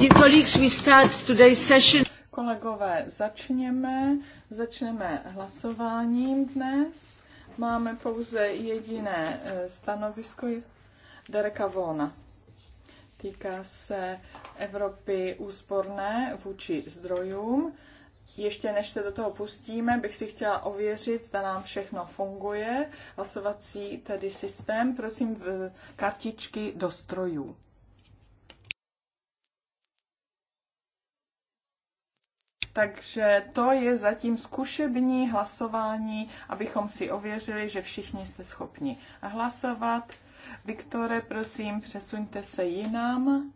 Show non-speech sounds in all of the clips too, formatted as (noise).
Dear colleagues, we start today's session. Kolegové, začněme. Začneme hlasováním dnes. Máme pouze jediné eh, stanovisko Dereka Vona. Týká se Evropy úsporné vůči zdrojům. Ještě než se do toho pustíme, bych si chtěla ověřit, zda nám všechno funguje. Hlasovací tedy systém, prosím, kartičky do strojů. Takže to je zatím zkušební hlasování, abychom si ověřili, že všichni jste schopni hlasovat. Viktore, prosím, přesuňte se jinam.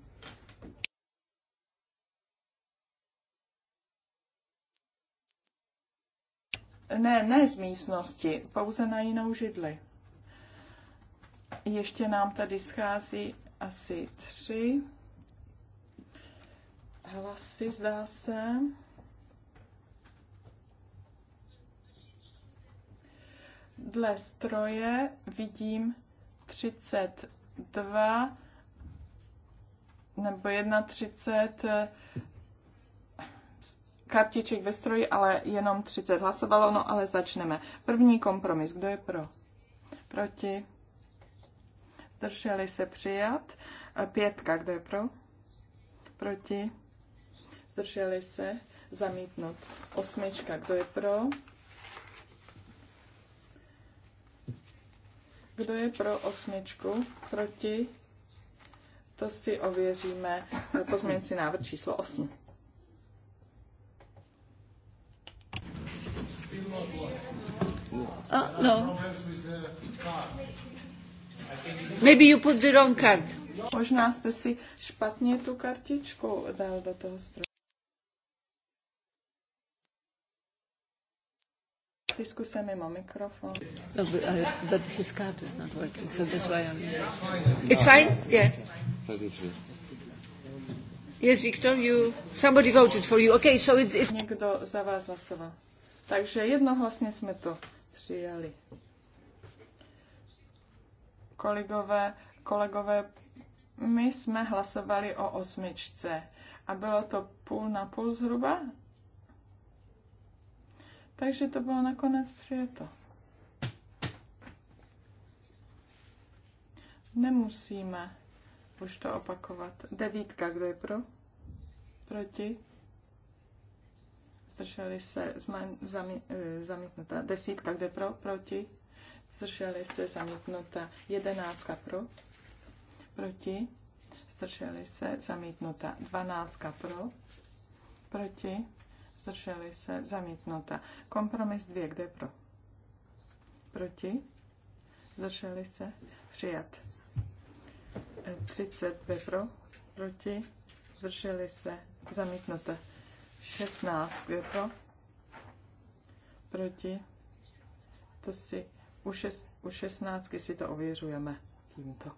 Ne, ne z místnosti, pouze na jinou židli. Ještě nám tady schází asi tři hlasy, zdá se. Dle stroje vidím 32 nebo 31 eh, kartiček ve stroji, ale jenom 30 hlasovalo, no ale začneme. První kompromis, kdo je pro? Proti? Zdrželi se přijat. Eh, pětka, kdo je pro? Proti? Zdrželi se zamítnout. Osmička, kdo je pro? Kdo je pro osmičku? Proti? To si ověříme. Pozměňující návrh číslo 8. Oh, ah, no. Maybe you put the wrong card. Možná jste si špatně tu kartičku dal do toho stroje. Diskuse mimo mikrofon. No, but, uh, but his card is not working, so that's why I'm... It's fine? Yeah. Yes, Victor, you... Somebody voted for you. Okay, so it's... it's... Někdo za vás hlasoval. Takže jednohlasně jsme to přijali. Kolegové, kolegové, my jsme hlasovali o osmičce a bylo to půl na půl zhruba, takže to bylo nakonec přijeto. Nemusíme už to opakovat. Devítka, kdo je pro? Proti? Zdrželi se zman, zami, eh, zamítnuta. Desítka, kde pro? Proti? Zdrželi se zamítnuta. Jedenáctka pro? Proti? Zdrželi se zamítnuta. Dvanáctka pro? Proti? zdrželi se, zamítnuta. Kompromis 2, kde pro? Proti, zdrželi se, přijat. 30 kde pro, proti, zdrželi se, zamítnuta. 16 kde pro, proti, to si u, šest, u 16 si to ověřujeme tímto.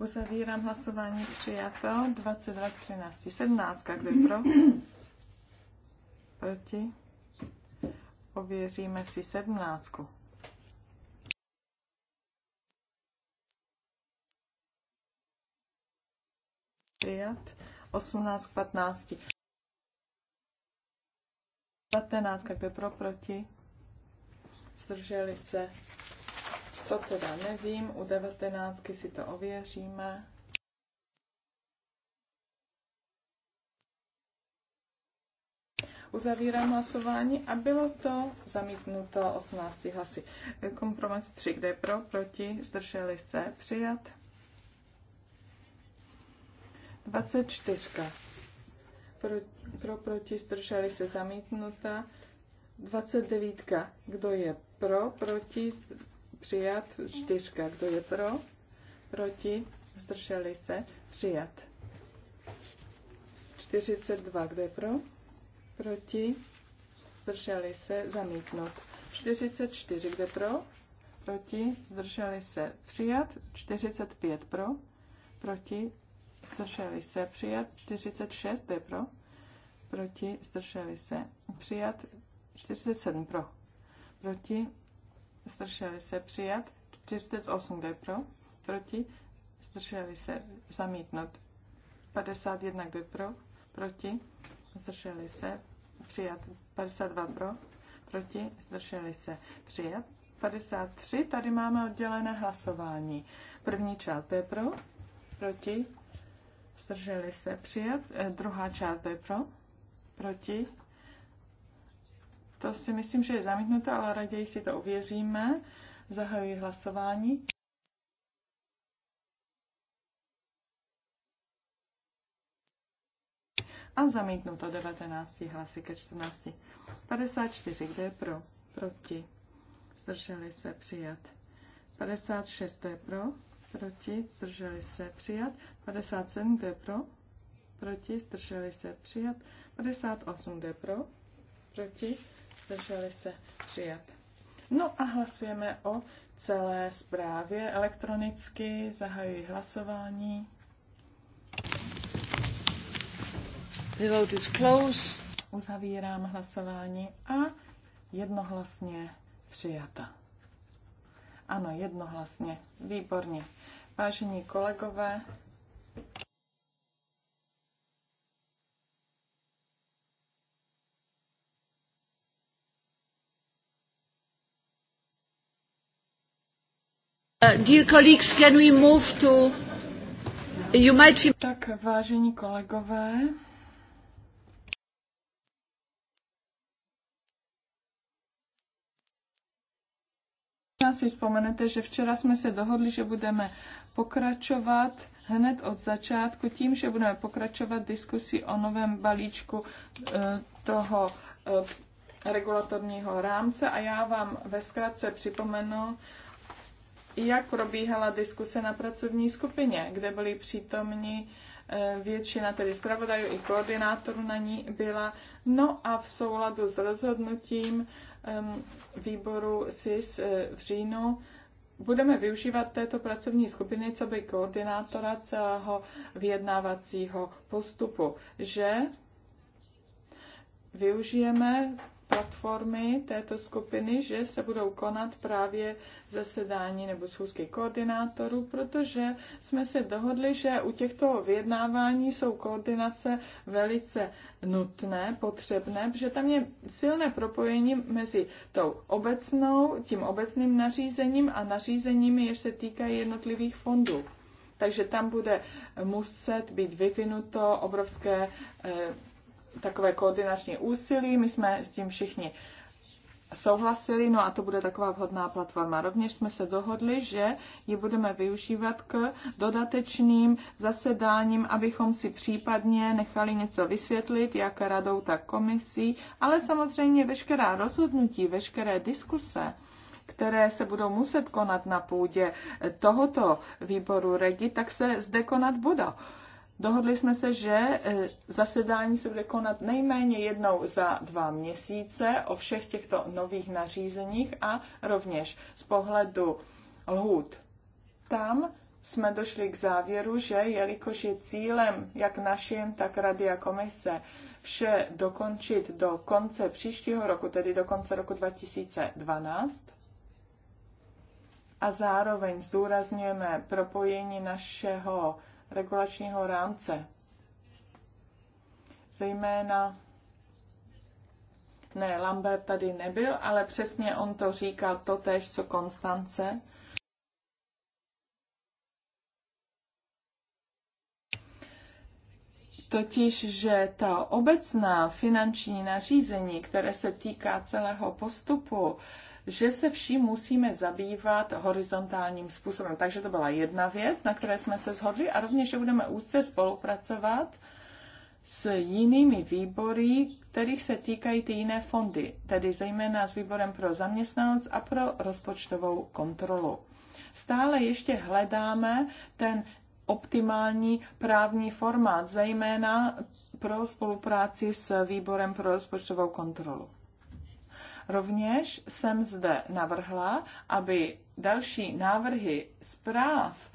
Uzavírám hlasování přijato. 22 13. 17. Kde pro? Proti? Ověříme si 17. Přijat. 18 k 15. 19. Kde pro? Proti? Zdrželi se to teda nevím, u devatenáctky si to ověříme. Uzavírám hlasování a bylo to zamítnuto 18 hlasy. Kompromis 3, kde pro, proti, zdrželi se, přijat. 24. Pro, pro proti, zdrželi se, zamítnuta. 29. Kdo je pro, proti, Přijat. Čtyřka. Kdo je pro? Proti? Zdrželi se? Přijat. 42. Kdo je pro? Proti? Zdrželi se? Zamítnout. 44. kdo je pro? Proti? Zdrželi se? Přijat. 45. Pro? Proti? Zdrželi se? Přijat. 46. kdo je pro? Proti? Zdrželi se? Přijat. 47. Pro? Proti? zdrželi se přijat, 48 kde pro, proti, zdrželi se zamítnout, 51 kde pro, proti, zdrželi se přijat, 52 pro, proti, zdrželi se přijat, 53, tady máme oddělené hlasování. První část jde pro, proti, zdrželi se přijat, eh, druhá část jde pro, proti, to si myslím, že je zamítnuto, ale raději si to ověříme. Zahajuji hlasování. A zamítnuto 19 hlasy ke 14. 54, kde je pro? Proti. Zdrželi se přijat. 56, to je pro? Proti. Zdrželi se přijat. 57, kde je pro? Proti. Zdrželi se přijat. 58, kde je pro? Proti zdrželi se přijat. No a hlasujeme o celé zprávě elektronicky. Zahajuji hlasování. The vote is closed. Uzavírám hlasování a jednohlasně přijata. Ano, jednohlasně. Výborně. Vážení kolegové, Uh, tak, vážení kolegové, si vzpomenete, že včera jsme se dohodli, že budeme pokračovat hned od začátku tím, že budeme pokračovat diskusi o novém balíčku eh, toho eh, regulatorního rámce a já vám ve zkratce připomenu, jak probíhala diskuse na pracovní skupině, kde byli přítomni eh, většina tedy zpravodajů i koordinátorů na ní byla. No a v souladu s rozhodnutím ehm, výboru SIS eh, v říjnu budeme využívat této pracovní skupiny co by koordinátora celého vyjednávacího postupu, že využijeme platformy této skupiny, že se budou konat právě zasedání nebo schůzky koordinátorů, protože jsme se dohodli, že u těchto vyjednávání jsou koordinace velice nutné, potřebné, protože tam je silné propojení mezi tou obecnou, tím obecným nařízením a nařízeními, jež se týkají jednotlivých fondů. Takže tam bude muset být vyvinuto obrovské eh, takové koordinační úsilí. My jsme s tím všichni souhlasili, no a to bude taková vhodná platforma. Rovněž jsme se dohodli, že ji budeme využívat k dodatečným zasedáním, abychom si případně nechali něco vysvětlit, jak radou, tak komisí, ale samozřejmě veškerá rozhodnutí, veškeré diskuse, které se budou muset konat na půdě tohoto výboru regi, tak se zde konat budou. Dohodli jsme se, že e, zasedání se bude konat nejméně jednou za dva měsíce o všech těchto nových nařízeních a rovněž z pohledu lhůt. Tam jsme došli k závěru, že jelikož je cílem jak naším, tak Rady a komise vše dokončit do konce příštího roku, tedy do konce roku 2012, a zároveň zdůrazňujeme propojení našeho regulačního rámce. Zejména ne, Lambert tady nebyl, ale přesně on to říkal totéž, co Konstance. Totiž, že ta obecná finanční nařízení, které se týká celého postupu, že se vším musíme zabývat horizontálním způsobem. Takže to byla jedna věc, na které jsme se shodli a rovněž, že budeme úzce spolupracovat s jinými výbory, kterých se týkají ty jiné fondy, tedy zejména s výborem pro zaměstnanost a pro rozpočtovou kontrolu. Stále ještě hledáme ten optimální právní formát, zejména pro spolupráci s výborem pro rozpočtovou kontrolu. Rovněž jsem zde navrhla, aby další návrhy zpráv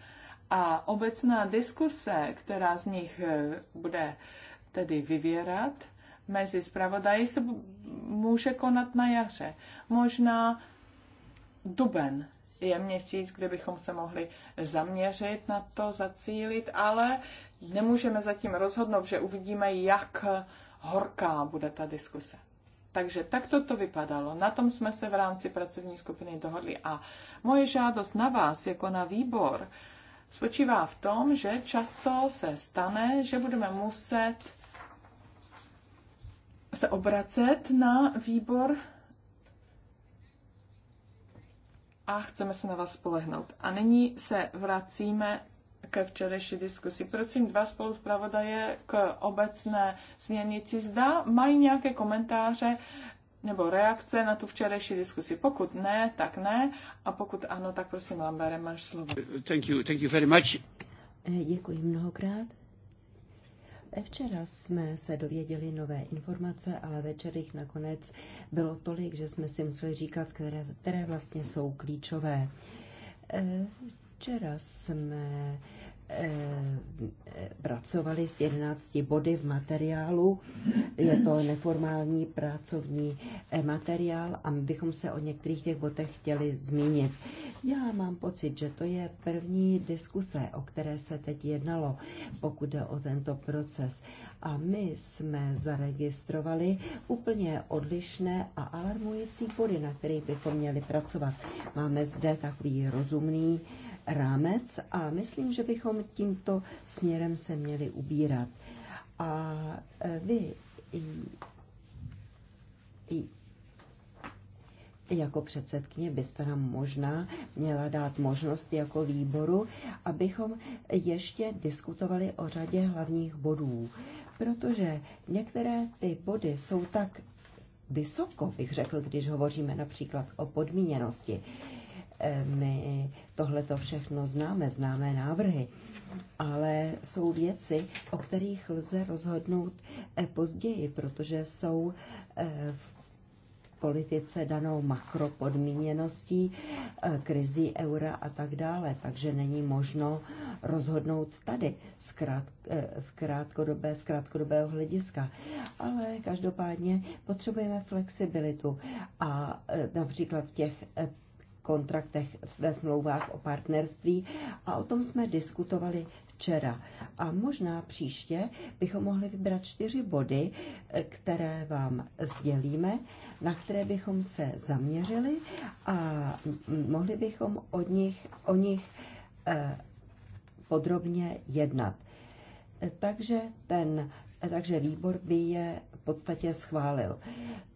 a obecná diskuse, která z nich eh, bude tedy vyvěrat mezi zpravodaji, se může konat na jaře. Možná duben je měsíc, kde bychom se mohli zaměřit na to, zacílit, ale nemůžeme zatím rozhodnout, že uvidíme, jak horká bude ta diskuse. Takže takto to vypadalo. Na tom jsme se v rámci pracovní skupiny dohodli. A moje žádost na vás, jako na výbor, spočívá v tom, že často se stane, že budeme muset se obracet na výbor a chceme se na vás spolehnout. A nyní se vracíme ke včerejší diskusi. Prosím dva spoluzpravodaje k obecné směrnici. Zda mají nějaké komentáře nebo reakce na tu včerejší diskusi. Pokud ne, tak ne. A pokud ano, tak prosím, Lambere, máš slovo. Thank you, thank you very much. Eh, děkuji mnohokrát. Eh, včera jsme se dověděli nové informace, ale večer jich nakonec bylo tolik, že jsme si museli říkat, které, které vlastně jsou klíčové. Eh, včera jsme Eh, pracovali s 11 body v materiálu. Je to neformální pracovní eh, materiál a my bychom se o některých těch bodech chtěli zmínit. Já mám pocit, že to je první diskuse, o které se teď jednalo, pokud jde o tento proces. A my jsme zaregistrovali úplně odlišné a alarmující body, na kterých bychom měli pracovat. Máme zde takový rozumný eh, rámec a myslím, že bychom tímto směrem se měli ubírat. A e, vy jako předsedkyně byste nám možná měla dát možnost jako výboru, abychom ještě diskutovali o řadě hlavních bodů, protože některé ty body jsou tak vysoko, bych řekl, když hovoříme například o podmíněnosti, my tohle to všechno známe, známe návrhy, ale jsou věci, o kterých lze rozhodnout eh, později, protože jsou eh, v politice danou makropodmíněností, eh, krizí eura a tak dále. Takže není možno rozhodnout tady v krátkodobé, z krátkodobého hlediska. Ale každopádně potřebujeme flexibilitu a například v těch kontraktech, ve smlouvách o partnerství a o tom jsme diskutovali včera. A možná příště bychom mohli vybrat čtyři body, které vám sdělíme, na které bychom se zaměřili a mohli bychom od nich, o nich eh, podrobně jednat. Takže ten takže výbor by je v podstatě schválil.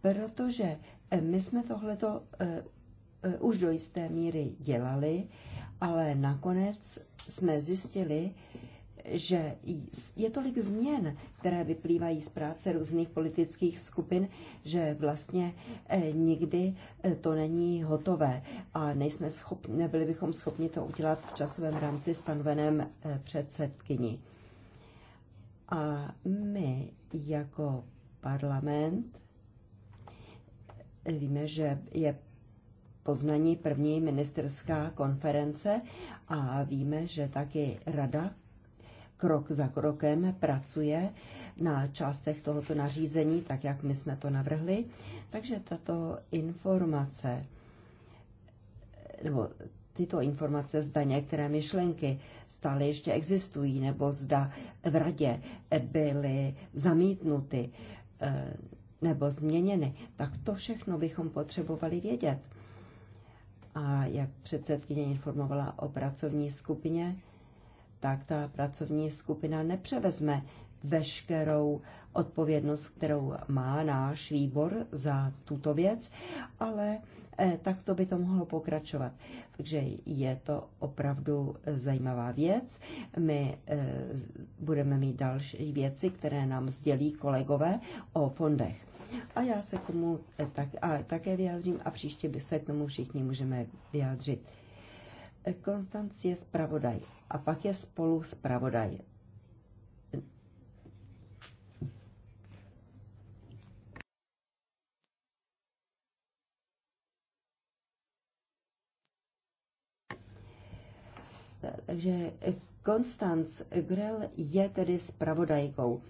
Protože eh, my jsme tohleto eh, Eh, už do jisté míry dělali, ale nakonec jsme zjistili, že je tolik změn, které vyplývají z práce různých politických skupin, že vlastně eh, nikdy eh, to není hotové a nejsme schopni, nebyli bychom schopni to udělat v časovém rámci stanoveném předsedkyni. A my jako parlament víme, že je Poznaní první ministerská konference a víme, že taky rada krok za krokem pracuje na částech tohoto nařízení, tak jak my jsme to navrhli. Takže tato informace, nebo tyto informace, zda některé myšlenky stále ještě existují, nebo zda v radě byly zamítnuty eh, nebo změněny, tak to všechno bychom potřebovali vědět. A jak předsedkyně informovala o pracovní skupině, tak ta pracovní skupina nepřevezme veškerou odpovědnost, kterou má náš výbor za tuto věc, ale Eh, tak to by to mohlo pokračovat. Takže je to opravdu eh, zajímavá věc. My eh, budeme mít další věci, které nám sdělí kolegové o fondech. A já se k tomu tak, a také vyjádřím a příště by se k tomu všichni můžeme vyjádřit. Konstanc je zpravodaj a pak je spolu zpravodaj Takže Konstanc Grel je tedy spravodajkou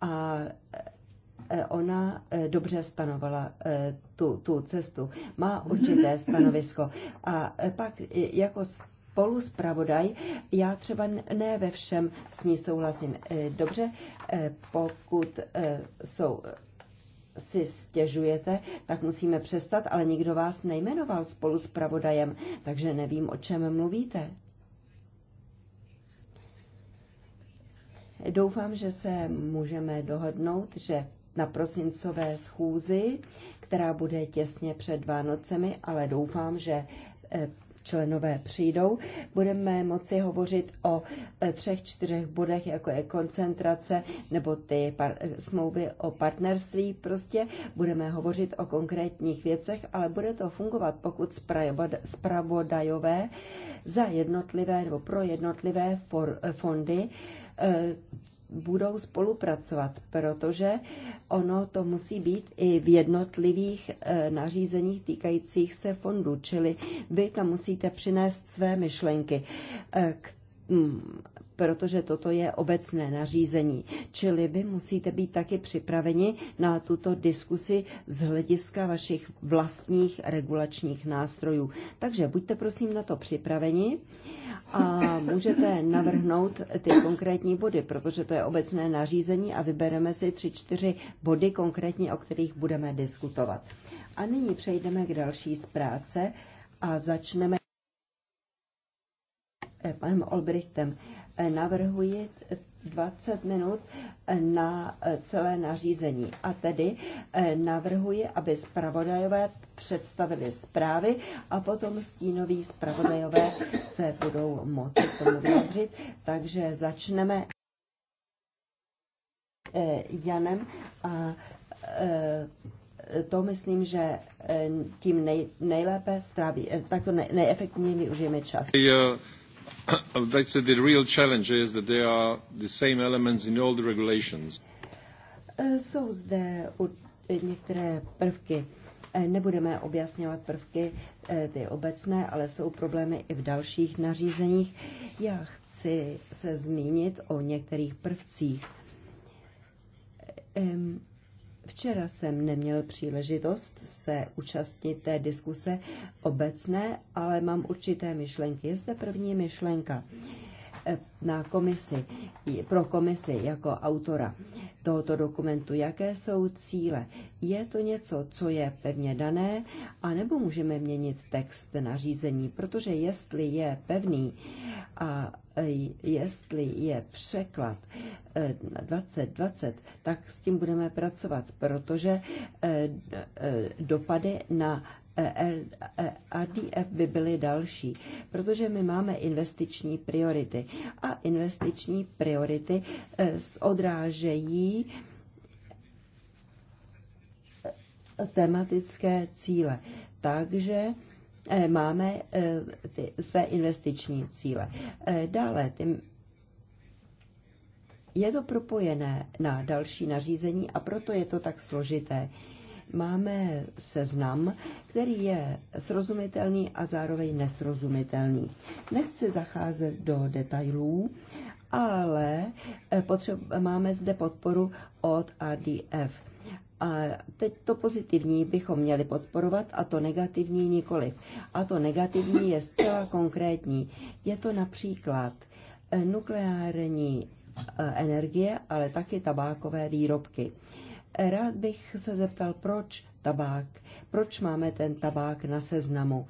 a e, ona e, dobře stanovala e, tu, tu cestu, má určité (laughs) stanovisko. A pak jako spolu spravodaj, já třeba ne ve všem s ní souhlasím. Dobře, pokud jsou si stěžujete, tak musíme přestat, ale nikdo vás nejmenoval spolu s pravodajem, takže nevím, o čem mluvíte. Doufám, že se můžeme dohodnout, že na prosincové schůzi, která bude těsně před Vánocemi, ale doufám, že eh, členové přijdou, budeme moci hovořit o eh, třech, čtyřech bodech, jako je koncentrace nebo ty par- smlouvy o partnerství. Prostě budeme hovořit o konkrétních věcech, ale bude to fungovat, pokud zpravodajové za jednotlivé nebo pro jednotlivé for- fondy E, budou spolupracovat, protože ono to musí být i v jednotlivých e, nařízeních týkajících se fondů, čili vy tam musíte přinést své myšlenky, e, mm, protože toto je obecné nařízení. Čili vy musíte být taky připraveni na tuto diskusi z hlediska vašich vlastních regulačních nástrojů. Takže buďte prosím na to připraveni a můžete navrhnout ty konkrétní body, protože to je obecné nařízení a vybereme si tři, čtyři body konkrétně, o kterých budeme diskutovat. A nyní přejdeme k další zpráce a začneme panem Olbrichtem navrhuji 20 minut na celé nařízení. A tedy eh, navrhuji, aby zpravodajové představili zprávy a potom stínoví zpravodajové se budou moci k tomu vyjádřit. Takže začneme eh, Janem a eh, to myslím, že tím nej, nejlépe stráví, tak to nej, nejefektivněji využijeme čas. Yeah the real challenge is that there are the same elements in all the regulations. Eh, jsou zde eh, některé prvky. Eh, nebudeme objasňovat prvky ty obecné, ale jsou problémy i v dalších nařízeních. Já chci se zmínit o některých prvcích. Včera jsem neměl příležitost se účastnit té diskuse obecné, ale mám určité myšlenky. Je zde první myšlenka. Uh, na komisi, pro komisi jako autora tohoto dokumentu, jaké jsou cíle. Je to něco, co je pevně dané, anebo můžeme měnit text nařízení, protože jestli je pevný a e, jestli je překlad 2020, e, tak s tím budeme pracovat, protože e, dopady na RDF e, e, e, by byly další, protože my máme investiční priority a investiční priority odrážejí tematické cíle. Takže máme ty své investiční cíle. Dále ty je to propojené na další nařízení a proto je to tak složité máme seznam, který je srozumitelný a zároveň nesrozumitelný. Nechci zacházet do detailů, ale eh, potřeb, máme zde podporu od ADF. A teď to pozitivní bychom měli podporovat a to negativní nikoliv. A to negativní je zcela konkrétní. Je to například eh, nukleární eh, energie, ale taky tabákové výrobky. Rád bych se zeptal, proč tabák? Proč máme ten tabák na seznamu?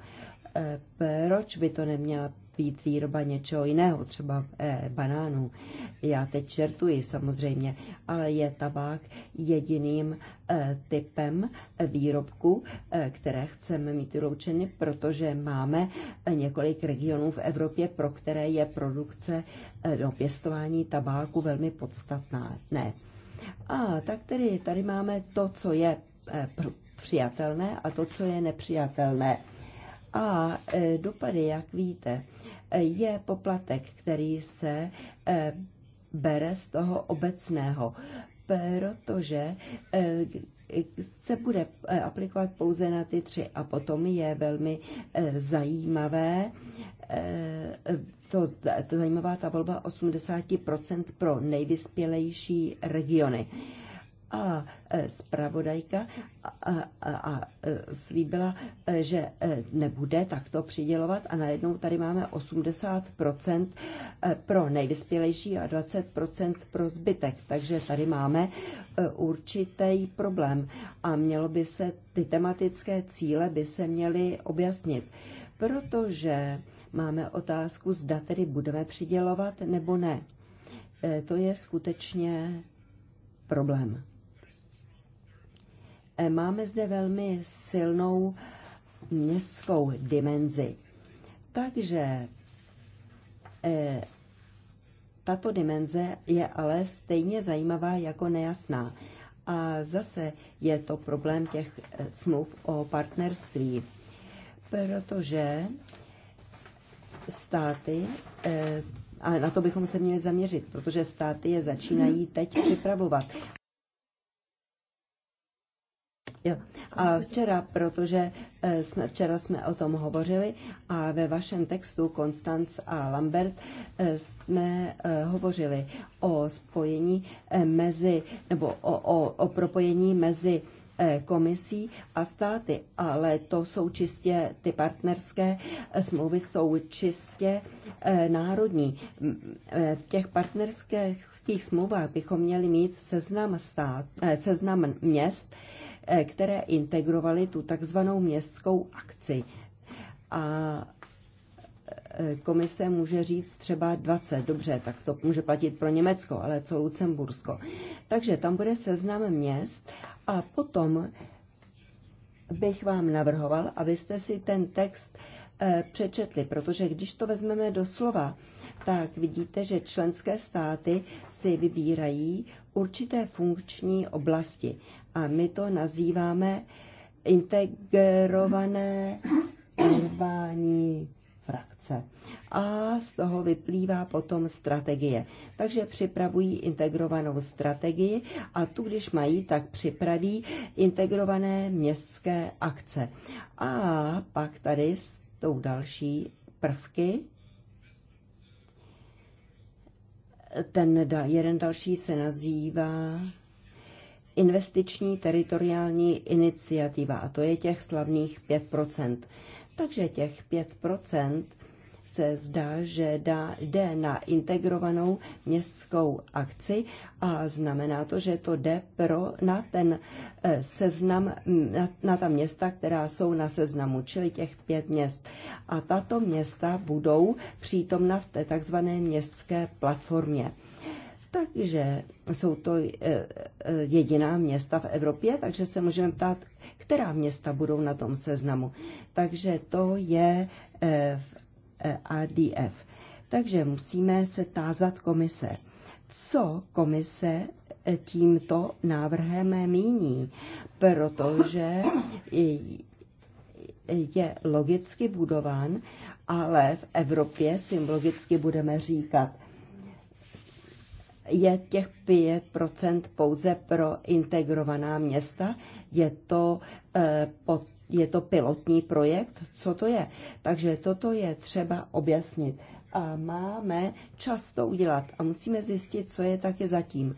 Eh, proč by to neměla být výroba něčeho jiného, třeba eh, banánů. Já teď čertuji samozřejmě, ale je tabák jediným eh, typem výrobku, které chceme mít vyloučeny, protože máme několik regionů v Evropě, pro které je produkce do no, pěstování tabáku velmi podstatná. Ne. A tak tedy tady máme to, co je eh, přijatelné a to, co je nepřijatelné. A eh, dopady, jak víte, eh, je poplatek, který se bere z toho obecného, protože se bude aplikovat pouze na ty tři a potom je velmi zajímavé to, to zajímavá ta volba 80% pro nejvyspělejší regiony. A e, zpravodajka a, a, a slíbila, e, že e, nebude takto přidělovat a najednou tady máme 80% pro nejvyspělejší a 20% pro zbytek. Takže tady máme určitý problém a mělo by se, ty tematické cíle by se měly objasnit, protože Máme otázku, zda tedy budeme přidělovat nebo ne. E, to je skutečně problém. E, máme zde velmi silnou městskou dimenzi. Takže e, tato dimenze je ale stejně zajímavá jako nejasná. A zase je to problém těch smluv o partnerství, protože státy, eh, ale na to bychom se měli zaměřit, protože státy je začínají teď připravovat. Jo. A včera, protože eh, jsme, včera jsme o tom hovořili a ve vašem textu Konstanc a Lambert eh, jsme hovořili o spojení mezi, nebo o, o, o propojení mezi E, komisí a státy, ale to jsou čistě, ty partnerské smlouvy jsou čistě e, národní. E, v těch partnerských smlouvách bychom měli mít seznam, stát, seznam měst, které integrovaly tu takzvanou městskou akci. A komise může říct třeba 20, dobře, tak to může platit pro Německo, ale co Lucembursko. Takže tam bude seznam měst a potom bych vám navrhoval, abyste si ten text eh, přečetli, protože když to vezmeme do slova, tak vidíte, že členské státy si vybírají určité funkční oblasti a my to nazýváme integrované urvání frakce. A z toho vyplývá potom strategie. Takže připravují integrovanou strategii a tu, když mají, tak připraví integrované městské akce. A pak tady s tou další prvky, ten jeden další se nazývá investiční teritoriální iniciativa a to je těch slavných 5%. Takže těch 5 se zdá, že dá, jde na integrovanou městskou akci a znamená to, že to jde pro, na ten eh, seznam, na, na ta města, která jsou na seznamu, čili těch pět měst. A tato města budou přítomna v té takzvané městské platformě. Takže jsou to eh, eh, jediná města v Evropě, takže se můžeme ptát, která města budou na tom seznamu. Takže to je eh, v ADF. Takže musíme se tázat komise. Co komise tímto návrhem míní? Protože je logicky budován, ale v Evropě symbolicky budeme říkat, je těch 5% pouze pro integrovaná města. Je to, eh, je to pilotní projekt? Co to je? Takže toto je třeba objasnit. A máme čas to udělat a musíme zjistit, co je také zatím.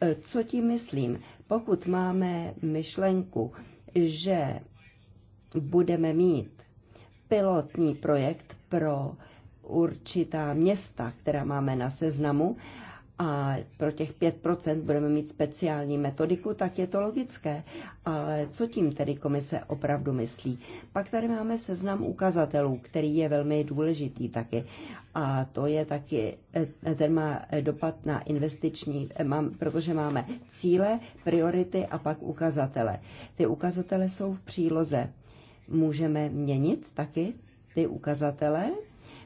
Eh, co tím myslím? Pokud máme myšlenku, že budeme mít pilotní projekt pro určitá města, která máme na seznamu, a pro těch 5% budeme mít speciální metodiku, tak je to logické. Ale co tím tedy komise opravdu myslí? Pak tady máme seznam ukazatelů, který je velmi důležitý taky. A to je taky, eh, ten má dopad na investiční, eh, mám, protože máme cíle, priority a pak ukazatele. Ty ukazatele jsou v příloze. Můžeme měnit taky ty ukazatele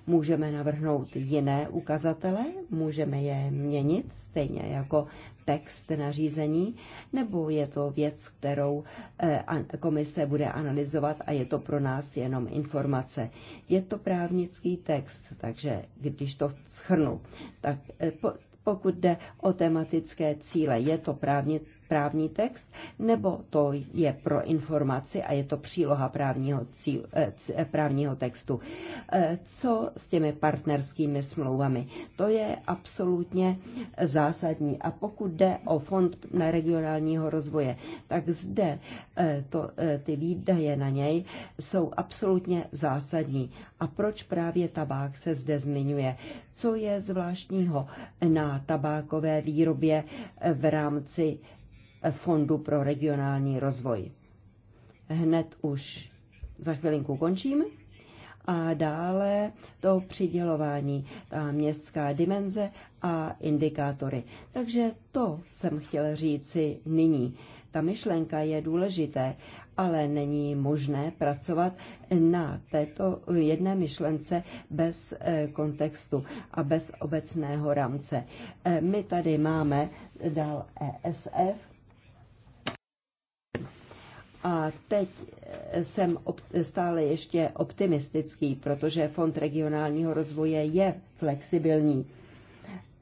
Můžeme navrhnout jiné ukazatele, můžeme je měnit, stejně jako text nařízení, nebo je to věc, kterou eh, komise bude analyzovat a je to pro nás jenom informace. Je to právnický text, takže když to schrnu, tak eh, pokud jde o tematické cíle, je to právně právní text, nebo to je pro informaci a je to příloha právního, cíl, eh, eh, právního textu. Eh, co s těmi partnerskými smlouvami? To je absolutně zásadní. A pokud jde o fond na regionálního rozvoje, tak zde to, ty výdaje na něj jsou absolutně zásadní. A proč právě tabák se zde zmiňuje? Co je zvláštního na tabákové výrobě v rámci Fondu pro regionální rozvoj. Hned už za chvilinku končím. A dále to přidělování, ta městská dimenze a indikátory. Takže to jsem chtěl říci nyní. Ta myšlenka je důležité, ale není možné pracovat na této jedné myšlence bez eh, kontextu a bez obecného rámce. Eh, my tady máme dál ESF, a teď jsem stále ještě optimistický, protože Fond regionálního rozvoje je flexibilní.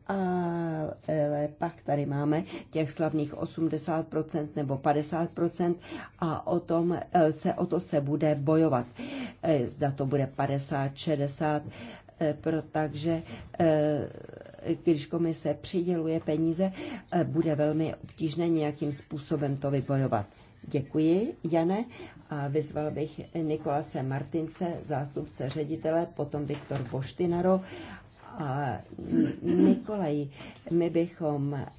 Ale pak tady máme těch slavných 80% nebo 50% a o, tom e, se, o to se bude bojovat. E, zda to bude 50, 60, e, takže když komise přiděluje peníze, bude velmi obtížné nějakým způsobem to vybojovat. Děkuji, Jane, a vyzval bych Nikolase Martince, zástupce ředitele, potom Viktor Boštinaro a Nikolaj, my bychom eh,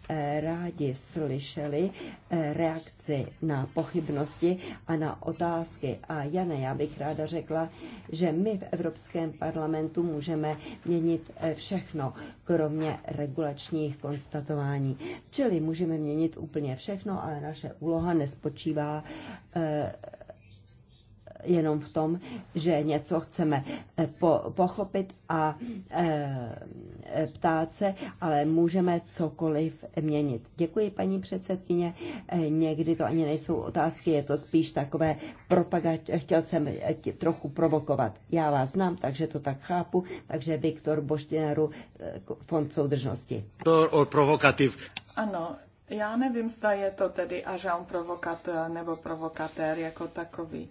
rádi slyšeli eh, reakci na pochybnosti a na otázky. A Jana, já bych ráda řekla, že my v Evropském parlamentu můžeme měnit eh, všechno, kromě regulačních konstatování. Čili můžeme měnit úplně všechno, ale naše úloha nespočívá jenom v tom, že něco chceme eh, po, pochopit a e, ptát se, ale můžeme cokoliv měnit. Děkuji, paní předsedkyně. E, někdy to ani nejsou otázky, je to spíš takové propagat. Chtěl jsem tě trochu provokovat. Já vás znám, takže to tak chápu. Takže Viktor Boštěneru, Fond soudržnosti. To provokativ. Ano, já nevím, zda je to tedy ažán provokat nebo provokatér jako takový.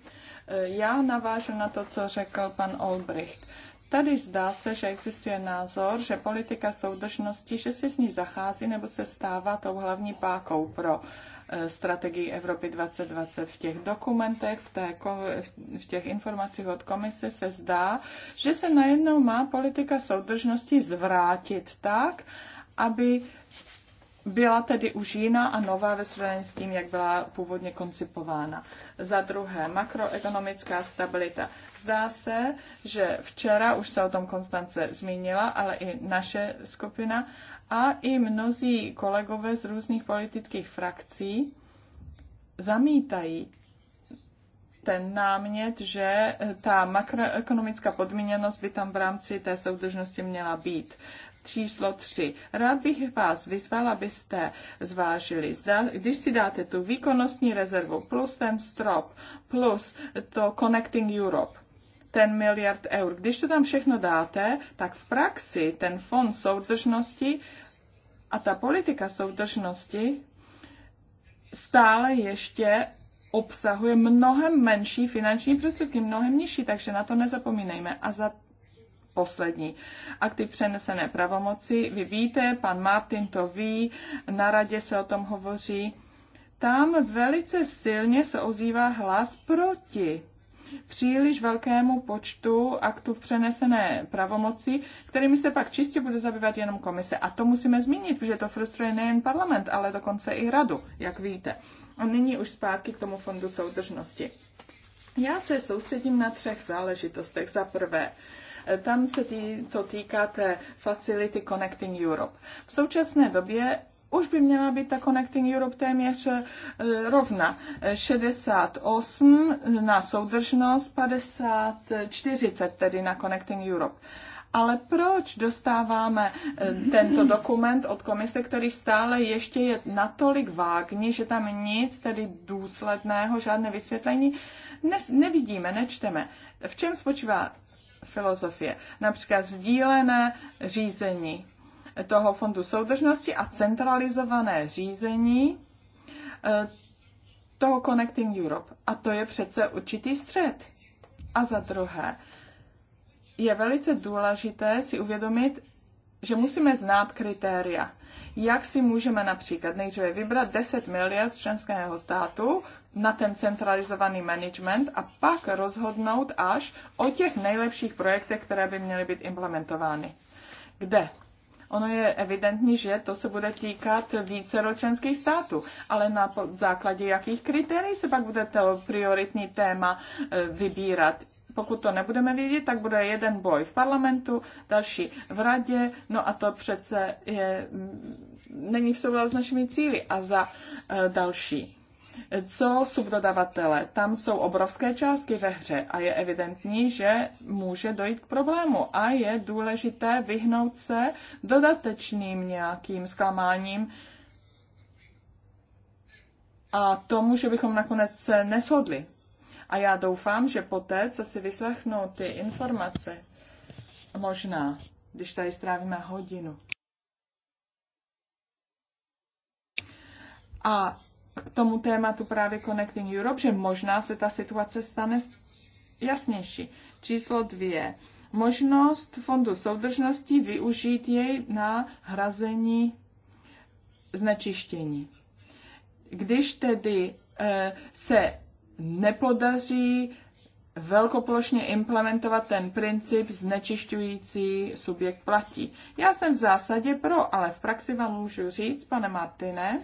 Já navážu na to, co řekl pan Olbricht. Tady zdá se, že existuje názor, že politika soudržnosti, že se s ní zachází nebo se stává tou hlavní pákou pro eh, strategii Evropy 2020. V těch dokumentech, v, té, v těch informacích od komise se zdá, že se najednou má politika soudržnosti zvrátit tak, aby byla tedy už jiná a nová ve srovnání s tím, jak byla původně koncipována. Za druhé, makroekonomická stabilita. Zdá se, že včera, už se o tom Konstance zmínila, ale i naše skupina a i mnozí kolegové z různých politických frakcí zamítají ten námět, že ta makroekonomická podmíněnost by tam v rámci té soudržnosti měla být číslo 3. Rád bych vás vyzval, abyste zvážili, zda, když si dáte tu výkonnostní rezervu plus ten strop plus to Connecting Europe, ten miliard eur. Když to tam všechno dáte, tak v praxi ten fond soudržnosti a ta politika soudržnosti stále ještě obsahuje mnohem menší finanční prostředky, mnohem nižší, takže na to nezapomínejme. A za poslední. Aktiv přenesené pravomoci, vy víte, pan Martin to ví, na radě se o tom hovoří. Tam velice silně se ozývá hlas proti příliš velkému počtu aktů v přenesené pravomoci, kterými se pak čistě bude zabývat jenom komise. A to musíme zmínit, protože to frustruje nejen parlament, ale dokonce i radu, jak víte. A nyní už zpátky k tomu fondu soudržnosti. Já se soustředím na třech záležitostech. Za prvé, tam se tý, to týká té facility Connecting Europe. V současné době už by měla být ta Connecting Europe téměř e, rovna. 68 na soudržnost, 50, 40 tedy na Connecting Europe. Ale proč dostáváme e, tento dokument od komise, který stále ještě je natolik vágní, že tam nic tedy důsledného, žádné vysvětlení ne, nevidíme, nečteme? V čem spočívá filozofie. Například sdílené řízení toho fondu soudržnosti a centralizované řízení eh, toho Connecting Europe. A to je přece určitý střed. A za druhé, je velice důležité si uvědomit, že musíme znát kritéria. Jak si můžeme například nejdříve vybrat 10 miliard z členského státu, na ten centralizovaný management a pak rozhodnout až o těch nejlepších projektech, které by měly být implementovány. Kde? Ono je evidentní, že to se bude týkat více ročenských států, ale na základě jakých kritérií se pak bude to prioritní téma e, vybírat? Pokud to nebudeme vědět, tak bude jeden boj v parlamentu, další v radě, no a to přece je, není v souladu s našimi cíly. A za e, další co subdodavatele? Tam jsou obrovské částky ve hře a je evidentní, že může dojít k problému a je důležité vyhnout se dodatečným nějakým zklamáním a tomu, že bychom nakonec se neshodli. A já doufám, že poté, co si vyslechnou ty informace, možná, když tady strávíme hodinu, a k tomu tématu právě Connecting Europe, že možná se ta situace stane jasnější. Číslo dvě. Možnost fondu soudržnosti využít jej na hrazení znečištění. Když tedy eh, se nepodaří velkoplošně implementovat ten princip znečišťující subjekt platí. Já jsem v zásadě pro, ale v praxi vám můžu říct, pane Martine,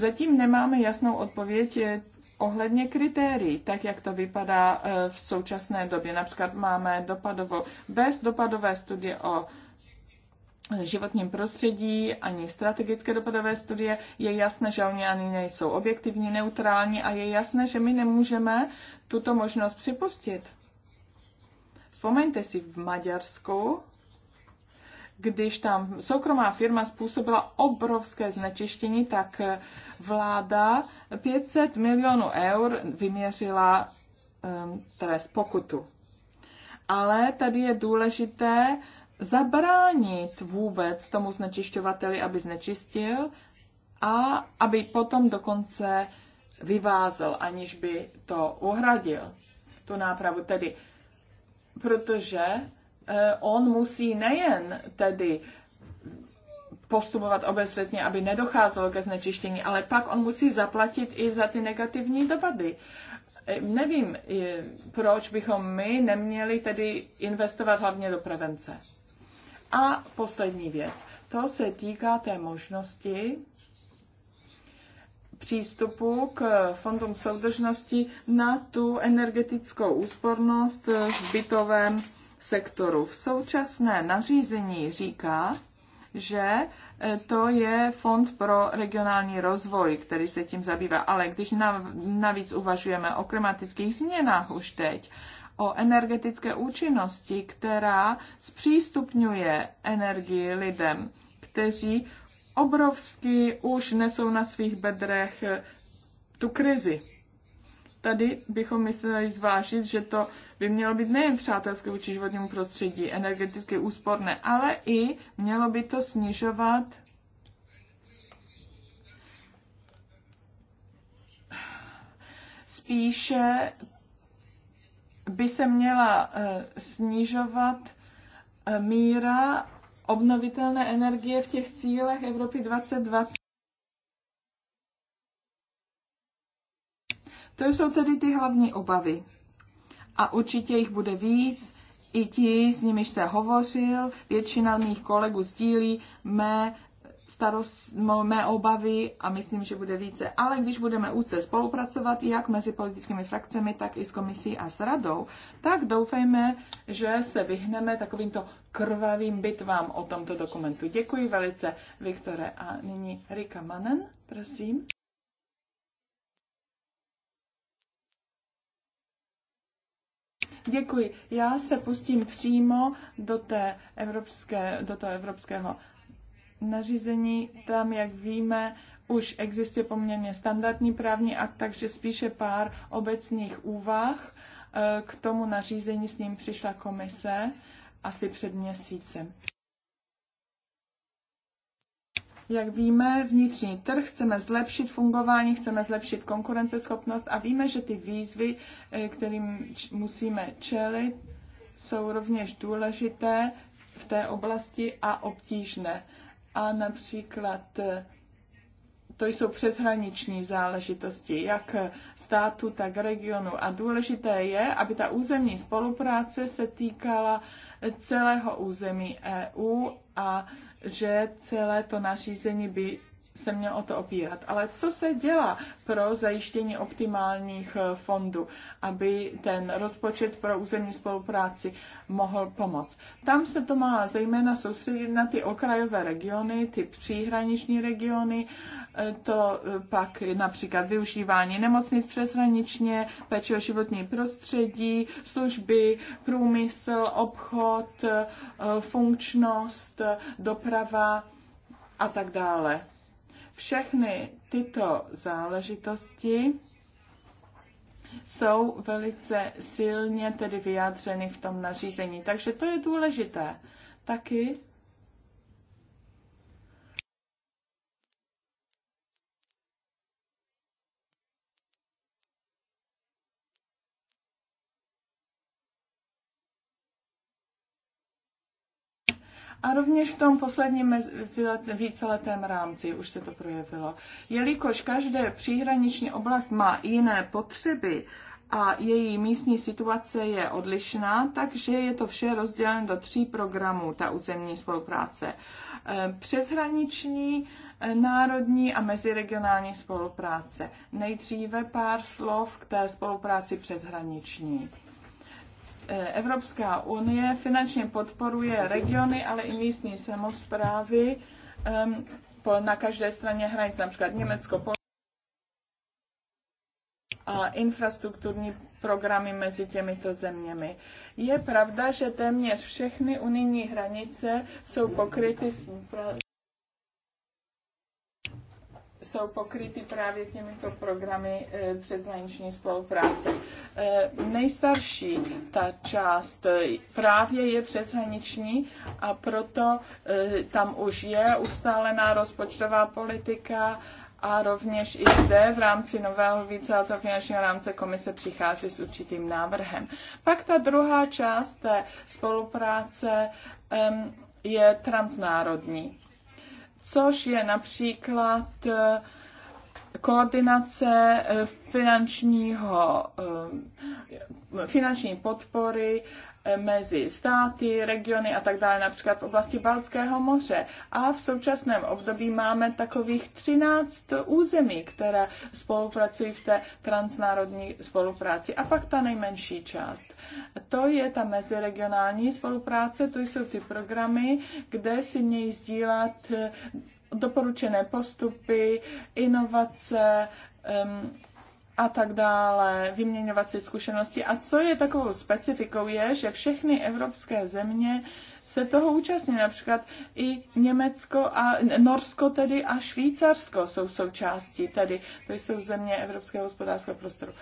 Zatím nemáme jasnou odpověď eh, ohledně kritérií, tak jak to vypadá eh, v současné době. Například máme dopadovou, bez dopadové studie o životním prostředí, ani strategické dopadové studie. Je jasné, že oni ani nejsou objektivní, neutrální a je jasné, že my nemůžeme tuto možnost připustit. Vzpomeňte si, v Maďarsku když tam soukromá firma způsobila obrovské znečištění, tak vláda 500 milionů eur vyměřila um, trest pokutu. Ale tady je důležité zabránit vůbec tomu znečišťovateli, aby znečistil a aby potom dokonce vyvázel, aniž by to uhradil, tu nápravu. Tedy, protože Eh, on musí nejen tedy postupovat obezřetně, aby nedocházelo ke znečištění, ale pak on musí zaplatit i za ty negativní dopady. Eh, nevím, proč bychom my neměli tedy investovat hlavně do prevence. A poslední věc. To se týká té možnosti přístupu k fondům soudržnosti na tu energetickou úspornost v bytovém sektoru. V současné nařízení říká, že e, to je Fond pro regionální rozvoj, který se tím zabývá. Ale když navíc uvažujeme o klimatických změnách už teď, o energetické účinnosti, která zpřístupňuje energii lidem, kteří obrovsky už nesou na svých bedrech tu krizi tady bychom mysleli zvážit, že to by mělo být nejen přátelské vůči životnímu prostředí, energeticky úsporné, ale i mělo by to snižovat spíše by se měla eh, snižovat eh, míra obnovitelné energie v těch cílech Evropy 2020. To jsou tedy ty hlavní obavy. A určitě jich bude víc, i ti, s nimiž se hovořil, většina mých kolegů sdílí mé, starost, mé obavy a myslím, že bude více. Ale když budeme úce spolupracovat jak mezi politickými frakcemi, tak i s komisí a s radou, tak doufejme, že se vyhneme takovýmto krvavým bitvám o tomto dokumentu. Děkuji velice, Viktore. A nyní Rika Manen, prosím. Děkuji. Já se pustím přímo do, té evropské, do toho evropského nařízení. Tam, jak víme, už existuje poměrně standardní právní akt, takže spíše pár obecných úvah. Eh, k tomu nařízení s ním přišla komise asi před měsícem. Jak víme, vnitřní trh chceme zlepšit fungování, chceme zlepšit konkurenceschopnost a víme, že ty výzvy, eh, kterým musíme čelit, jsou rovněž důležité v té oblasti a obtížné. A například eh, to jsou přeshraniční záležitosti, jak státu, tak regionu. A důležité je, aby ta územní spolupráce se týkala celého území EU a že celé to nařízení by se měl o to opírat. Ale co se dělá pro zajištění optimálních eh, fondů, aby ten rozpočet pro územní spolupráci mohl pomoct? Tam se to má zejména soustředit na ty okrajové regiony, ty příhraniční regiony, eh, to eh, pak například využívání nemocnic přeshraničně, péče o životní prostředí, služby, průmysl, obchod, funkčnost, doprava a tak dále všechny tyto záležitosti jsou velice silně tedy vyjádřeny v tom nařízení. Takže to je důležité. Taky A rovněž v tom posledním víceletém rámci už se to projevilo. Jelikož každé příhraniční oblast má jiné potřeby, a její místní situace je odlišná, takže je to vše rozděleno do tří programů, ta územní spolupráce. E, přeshraniční, e, národní a meziregionální spolupráce. Nejdříve pár slov k té spolupráci přeshraniční. E, Evropská unie finančně podporuje regiony, ale i místní samozprávy na každé straně hranic, například Německo, a infrastrukturní programy mezi těmito zeměmi. Je pravda, že téměř všechny unijní hranice jsou pokryty s jsou pokryty právě těmito programy eh, přeshraniční spolupráce. Eh, nejstarší ta část eh, právě je přeshraniční a proto tam už je ustálená rozpočtová politika, a rovněž i zde v rámci nového víceletého finančního rámce komise přichází s určitým návrhem. Pak ta druhá část té spolupráce je transnárodní což je například eh, koordinace eh, finančního, eh, finanční podpory Eh, mezi státy, regiony a tak dále, například v oblasti Balckého moře. A v současném období máme takových 13 území, které spolupracují v té transnárodní spolupráci. A pak ta nejmenší část. To je ta meziregionální spolupráce, to jsou ty programy, kde si mějí sdílat eh, doporučené postupy, inovace, um, a tak dále, vyměňovat si zkušenosti. A co je takovou specifikou, je, že všechny evropské země se toho účastní. Například i Německo a Norsko tedy a Švýcarsko jsou součástí tedy. To jsou země Evropského hospodářského prostoru.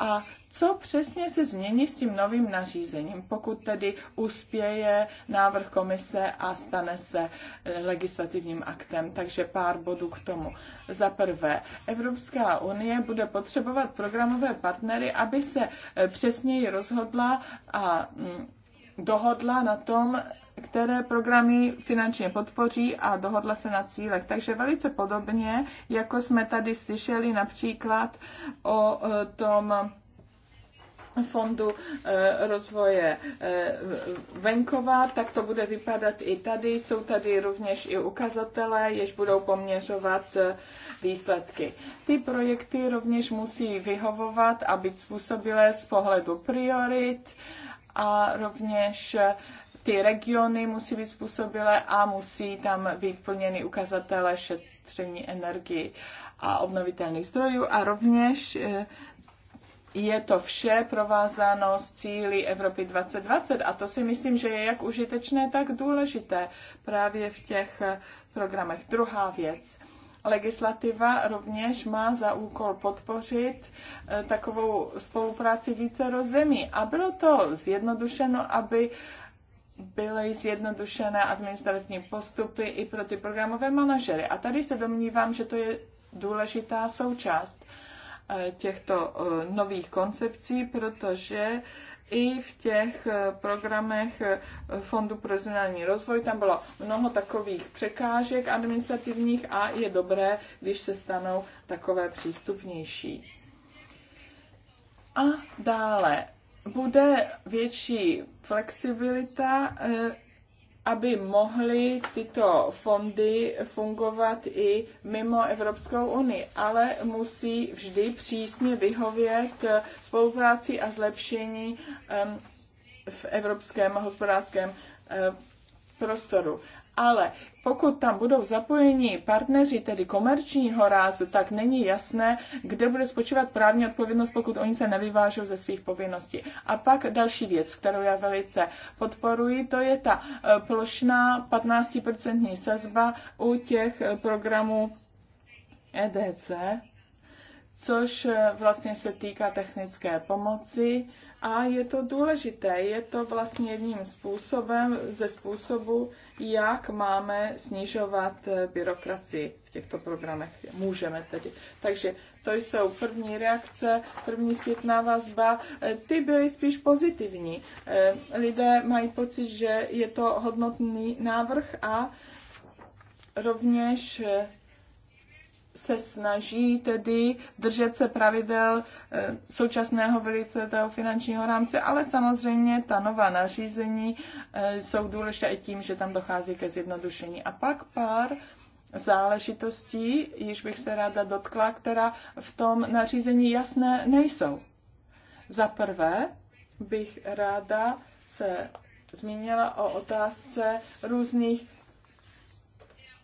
A co přesně se změní s tím novým nařízením, pokud tedy uspěje návrh komise a stane se eh, legislativním aktem? Takže pár bodů k tomu. Za prvé, Evropská unie bude potřebovat programové partnery, aby se eh, přesněji rozhodla a mm, dohodla na tom, které programy finančně podpoří a dohodla se na cílech. Takže velice podobně, jako jsme tady slyšeli například o e, tom fondu e, rozvoje e, venkova, tak to bude vypadat i tady. Jsou tady rovněž i ukazatele, jež budou poměřovat výsledky. Ty projekty rovněž musí vyhovovat a být způsobilé z pohledu priorit a rovněž ty regiony musí být způsobilé a musí tam být plněny ukazatele šetření energii a obnovitelných zdrojů a rovněž eh, je to vše provázáno s cíly Evropy 2020 a to si myslím, že je jak užitečné, tak důležité právě v těch eh, programech. Druhá věc. Legislativa rovněž má za úkol podpořit eh, takovou spolupráci více zemí a bylo to zjednodušeno, aby byly zjednodušené administrativní postupy i pro ty programové manažery. A tady se domnívám, že to je důležitá součást eh, těchto eh, nových koncepcí, protože i v těch eh, programech Fondu pro regionální rozvoj tam bylo mnoho takových překážek administrativních a je dobré, když se stanou takové přístupnější. A dále bude větší flexibilita, eh, aby mohly tyto fondy fungovat i mimo Evropskou unii, ale musí vždy přísně vyhovět eh, spolupráci a zlepšení v evropském hospodářském eh, prostoru. Ale pokud tam budou zapojeni partneři, tedy komerčního rázu, tak není jasné, kde bude spočívat právní odpovědnost, pokud oni se nevyvážou ze svých povinností. A pak další věc, kterou já velice podporuji, to je ta e, plošná 15% sazba u těch e, programů EDC, což e, vlastně se týká technické pomoci a je to důležité, je to vlastně jedním způsobem ze způsobu, jak máme snižovat eh, byrokracii v těchto programech. Můžeme tedy. Takže to jsou první reakce, první zpětná vazba. Eh, ty byly spíš pozitivní. Eh, lidé mají pocit, že je to hodnotný návrh a rovněž se snaží tedy držet se pravidel eh, současného velice toho finančního rámce, ale samozřejmě ta nová nařízení eh, jsou důležité i tím, že tam dochází ke zjednodušení. A pak pár záležitostí, již bych se ráda dotkla, která v tom nařízení jasné nejsou. Za prvé bych ráda se zmínila o otázce různých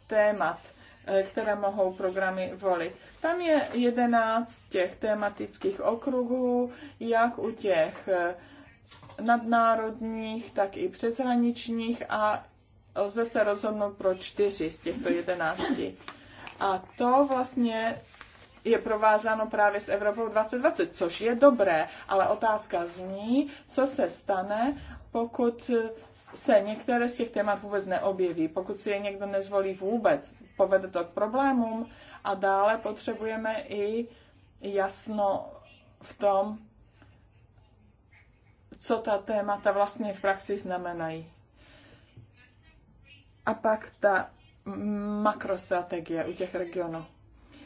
témat Eh, které mohou programy volit. Tam je jedenáct těch tematických okruhů, jak u těch eh, nadnárodních, tak i přeshraničních a lze se rozhodnout pro čtyři z těchto jedenácti. A to vlastně je provázáno právě s Evropou 2020, což je dobré, ale otázka zní, co se stane, pokud se některé z těch témat vůbec neobjeví, pokud si je někdo nezvolí vůbec povede to k problémům. A dále potřebujeme i jasno v tom, co ta témata vlastně v praxi znamenají. A pak ta makrostrategie u těch regionů.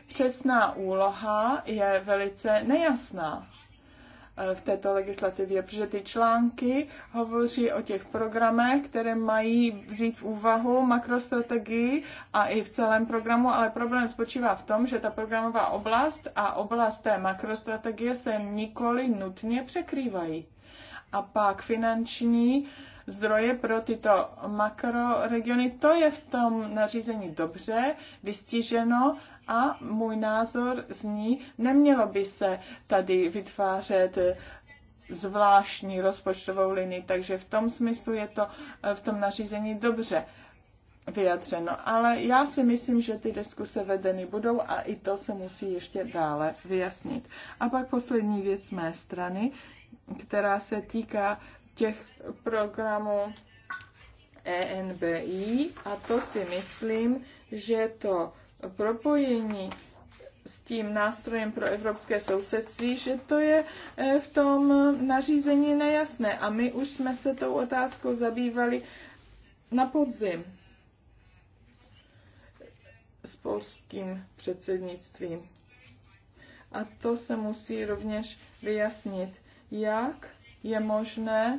Přesná úloha je velice nejasná v této legislativě, protože ty články hovoří o těch programech, které mají vzít v úvahu makrostrategii a i v celém programu, ale problém spočívá v tom, že ta programová oblast a oblast té makrostrategie se nikoli nutně překrývají. A pak finanční zdroje pro tyto makroregiony, to je v tom nařízení dobře vystiženo, a můj názor zní, nemělo by se tady vytvářet eh, zvláštní rozpočtovou linii, takže v tom smyslu je to eh, v tom nařízení dobře vyjadřeno. Ale já si myslím, že ty diskuse vedeny budou a i to se musí ještě dále vyjasnit. A pak poslední věc mé strany, která se týká těch programů ENBI a to si myslím, že to propojení s tím nástrojem pro evropské sousedství, že to je eh, v tom nařízení nejasné. A my už jsme se tou otázkou zabývali na podzim s polským předsednictvím. A to se musí rovněž vyjasnit, jak je možné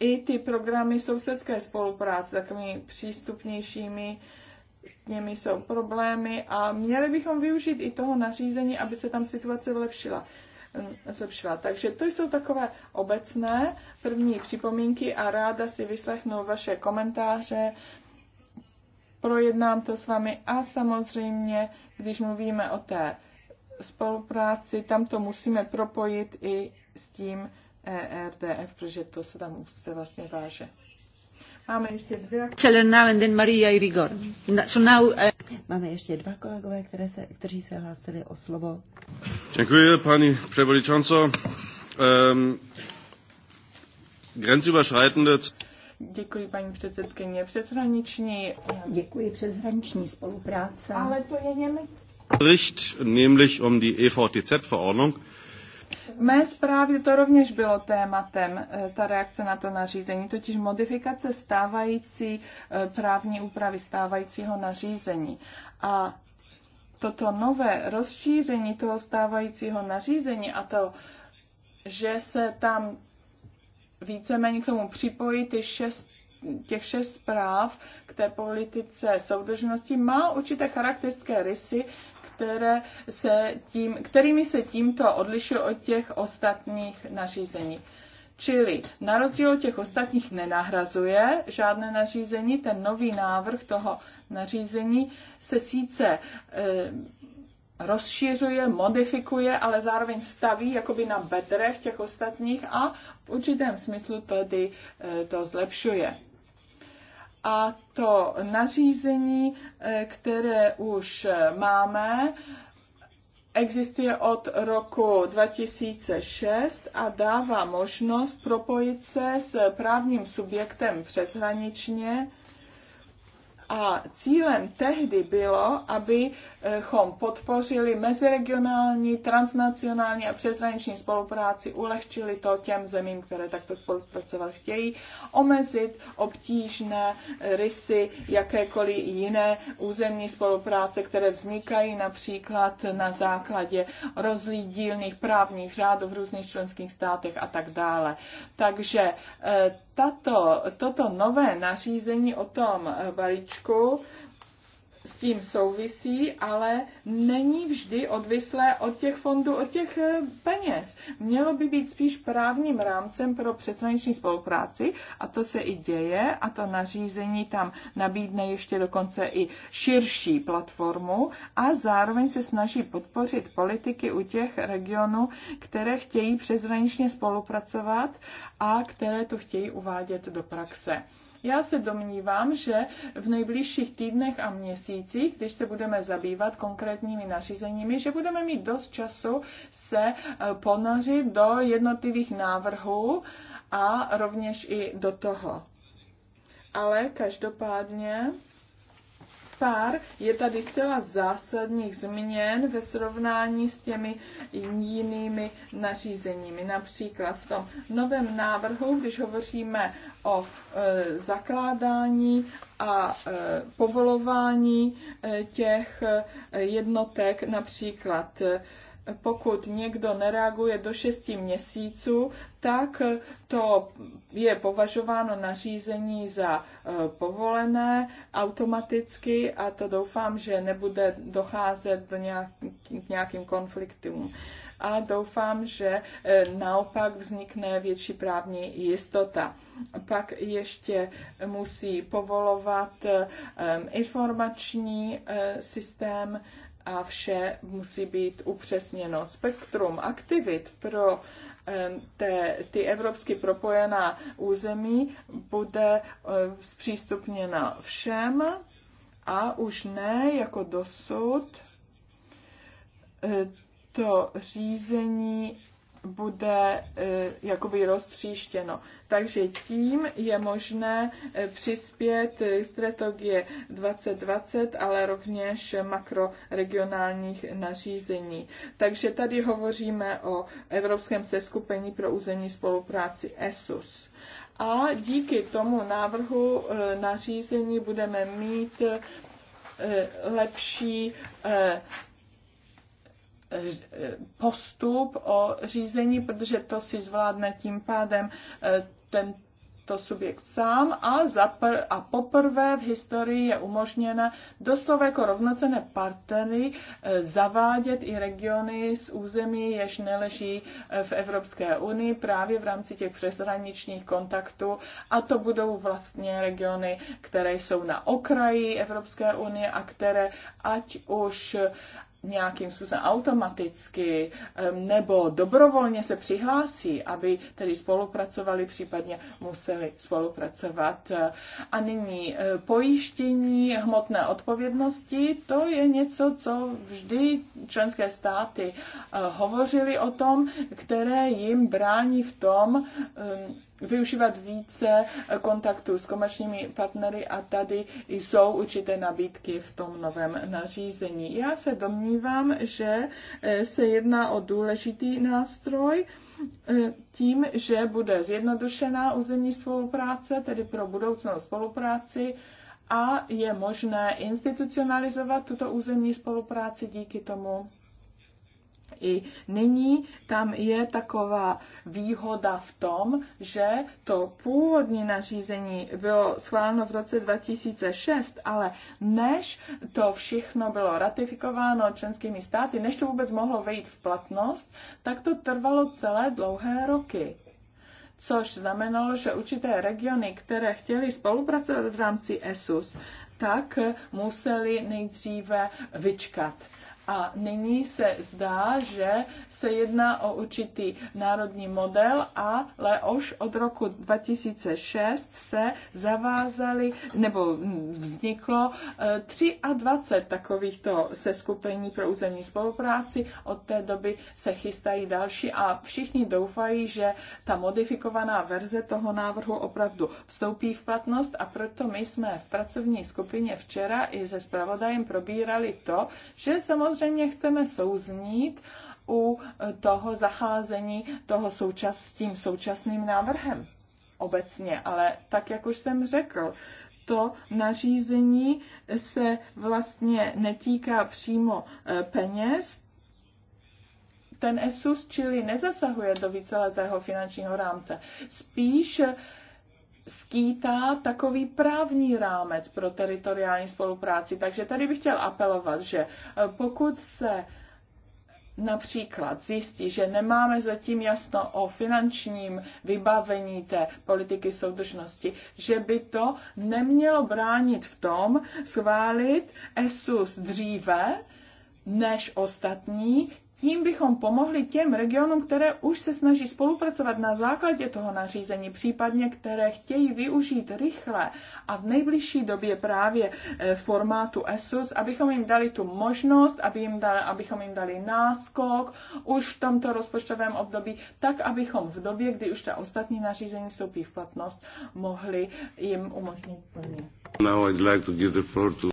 i ty programy sousedské spolupráce takovými přístupnějšími s nimi jsou problémy a měli bychom využít i toho nařízení, aby se tam situace vylepšila. Zlepšila. Takže to jsou takové obecné první připomínky a ráda si vyslechnu vaše komentáře, projednám to s vámi a samozřejmě, když mluvíme o té spolupráci, tam to musíme propojit i s tím ERDF, protože to se tam úzce vlastně váže. Máme ještě dvě. Celena Maria Irigor. So uh, Máme ještě dva kolegové, které se, kteří se hlásili o slovo. Děkuji, paní převodičanco. Um, ehm, grenzüberschreitende Děkuji, paní předsedkyně. Přeshraniční. Děkuji, přeshraniční spolupráce. Ale to je Němec. Bericht, nämlich um die EVTZ-Verordnung. V mé zprávě to rovněž bylo tématem, eh, ta reakce na to nařízení, totiž modifikace stávající eh, právní úpravy stávajícího nařízení. A toto nové rozšíření toho stávajícího nařízení a to, že se tam víceméně k tomu připojí ty šest těch šest zpráv k té politice soudržnosti má určité charakteristické rysy, které se tím, kterými se tímto odlišuje od těch ostatních nařízení. Čili na rozdíl od těch ostatních nenahrazuje žádné nařízení, ten nový návrh toho nařízení se sice e, rozšiřuje, modifikuje, ale zároveň staví jakoby na bedrech těch ostatních a v určitém smyslu tedy e, to zlepšuje a to nařízení, eh, které už máme, existuje od roku 2006 a dává možnost propojit se s právním subjektem přeshraničně a cílem tehdy bylo, abychom podpořili meziregionální, transnacionální a přeshraniční spolupráci, ulehčili to těm zemím, které takto spolupracovat chtějí, omezit obtížné rysy jakékoliv jiné územní spolupráce, které vznikají například na základě rozlídílných právních řádů v různých členských státech a tak dále. Takže eh, tato, toto nové nařízení o tom balíčku, trošku s tím souvisí, ale není vždy odvislé od těch fondů, od těch eh, peněz. Mělo by být spíš právním rámcem pro přeshraniční spolupráci a to se i děje a to nařízení tam nabídne ještě dokonce i širší platformu a zároveň se snaží podpořit politiky u těch regionů, které chtějí přeshraničně spolupracovat a které to chtějí uvádět do praxe. Já se domnívám, že v nejbližších týdnech a měsících, když se budeme zabývat konkrétními nařízeními, že budeme mít dost času se eh, ponořit do jednotlivých návrhů a rovněž i do toho. Ale každopádně pár, je tady zcela zásadních změn ve srovnání s těmi jinými nařízeními. Například v tom novém návrhu, když hovoříme o e, zakládání a e, povolování e, těch e, jednotek, například e, pokud někdo nereaguje do 6 měsíců, tak to je považováno nařízení za e, povolené automaticky a to doufám, že nebude docházet do nějak, k nějakým konfliktům. A doufám, že e, naopak vznikne větší právní jistota. Pak ještě musí povolovat e, informační systém, a vše musí být upřesněno. Spektrum aktivit pro te, ty evropsky propojená území bude zpřístupněna všem a už ne jako dosud e, to řízení bude e, jakoby roztříštěno. Takže tím je možné e, přispět strategie 2020, ale rovněž makroregionálních nařízení. Takže tady hovoříme o Evropském seskupení pro územní spolupráci ESUS. A díky tomu návrhu e, nařízení budeme mít lepší postup o řízení, protože to si zvládne tím pádem e, ten to subjekt sám a, zapr- a poprvé v historii je umožněna doslova jako rovnocené partnery e, zavádět i regiony z území, jež neleží e, v Evropské unii právě v rámci těch přeshraničních kontaktů a to budou vlastně regiony, které jsou na okraji Evropské unie a které ať už nějakým způsobem automaticky nebo dobrovolně se přihlásí, aby tedy spolupracovali, případně museli spolupracovat. A nyní e, pojištění hmotné odpovědnosti, to je něco, co vždy členské státy e, hovořily o tom, které jim brání v tom, využívat více kontaktů s komerčními partnery a tady jsou určité nabídky v tom novém nařízení. Já se domnívám, že eh, se jedná o důležitý nástroj eh, tím, že bude zjednodušená územní spolupráce, tedy pro budoucnou spolupráci, a je možné institucionalizovat tuto územní spolupráci díky tomu i nyní tam je taková výhoda v tom, že to původní nařízení bylo schváleno v roce 2006, ale než to všechno bylo ratifikováno členskými státy, než to vůbec mohlo vejít v platnost, tak to trvalo celé dlouhé roky což znamenalo, že určité regiony, které chtěly spolupracovat v rámci ESUS, tak museli nejdříve vyčkat a nyní se zdá, že se jedná o určitý národní model, ale už od roku 2006 se zavázali, nebo vzniklo 23 eh, takovýchto seskupení pro územní spolupráci. Od té doby se chystají další a všichni doufají, že ta modifikovaná verze toho návrhu opravdu vstoupí v platnost a proto my jsme v pracovní skupině včera i se zpravodajem probírali to, že samozřejmě samozřejmě chceme souznít u toho zacházení toho součas, s tím současným návrhem obecně, ale tak, jak už jsem řekl, to nařízení se vlastně netýká přímo e, peněz, ten ESUS, čili nezasahuje do víceletého finančního rámce. Spíš skýtá takový právní rámec pro teritoriální spolupráci. Takže tady bych chtěl apelovat, že eh, pokud se například zjistí, že nemáme zatím jasno o finančním vybavení té politiky soudržnosti, že by to nemělo bránit v tom schválit ESUS dříve než ostatní, tím bychom pomohli těm regionům, které už se snaží spolupracovat na základě toho nařízení, případně které chtějí využít rychle a v nejbližší době právě eh, formátu ESUS, abychom jim dali tu možnost, aby jim dali, abychom jim dali náskok už v tomto rozpočtovém období, tak abychom v době, kdy už ta ostatní nařízení vstoupí v platnost, mohli jim umožnit plně. Now I'd like to give the floor to...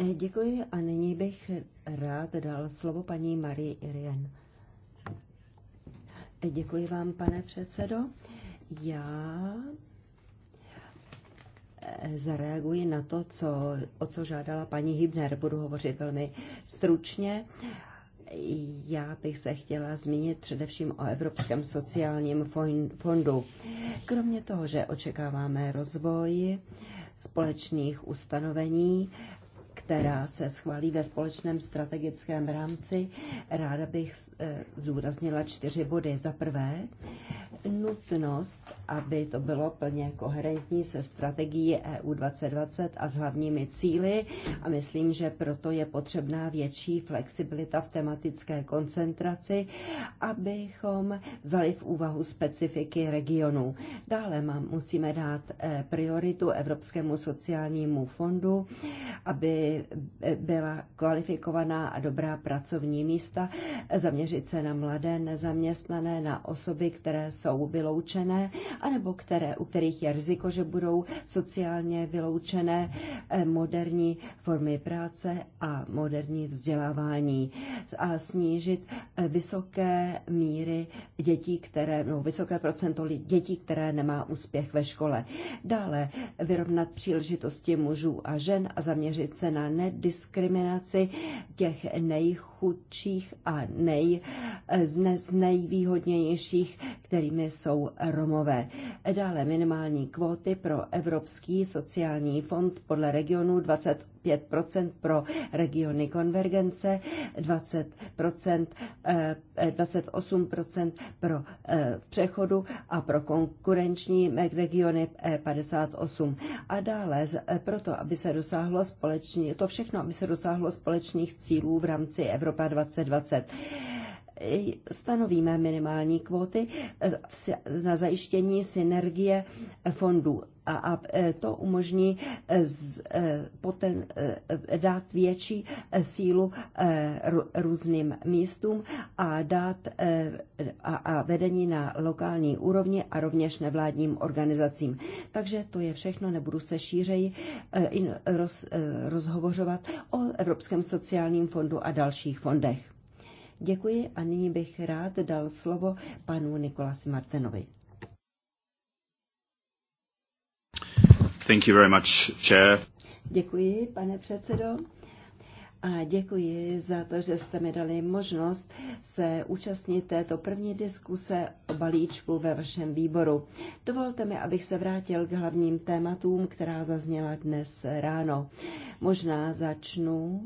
Eh, děkuji a nyní bych rád dal slovo paní Marie Irien. Eh, děkuji vám, pane předsedo. Já eh, zareaguji na to, co, o co žádala paní Hybner. Budu hovořit velmi stručně. Já bych se chtěla zmínit především o Evropském sociálním fondu. Kromě toho, že očekáváme rozvoj společných ustanovení která se schválí ve společném strategickém rámci. Ráda bych eh, zúraznila čtyři body. Za prvé, nutnost, aby to bylo plně koherentní se strategií EU 2020 a s hlavními cíly a myslím, že proto je potřebná větší flexibilita v tematické koncentraci, abychom vzali v úvahu specifiky regionu. Dále mám, musíme dát eh, prioritu Evropskému sociálnímu fondu, aby Eh, byla kvalifikovaná a dobrá pracovní místa, zaměřit se na mladé nezaměstnané, na osoby, které jsou vyloučené, anebo které, u kterých je riziko, že budou sociálně vyloučené, eh, moderní formy práce a moderní vzdělávání a snížit eh, vysoké míry dětí, které, no, vysoké procento dětí, které nemá úspěch ve škole. Dále vyrovnat příležitosti mužů a žen a zaměřit se na na nediskriminaci těch nejchudších a nej, z, z nejvýhodnějších, kterými jsou Romové. Dále minimální kvóty pro Evropský sociální fond podle regionu 20 5 pro regiony konvergence, 20 28 eh, eh, pro eh, přechodu a pro konkurenční regiony 58. A dále proto, aby se dosáhlo společně, to všechno, aby se dosáhlo společných cílů v rámci Evropa 2020 stanovíme minimální kvóty na zajištění synergie fondů a, a e, to umožní e, z, e, poten, dát větší sílu různým místům a dát a, a vedení na lokální úrovni a rovněž nevládním organizacím. Takže to je všechno, nebudu se šířej roz, rozhovořovat o Evropském sociálním fondu a dalších fondech. Děkuji a nyní bych rád dal slovo panu Nikolasi Martenovi. Thank you very much, Chair. Děkuji, pane předsedo. A děkuji za to, že jste mi dali možnost se účastnit této první diskuse o balíčku ve vašem výboru. Dovolte mi, abych se vrátil k hlavním tématům, která zazněla dnes ráno. Možná začnu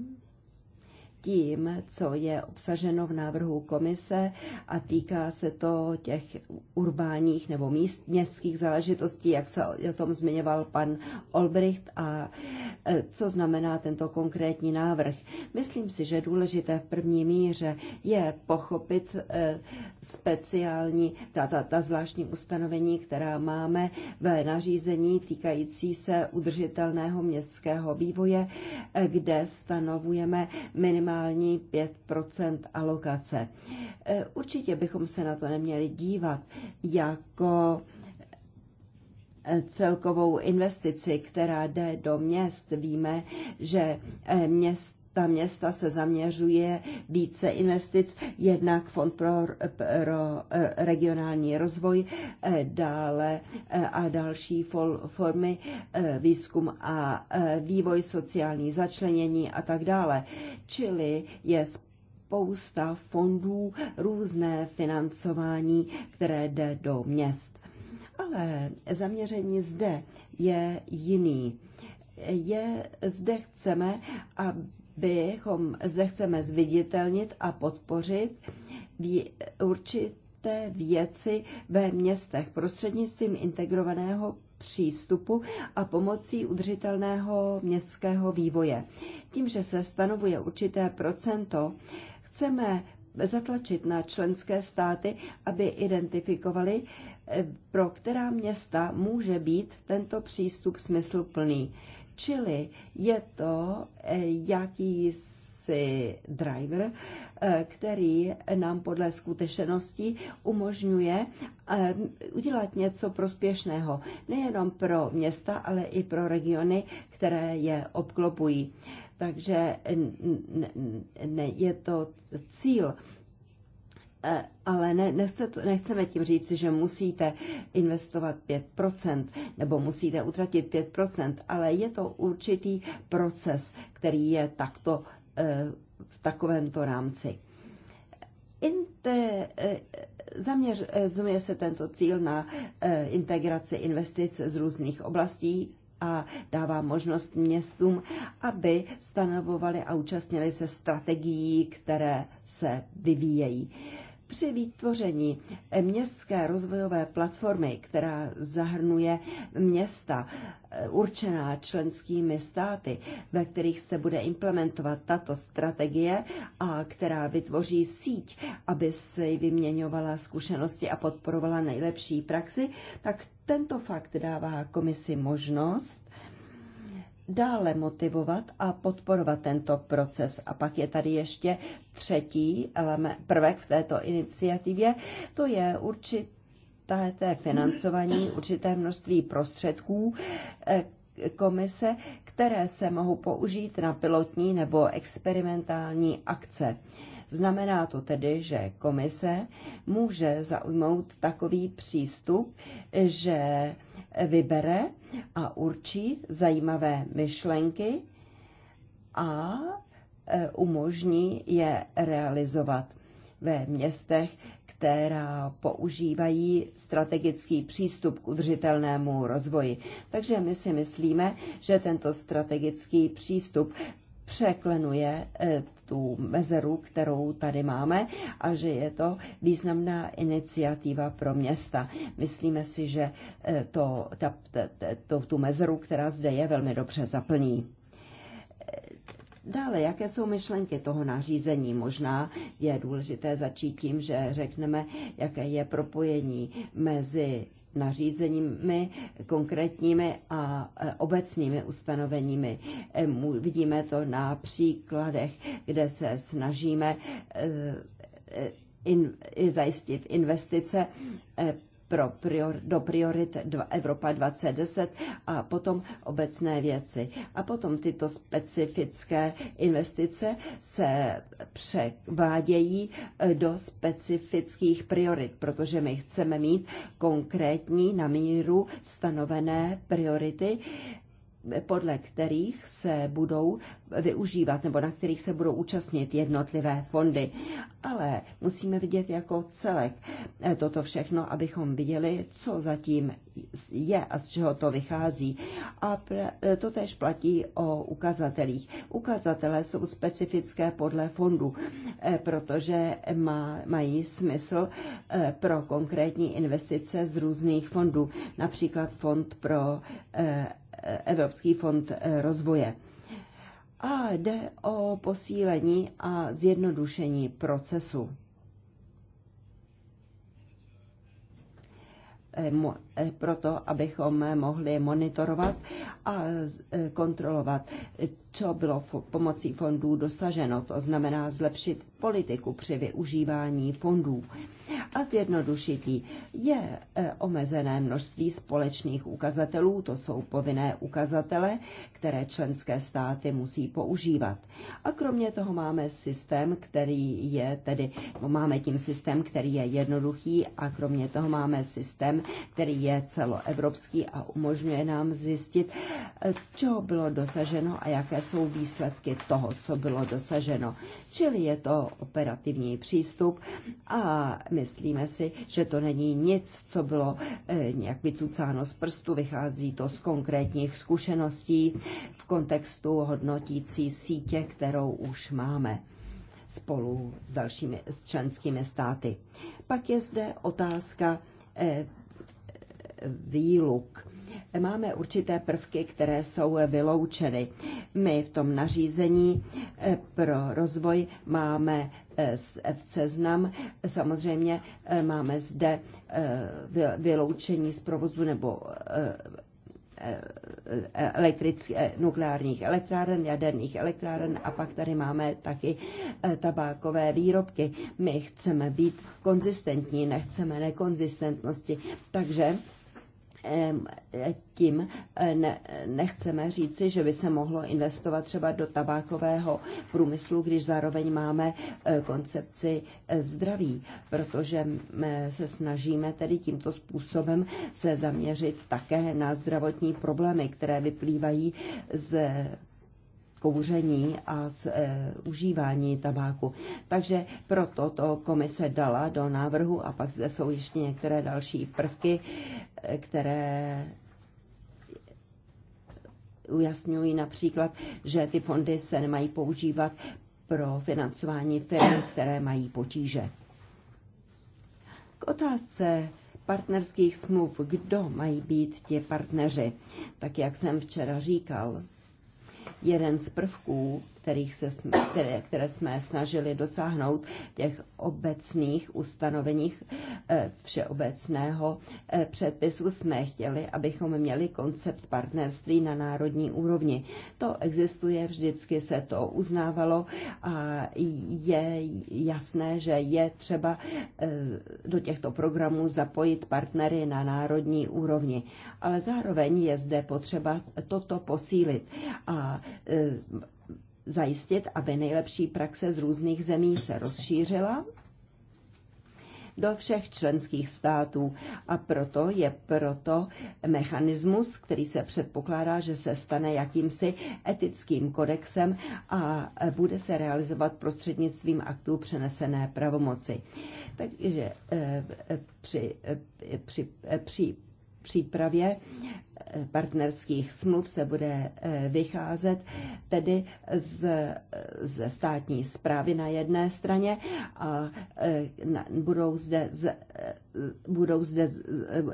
tím, co je obsaženo v návrhu komise a týká se to těch urbáních nebo míst, městských záležitostí, jak se o tom zmiňoval pan Olbricht a e, co znamená tento konkrétní návrh. Myslím si, že důležité v první míře je pochopit e, speciální, ta, ta, ta zvláštní ustanovení, která máme ve nařízení týkající se udržitelného městského vývoje, e, kde stanovujeme minimální minimální 5 alokace. E, určitě bychom se na to neměli dívat jako e, celkovou investici, která jde do měst. Víme, že e, měst ta města se zaměřuje více investic, jednak Fond pro, pro eh, regionální rozvoj, eh, dále eh, a další formy výzkum a vývoj sociální začlenění a tak dále. Čili je spousta fondů, různé financování, které jde do měst. Ale zaměření zde je jiný je, zde chceme, aby bychom zde chceme zviditelnit a podpořit určité věci ve městech prostřednictvím integrovaného přístupu a pomocí udržitelného městského vývoje. Tím, že se stanovuje určité procento, chceme zatlačit na členské státy, aby identifikovali, eh, pro která města může být tento přístup smysluplný. plný Čili je to eh, jakýsi driver, eh, který nám podle skutečnosti umožňuje eh, udělat něco prospěšného nejenom pro města, ale i pro regiony, které je obklopují. Takže je to cíl Eh, ale ne, nechce, nechceme tím říct, že musíte investovat 5% nebo musíte utratit 5%, ale je to určitý proces, který je takto eh, v takovémto rámci. Inte, eh, zaměřuje se tento cíl na integraci investic z různých oblastí a dává možnost městům, aby stanovovali a účastnili se strategií, které se vyvíjejí. Při vytvoření městské rozvojové platformy, která zahrnuje města eh, určená členskými státy, ve kterých se bude implementovat tato strategie a která vytvoří síť, aby se vyměňovala zkušenosti a podporovala nejlepší praxi, tak tento fakt dává komisi možnost dále motivovat a podporovat tento proces. A pak je tady ještě třetí ehm, prvek v této iniciativě, to je určité financování, určité množství prostředků eh, komise, které se mohou použít na pilotní nebo experimentální akce. Znamená to tedy, že komise může zaujmout takový přístup, že vybere a určí zajímavé myšlenky a e, umožní je realizovat ve městech, která používají strategický přístup k udržitelnému rozvoji. Takže my si myslíme, že tento strategický přístup překlenuje eh, tu mezeru, kterou tady máme a že je to významná iniciativa pro města. Myslíme si, že eh, to, ta, to, tu mezeru, která zde je, velmi dobře zaplní. Eh, dále, jaké jsou myšlenky toho nařízení? Možná je důležité začít tím, že řekneme, jaké je propojení mezi nařízeními konkrétními a e, obecnými ustanoveními. E, vidíme to na příkladech, kde se snažíme e, zajistit investice pro prior, do priorit Evropa 2010 a potom obecné věci. A potom tyto specifické investice se převádějí e, do specifických priorit, protože my chceme mít konkrétní na míru stanovené priority, podle kterých se budou využívat nebo na kterých se budou účastnit jednotlivé fondy. Ale musíme vidět jako celek toto všechno, abychom viděli, co zatím je a z čeho to vychází. A to tež platí o ukazatelích. Ukazatele jsou specifické podle fondu, eh, protože mají smysl eh, pro konkrétní investice z různých fondů, například fond pro eh, Evropský fond eh, rozvoje. A jde o posílení a zjednodušení procesu. Eh, eh, proto, abychom mohli monitorovat a kontrolovat, co bylo pomocí fondů dosaženo. To znamená zlepšit politiku při využívání fondů a zjednodušitý. Je e, omezené množství společných ukazatelů, to jsou povinné ukazatele, které členské státy musí používat. A kromě toho máme systém, který je tedy, no, máme tím systém, který je jednoduchý a kromě toho máme systém, který je celoevropský a umožňuje nám zjistit, e, čeho bylo dosaženo a jaké jsou výsledky toho, co bylo dosaženo čili je to operativní přístup a myslíme si, že to není nic, co bylo eh, nějak vycucáno z prstu, vychází to z konkrétních zkušeností v kontextu hodnotící sítě, kterou už máme spolu s dalšími s členskými státy. Pak je zde otázka eh, výluk máme určité prvky, které jsou vyloučeny. My v tom nařízení eh, pro rozvoj máme v eh, eh, seznam. Samozřejmě máme zde vyloučení z provozu nebo elektrických, nukleárních elektráren, jaderných elektráren a pak tady máme taky tabákové výrobky. My chceme být konzistentní, nechceme nekonzistentnosti, takže tím eh, nechceme říci, že by se mohlo investovat třeba do tabákového průmyslu, když zároveň máme eh, koncepci eh, zdraví, protože se snažíme tedy tímto způsobem se zaměřit také na zdravotní problémy, které vyplývají z kouření a z e, užívání tabáku. Takže proto to komise dala do návrhu a pak zde jsou ještě některé další prvky, které ujasňují například, že ty fondy se nemají používat pro financování firm, které mají potíže. K otázce partnerských smluv, kdo mají být ti partneři. Tak jak jsem včera říkal, jeden z prvků kterých se, které, které jsme snažili dosáhnout těch obecných ustanoveních eh, všeobecného eh, předpisu, jsme chtěli, abychom měli koncept partnerství na národní úrovni. To existuje, vždycky se to uznávalo a je jasné, že je třeba eh, do těchto programů zapojit partnery na národní úrovni. Ale zároveň je zde potřeba toto posílit a zajistit, aby nejlepší praxe z různých zemí se rozšířila do všech členských států a proto je proto mechanismus, který se předpokládá, že se stane jakýmsi etickým kodexem a bude se realizovat prostřednictvím aktů přenesené pravomoci. Takže eh, eh, při, eh, při, při přípravě eh, partnerských smluv se bude eh, vycházet tedy z, ze státní zprávy na jedné straně a eh, na, budou zde, z, budou zde z,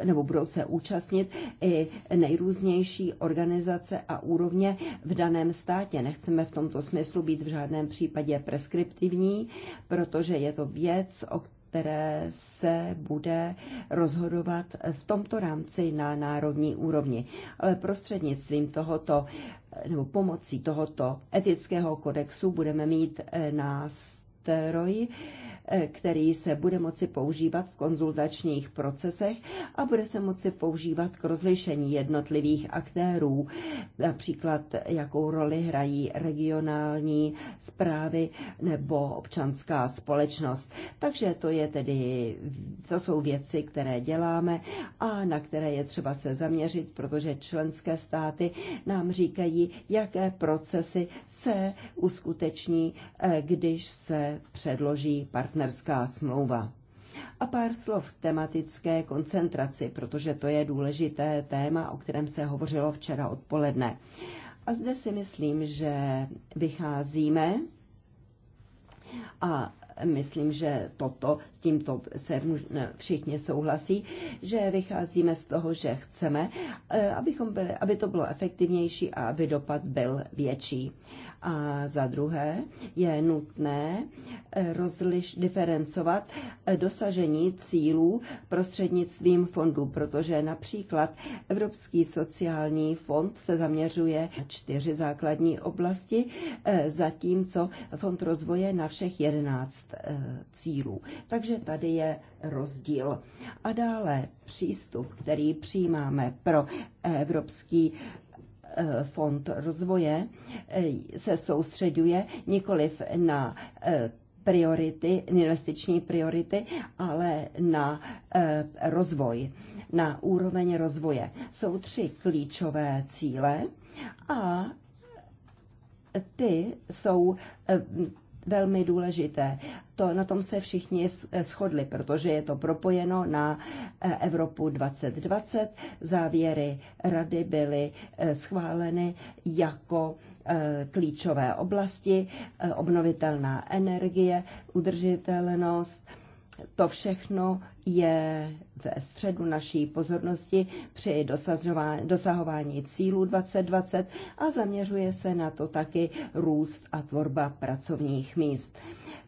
nebo budou se účastnit i nejrůznější organizace a úrovně v daném státě. Nechceme v tomto smyslu být v žádném případě preskriptivní, protože je to věc, o které se bude rozhodovat v tomto rámci na národní úrovni. Ale prostřednictvím tohoto nebo pomocí tohoto etického kodexu budeme mít eh, nástroj, Eh, který se bude moci používat v konzultačních procesech a bude se moci používat k rozlišení jednotlivých aktérů, například jakou roli hrají regionální zprávy nebo občanská společnost. Takže to je tedy, to jsou věci, které děláme a na které je třeba se zaměřit, protože členské státy nám říkají, jaké procesy se uskuteční, eh, když se předloží partner partnerská smlouva. A pár slov k tematické koncentraci, protože to je důležité téma, o kterém se hovořilo včera odpoledne. A zde si myslím, že vycházíme a myslím, že toto, s tímto se všichni souhlasí, že vycházíme z toho, že chceme, eh, abychom byli, aby to bylo efektivnější a aby dopad byl větší. A za druhé je nutné eh, rozliš, diferencovat eh, dosažení cílů prostřednictvím fondů, protože například Evropský sociální fond se zaměřuje na čtyři základní oblasti, eh, zatímco fond rozvoje na všech jedenáct cílů. Takže tady je rozdíl. A dále přístup, který přijímáme pro Evropský Eh, fond rozvoje eh, se soustředuje nikoliv na eh, priority, investiční priority, ale na rozvoj, na úroveň rozvoje. Jsou tři klíčové cíle a ty jsou velmi důležité. To, na tom se všichni eh, shodli, protože je to propojeno na eh, Evropu 2020. Závěry rady byly eh, schváleny jako klíčové oblasti, obnovitelná energie, udržitelnost, to všechno je ve středu naší pozornosti při dosahování cílů 2020 a zaměřuje se na to taky růst a tvorba pracovních míst.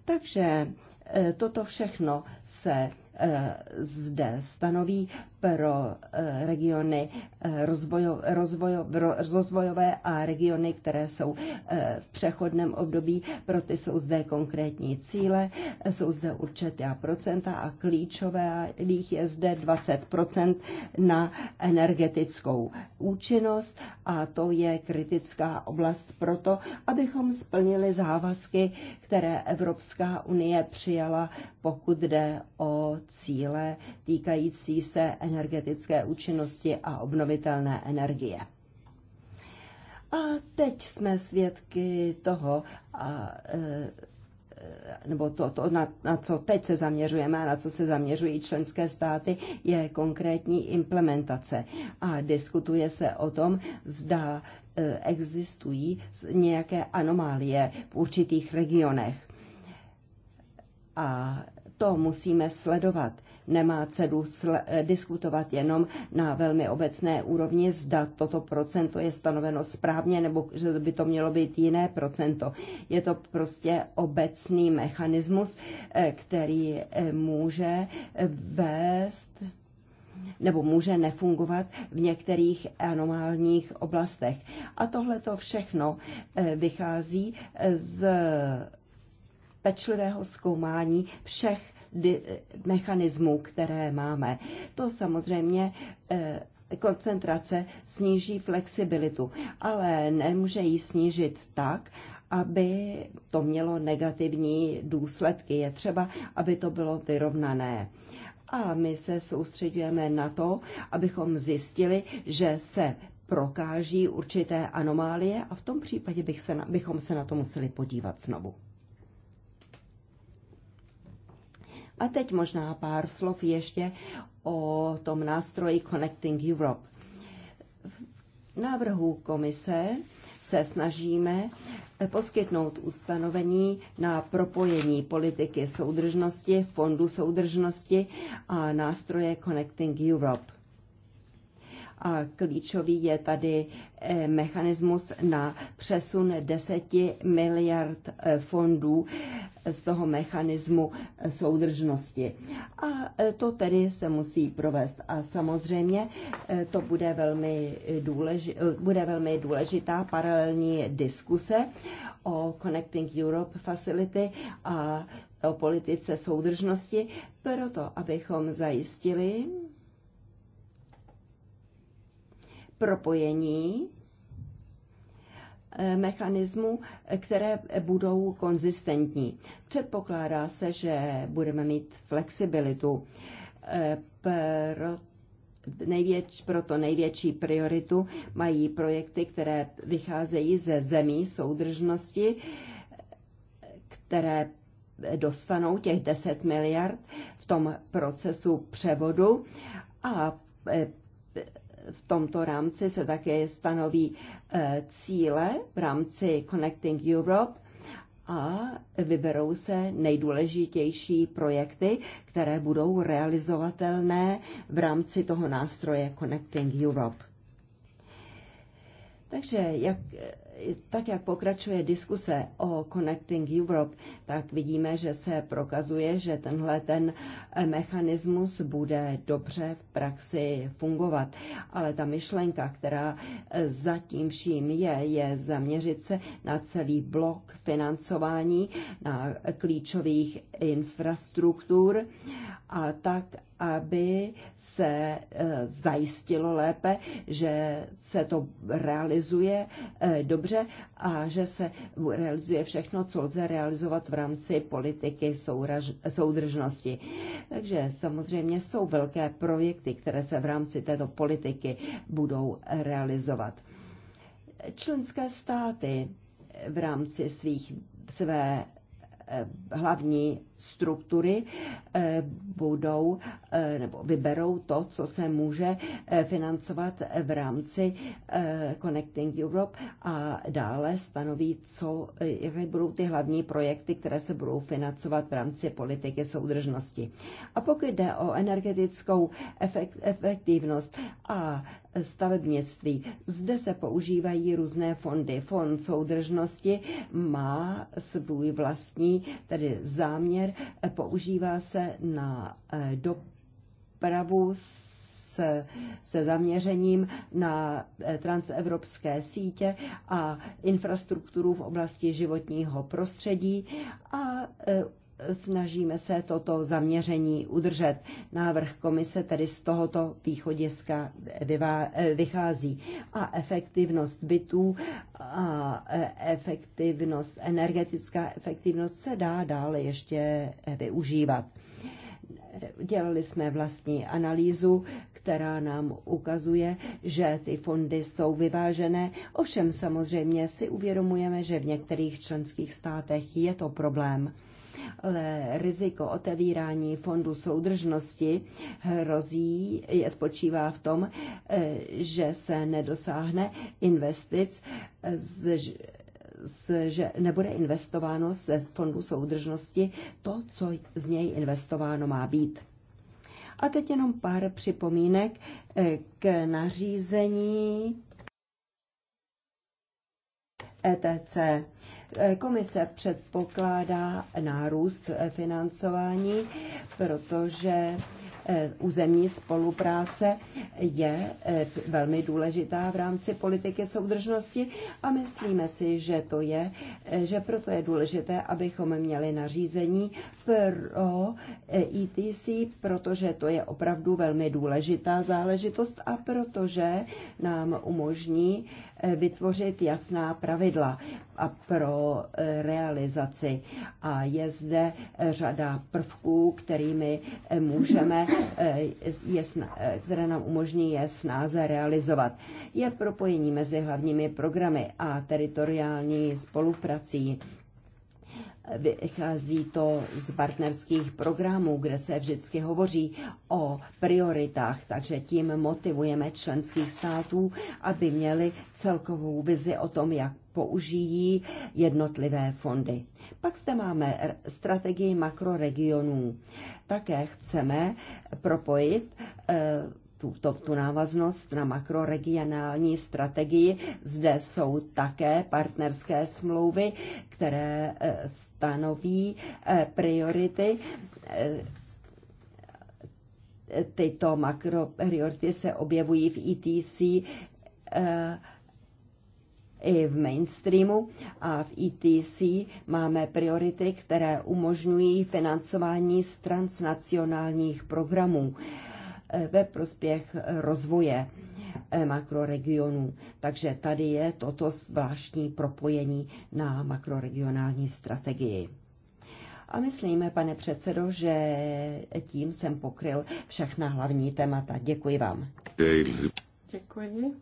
Takže e, toto všechno se e, zde stanoví pro eh, regiony eh, rozvojo, rozvojo, rozvojové a regiony, které jsou eh, v přechodném období. Pro ty jsou zde konkrétní cíle, jsou zde určitá procenta a klíčové jich je zde 20 na energetickou účinnost a to je kritická oblast proto, abychom splnili závazky, které Evropská unie přijala, pokud jde o cíle týkající se energetické energetické účinnosti a obnovitelné energie. A teď jsme svědky toho, a, e, nebo to, to na, na co teď se zaměřujeme a na co se zaměřují členské státy, je konkrétní implementace. A diskutuje se o tom, zda e, existují nějaké anomálie v určitých regionech. A to musíme sledovat nemá cenu eh, diskutovat jenom na velmi obecné úrovni, zda toto procento je stanoveno správně, nebo že by to mělo být jiné procento. Je to prostě obecný mechanismus, eh, který eh, může vést nebo může nefungovat v některých anomálních oblastech. A tohle to všechno vychází z pečlivého zkoumání všech mechanismů, které máme. To samozřejmě eh, koncentrace sníží flexibilitu, ale nemůže ji snížit tak, aby to mělo negativní důsledky. Je třeba, aby to bylo vyrovnané. A my se soustředujeme na to, abychom zjistili, že se prokáží určité anomálie a v tom případě bych se na, bychom se na to museli podívat znovu. A teď možná pár slov ještě o tom nástroji Connecting Europe. V návrhu komise se snažíme poskytnout ustanovení na propojení politiky soudržnosti, fondu soudržnosti a nástroje Connecting Europe. A klíčový je tady eh, mechanismus na přesun 10 miliard eh, fondů z toho mechanismu soudržnosti. A e, to tedy se musí provést. A samozřejmě e, to bude velmi, důleži, bude velmi důležitá paralelní diskuse o Connecting Europe Facility a o politice soudržnosti, proto abychom zajistili propojení Eh, mechanismů, eh, které budou konzistentní. Předpokládá se, že budeme mít flexibilitu. Eh, pro největš, proto největší prioritu mají projekty, které vycházejí ze zemí soudržnosti, které dostanou těch 10 miliard v tom procesu převodu a v tomto rámci se také stanoví eh, cíle v rámci Connecting Europe a vyberou se nejdůležitější projekty, které budou realizovatelné v rámci toho nástroje Connecting Europe. Takže jak, tak, jak pokračuje diskuse o Connecting Europe, tak vidíme, že se prokazuje, že tenhle ten eh, mechanismus bude dobře v praxi fungovat. Ale ta myšlenka, která eh, zatím vším je, je zaměřit se na celý blok financování, na klíčových infrastruktur a tak, aby se eh, zajistilo lépe, že se to realizuje eh, dobře a že se realizuje všechno, co lze realizovat v rámci politiky souraž, soudržnosti. Takže samozřejmě jsou velké projekty, které se v rámci této politiky budou realizovat. Členské státy v rámci svých, své Eh, hlavní struktury eh, budou eh, nebo vyberou to, co se může financovat v rámci Connecting Europe a dále stanoví, co, jaké budou ty hlavní projekty, které se budou financovat v rámci politiky soudržnosti. A pokud jde o energetickou efektivnost a stavebnictví. Zde se používají různé fondy. Fond soudržnosti má svůj vlastní, tedy záměr, používá se na eh, dopravu se, se zaměřením na eh, transevropské sítě a infrastrukturu v oblasti životního prostředí a eh, snažíme se toto zaměření udržet. Návrh komise tedy z tohoto východiska vychází. A efektivnost bytů a efektivnost, energetická efektivnost se dá dále ještě využívat. Dělali jsme vlastní analýzu, která nám ukazuje, že ty fondy jsou vyvážené. Ovšem samozřejmě si uvědomujeme, že v některých členských státech je to problém ale riziko otevírání fondu soudržnosti hrozí, je spočívá v tom, eh, že se nedosáhne investic z z, že nebude investováno ze fondu soudržnosti to, co z něj investováno má být. A teď jenom pár připomínek eh, k nařízení ETC. Eh, komise předpokládá nárůst eh, financování, protože eh, územní spolupráce je velmi důležitá v rámci politiky soudržnosti a myslíme si, že to je, že proto je důležité, abychom měli nařízení pro ETC, e protože to je opravdu velmi důležitá záležitost a protože nám umožní Eh, vytvořit jasná pravidla a pro eh, realizaci. A je zde eh, řada prvků, kterými můžeme, je, které nám umožní je snáze realizovat. Je propojení mezi hlavními programy a teritoriální spoluprací Vychází to z partnerských programů, kde se vždycky hovoří o prioritách, takže tím motivujeme členských států, aby měli celkovou vizi o tom, jak použijí jednotlivé fondy. Pak zde máme strategii makroregionů. Také chceme propojit eh, tu, to, tu návaznost na makroregionální strategii. Zde jsou také partnerské smlouvy, které eh, stanoví eh, priority. Eh, tyto makropriority se objevují v ETC i v mainstreamu a v ETC máme priority, které umožňují financování z transnacionálních programů. Uh, Eh, ve prospěch eh, rozvoje eh, makroregionů. Takže tady je toto zvláštní propojení na makroregionální strategii. A myslíme, pane předsedo, že tím jsem pokryl všechna hlavní témata. Děkuji vám. Děkuji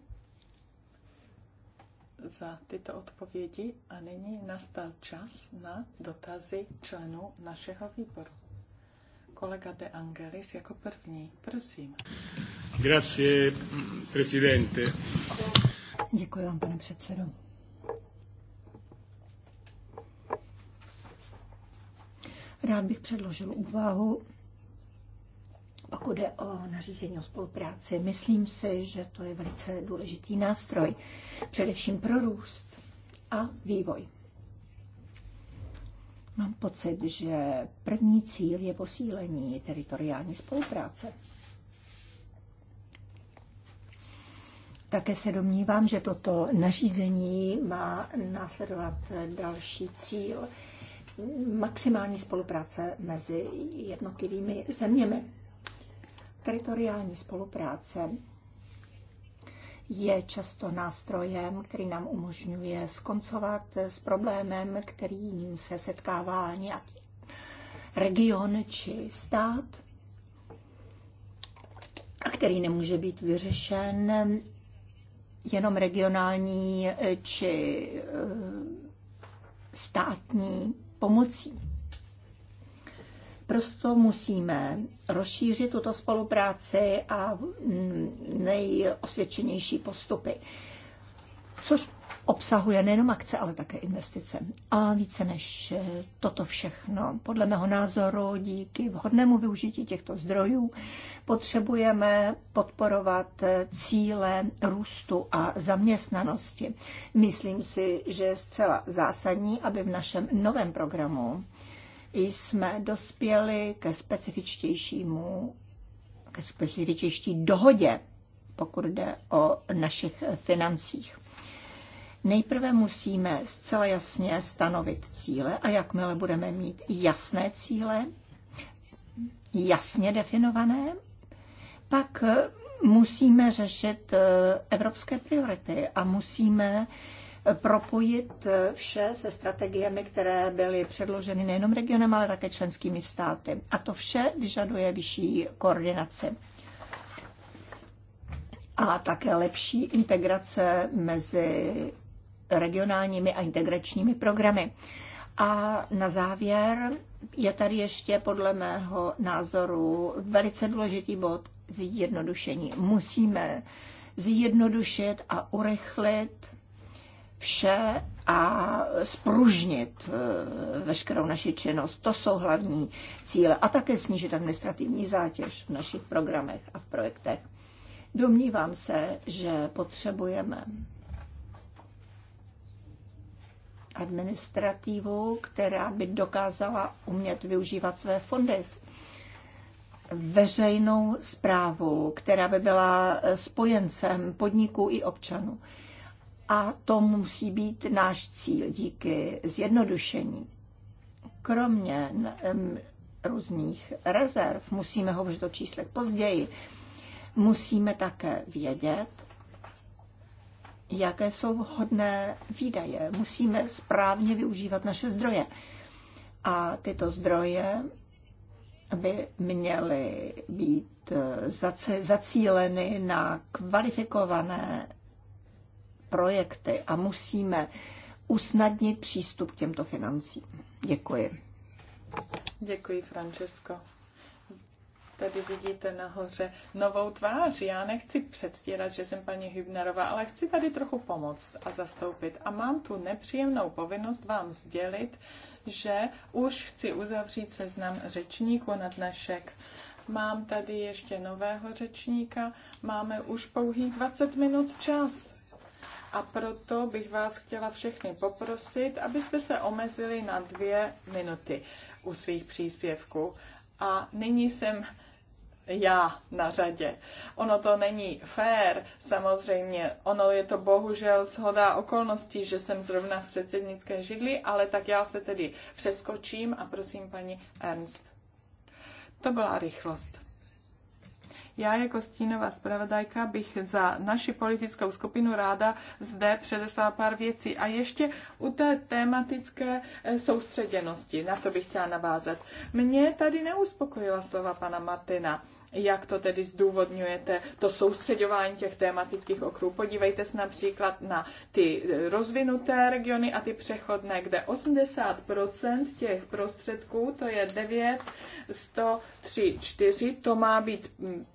za tyto odpovědi a nyní nastal čas na dotazy členů našeho výboru kolega De Angelis jako první. Prosím. Grazie, presidente. Děkuji vám, pane předsedo. Rád bych předložil úvahu, pokud jde o nařízení o spolupráci. Myslím si, že to je velice důležitý nástroj, především pro růst a vývoj. Mám pocit, že první cíl je posílení teritoriální spolupráce. Také se domnívám, že toto nařízení má následovat další cíl maximální spolupráce mezi jednotlivými zeměmi. Teritoriální spolupráce je často nástrojem, který nám umožňuje skoncovat s problémem, kterým se setkává nějaký region či stát, a který nemůže být vyřešen jenom regionální či eh, státní pomocí. Prosto musíme rozšířit tuto spolupráci a nejosvědčenější postupy, což obsahuje nejenom akce, ale také investice. A více než toto všechno, podle mého názoru, díky vhodnému využití těchto zdrojů potřebujeme podporovat cíle růstu a zaměstnanosti. Myslím si, že je zcela zásadní, aby v našem novém programu jsme dospěli ke specifičtějšímu, ke specifičtější dohodě, pokud jde o našich financích. Nejprve musíme zcela jasně stanovit cíle a jakmile budeme mít jasné cíle, jasně definované, pak musíme řešit eh, evropské priority a musíme propojit eh, vše se strategiemi, které byly předloženy nejenom regionem, ale také členskými státy. A to vše vyžaduje vyšší koordinaci a také lepší integrace mezi regionálními a integračními programy. A na závěr je tady ještě podle mého názoru velice důležitý bod zjednodušení. Musíme zjednodušit a urychlit vše a spružnit eh, veškerou naši činnost. To jsou hlavní cíle. A také snížit administrativní zátěž v našich programech a v projektech. Domnívám se, že potřebujeme administrativu, která by dokázala umět využívat své fondy. Veřejnou zprávu, která by byla spojencem podniků i občanů. A to musí být náš cíl díky zjednodušení. Kromě různých rezerv, musíme hovořit o číslech později, musíme také vědět, jaké jsou vhodné výdaje. Musíme správně využívat naše zdroje. A tyto zdroje by měly být eh, zacíleny na kvalifikované projekty a musíme usnadnit přístup k těmto financím. Děkuji. Děkuji, Francesco. Tady vidíte nahoře novou tvář. Já nechci předstírat, že jsem paní Hübnerová, ale chci tady trochu pomoct a zastoupit. A mám tu nepříjemnou povinnost vám sdělit, že už chci uzavřít seznam řečníků na dnešek. Mám tady ještě nového řečníka. Máme už pouhých 20 minut čas a proto bych vás chtěla všechny poprosit, abyste se omezili na dvě minuty u svých příspěvků. A nyní jsem já na řadě. Ono to není fér, samozřejmě. Ono je to bohužel shoda okolností, že jsem zrovna v předsednické židli, ale tak já se tedy přeskočím a prosím paní Ernst. To byla rychlost. Já jako stínová zpravodajka bych za naši politickou skupinu ráda zde předeslala pár věcí. A ještě u té tematické eh, soustředěnosti, na to bych chtěla navázat. Mě tady neuspokojila slova pana Martina jak to tedy zdůvodňujete, to soustředování těch tématických okruhů. Podívejte se například na ty eh, rozvinuté regiony a ty přechodné, kde 80% těch prostředků, to je 9, 103, 4, to má být hm,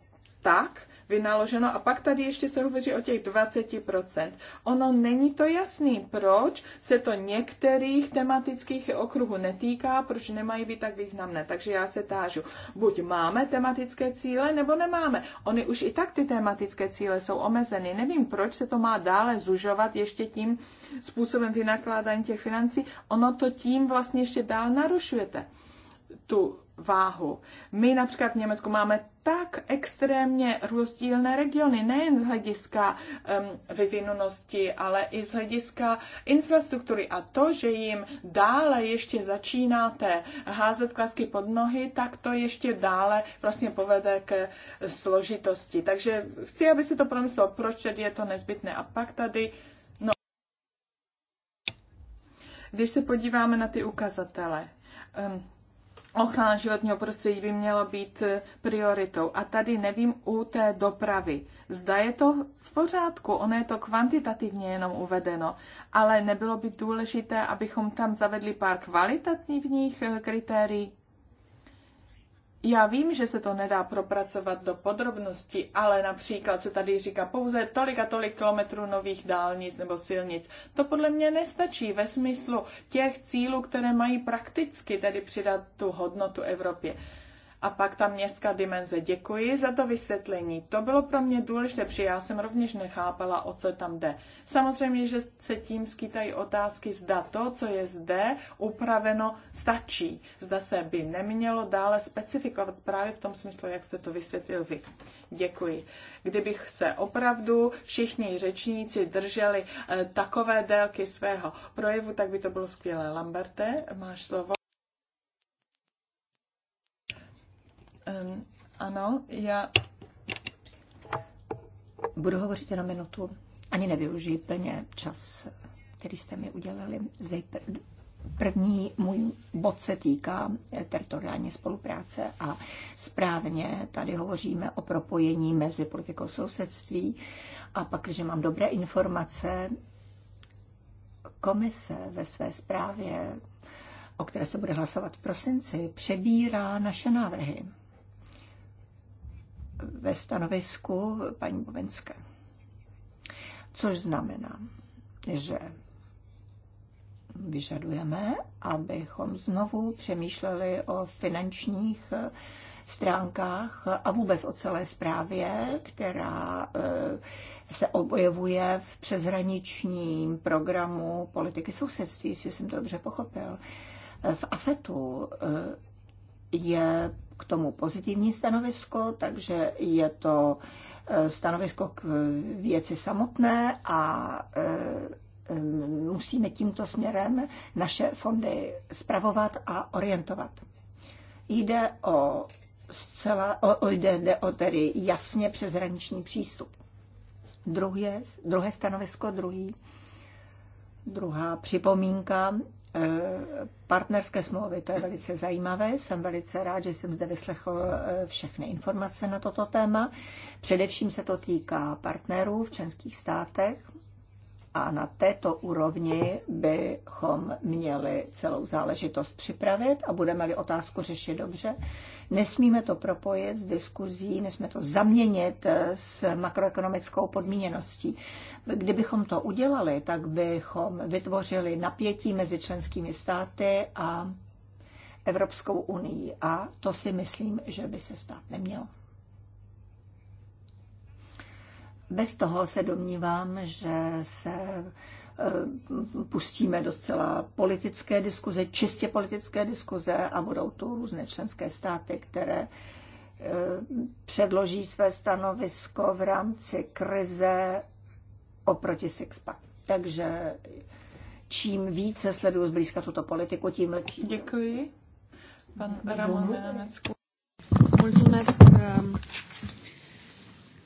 tak vynaloženo. A pak tady ještě se hovoří o těch 20%. Ono není to jasný, proč se to některých tematických okruhů netýká, proč nemají být tak významné. Takže já se tážu, buď máme tematické cíle, nebo nemáme. Ony už i tak ty tematické cíle jsou omezeny. Nevím, proč se to má dále zužovat ještě tím způsobem vynakládání těch financí. Ono to tím vlastně ještě dál narušujete tu váhu. My například v Německu máme tak extrémně rozdílné regiony, nejen z hlediska um, vyvinutosti, ale i z hlediska infrastruktury. A to, že jim dále ještě začínáte házet klacky pod nohy, tak to ještě dále vlastně povede k složitosti. Takže chci, aby si to promyslel, proč je to nezbytné. A pak tady, no, když se podíváme na ty ukazatele, um, ochrana životního prostředí by měla být eh, prioritou. A tady nevím u té dopravy. Zda je to v pořádku, ono je to kvantitativně jenom uvedeno, ale nebylo by důležité, abychom tam zavedli pár kvalitativních eh, kritérií? Já vím, že se to nedá propracovat do podrobností, ale například se tady říká pouze tolik a tolik kilometrů nových dálnic nebo silnic. To podle mě nestačí ve smyslu těch cílů, které mají prakticky tedy přidat tu hodnotu Evropě. A pak ta městská dimenze. Děkuji za to vysvětlení. To bylo pro mě důležité, protože já jsem rovněž nechápala, o co tam jde. Samozřejmě, že se tím skýtají otázky, zda to, co je zde upraveno, stačí. Zda se by nemělo dále specifikovat právě v tom smyslu, jak jste to vysvětlil vy. Děkuji. Kdybych se opravdu všichni řečníci drželi eh, takové délky svého projevu, tak by to bylo skvělé. Lamberte, máš slovo. Um, ano, já budu hovořit jenom minutu. Ani nevyužiji plně čas, který jste mi udělali. První můj bod se týká eh, teritoriální spolupráce a správně tady hovoříme o propojení mezi politikou sousedství a pak, když mám dobré informace, komise ve své zprávě, o které se bude hlasovat v prosinci, přebírá naše návrhy ve stanovisku paní Bovenské. Což znamená, že vyžadujeme, abychom znovu přemýšleli o finančních eh, stránkách a vůbec o celé zprávě, která eh, se objevuje v přeshraničním programu politiky sousedství, jestli jsem to dobře pochopil. Eh, v AFETu je k tomu pozitivní stanovisko, takže je to e, stanovisko k věci samotné a e, e, musíme tímto směrem naše fondy spravovat a orientovat. Jde o zcela, o, o, jde, jde o tedy jasně přeshraniční přístup. Druhé, druhé stanovisko, druhý, druhá připomínka partnerské smlouvy. To je velice zajímavé. Jsem velice rád, že jsem zde vyslechl eh, všechny informace na toto téma. Především se to týká partnerů v členských státech, a na této úrovni bychom měli celou záležitost připravit a budeme-li otázku řešit dobře. Nesmíme to propojit s diskuzí, nesmíme to zaměnit eh, s makroekonomickou podmíněností. Kdybychom to udělali, tak bychom vytvořili napětí mezi členskými státy a Evropskou unii. A to si myslím, že by se stát nemělo. Bez toho se domnívám, že se eh, pustíme do zcela politické diskuze, čistě politické diskuze a budou tu různé členské státy, které eh, předloží své stanovisko v rámci krize oproti Sixpack. Takže čím více sleduju zblízka tuto politiku, tím lepší. Děkuji. Pan Ramon Nenecku.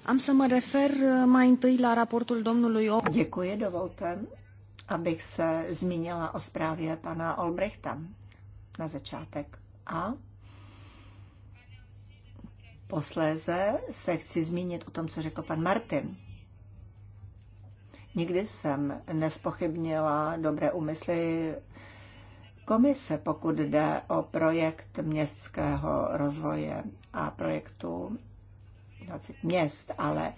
Am să mă refer uh, mai întâi la raportul domnului O. Děkuji, dovolte, abych se zmínila o zprávě pana Olbrechta na začátek. A posléze se chci zmínit o tom, co řekl pan Martin. Nikdy jsem nespochybnila dobré úmysly komise, pokud jde o projekt městského rozvoje a projektu 20 měst, ale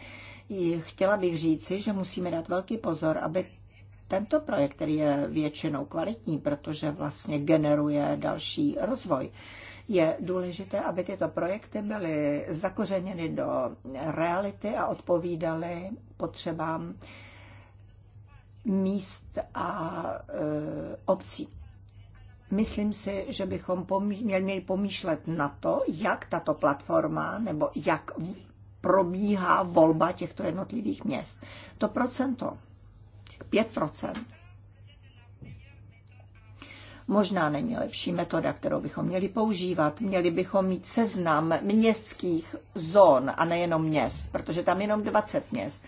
chtěla bych říci, že musíme dát velký pozor, aby tento projekt, který je většinou kvalitní, protože vlastně generuje další rozvoj, je důležité, aby tyto projekty byly zakořeněny do reality a odpovídaly potřebám míst a e, obcí. Myslím si, že bychom pomí- měli pomýšlet na to, jak tato platforma nebo jak probíhá volba těchto jednotlivých měst. To procento, 5%, možná není lepší metoda, kterou bychom měli používat. Měli bychom mít seznam městských zón a nejenom měst, protože tam jenom 20 měst.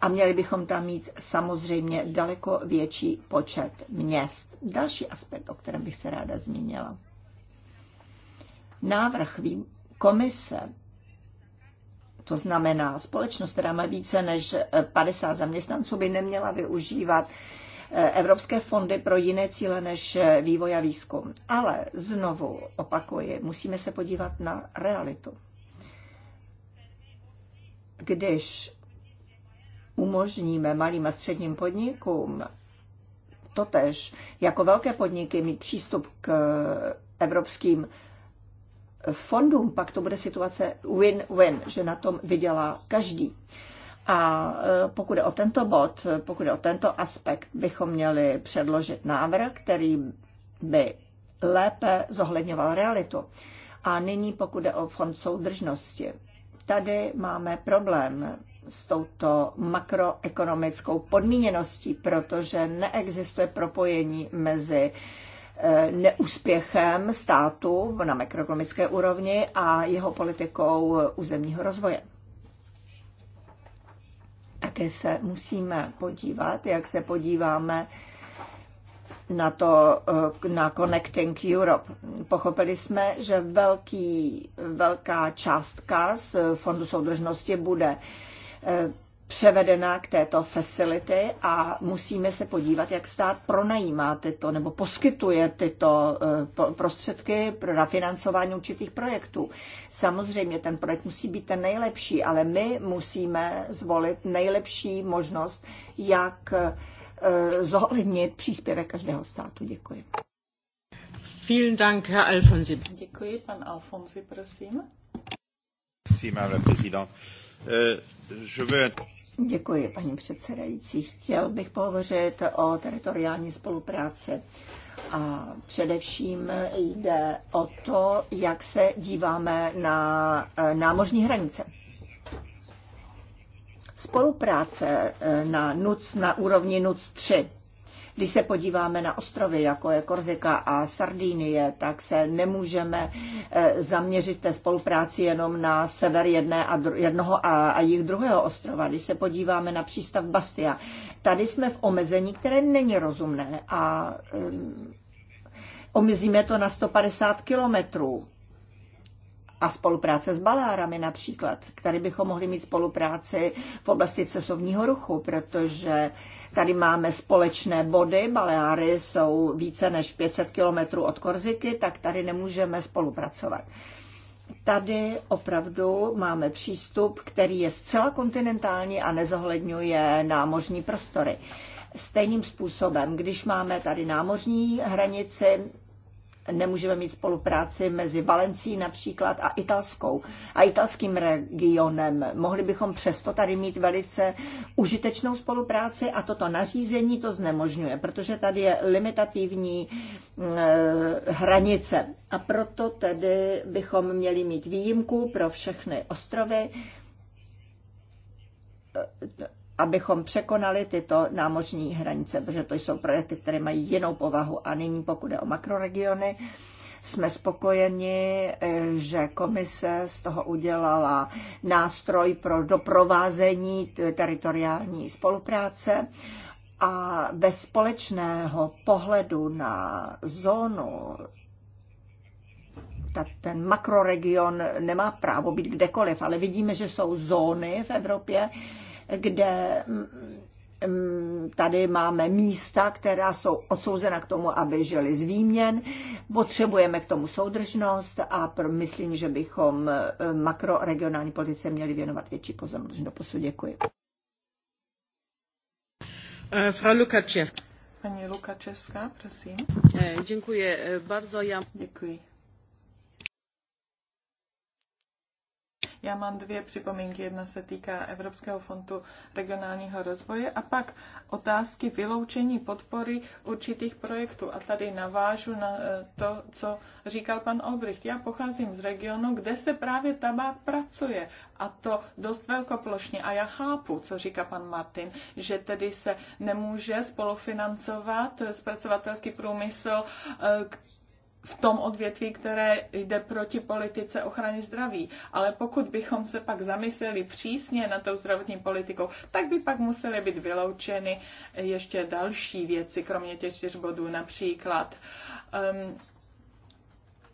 A měli bychom tam mít samozřejmě daleko větší počet měst. Další aspekt, o kterém bych se ráda zmínila. Návrh komise to znamená, společnost, která má více než 50 eh, zaměstnanců, by neměla využívat eh, evropské fondy pro jiné cíle než eh, vývoj a výzkum. Ale znovu opakuji, musíme se podívat na realitu. Když umožníme malým a středním podnikům totež jako velké podniky mít přístup k evropským fondům, pak to bude situace win-win, že na tom vydělá každý. A e, pokud je o tento bod, pokud je o tento aspekt, bychom měli předložit návrh, který by lépe zohledňoval realitu. A nyní, pokud je o fond soudržnosti, tady máme problém s touto makroekonomickou podmíněností, protože neexistuje propojení mezi neúspěchem státu na makroekonomické úrovni a jeho politikou územního rozvoje. Také se musíme podívat, jak se podíváme na to, eh, na Connecting Europe. Pochopili jsme, že velký, velká částka z Fondu soudržnosti bude eh, převedena k této facility a musíme se podívat, jak stát pronajímá tyto nebo poskytuje tyto eh, prostředky pro financování určitých projektů. Samozřejmě ten projekt musí být ten nejlepší, ale my musíme zvolit nejlepší možnost, jak eh, zohlednit příspěvek každého státu. Děkuji. Vielen Dank, Herr Alfonsi. Děkuji, pan Alfonsi, prosím. Merci, madame la présidente. Eh, Děkuji, paní předsedající. Chtěl bych pohovořit o teritoriální spolupráci. A především jde o to, jak se díváme na eh, námořní hranice. Spolupráce eh, na, NUC, na úrovni NUC 3 když se podíváme na ostrovy, jako je Korzika a Sardínie, tak se nemůžeme eh, zaměřit té spolupráci jenom na sever jedné a dru- jednoho a, a jich druhého ostrova. Když se podíváme na přístav Bastia, tady jsme v omezení, které není rozumné a um, omezíme to na 150 kilometrů a spolupráce s balárami například. který bychom mohli mít spolupráci v oblasti cestovního ruchu, protože Tady máme společné body, Baleáry jsou více než 500 kilometrů od Korziky, tak tady nemůžeme spolupracovat. Tady opravdu máme přístup, který je zcela kontinentální a nezohledňuje námořní prostory. Stejným způsobem, když máme tady námořní hranici, nemůžeme mít spolupráci mezi Valencií například a italskou a italským regionem. Mohli bychom přesto tady mít velice užitečnou spolupráci a toto nařízení to znemožňuje, protože tady je limitativní eh, hranice a proto tedy bychom měli mít výjimku pro všechny ostrovy abychom překonali tyto námořní hranice, protože to jsou projekty, které mají jinou povahu. A nyní, pokud je o makroregiony, jsme spokojeni, eh, že komise z toho udělala nástroj pro doprovázení teritoriální spolupráce a bez společného pohledu na zónu tak ten makroregion nemá právo být kdekoliv, ale vidíme, že jsou zóny v Evropě, kde mm, mm, tady máme místa, která jsou odsouzena k tomu, aby žili z výměn. Potřebujeme k tomu soudržnost a myslím, že bychom eh, makroregionální politice měli věnovat větší pozornost. posud děkuji. Eh, Frau Lukačev. Paní Lukačevská, prosím. Eh, děkuji bardzo. Já... Děkuji. Já mám dvě připomínky. Jedna se týká Evropského fondu regionálního rozvoje a pak otázky vyloučení podpory určitých projektů. A tady navážu na eh, to, co říkal pan Olbricht. Já pocházím z regionu, kde se právě tabák pracuje a to dost velkoplošně. A já chápu, co říká pan Martin, že tedy se nemůže spolufinancovat eh, zpracovatelský průmysl, eh, v tom odvětví, které jde proti politice ochrany zdraví. Ale pokud bychom se pak zamysleli přísně na tou zdravotní politikou, tak by pak musely být vyloučeny ještě další věci, kromě těch čtyř bodů, například um,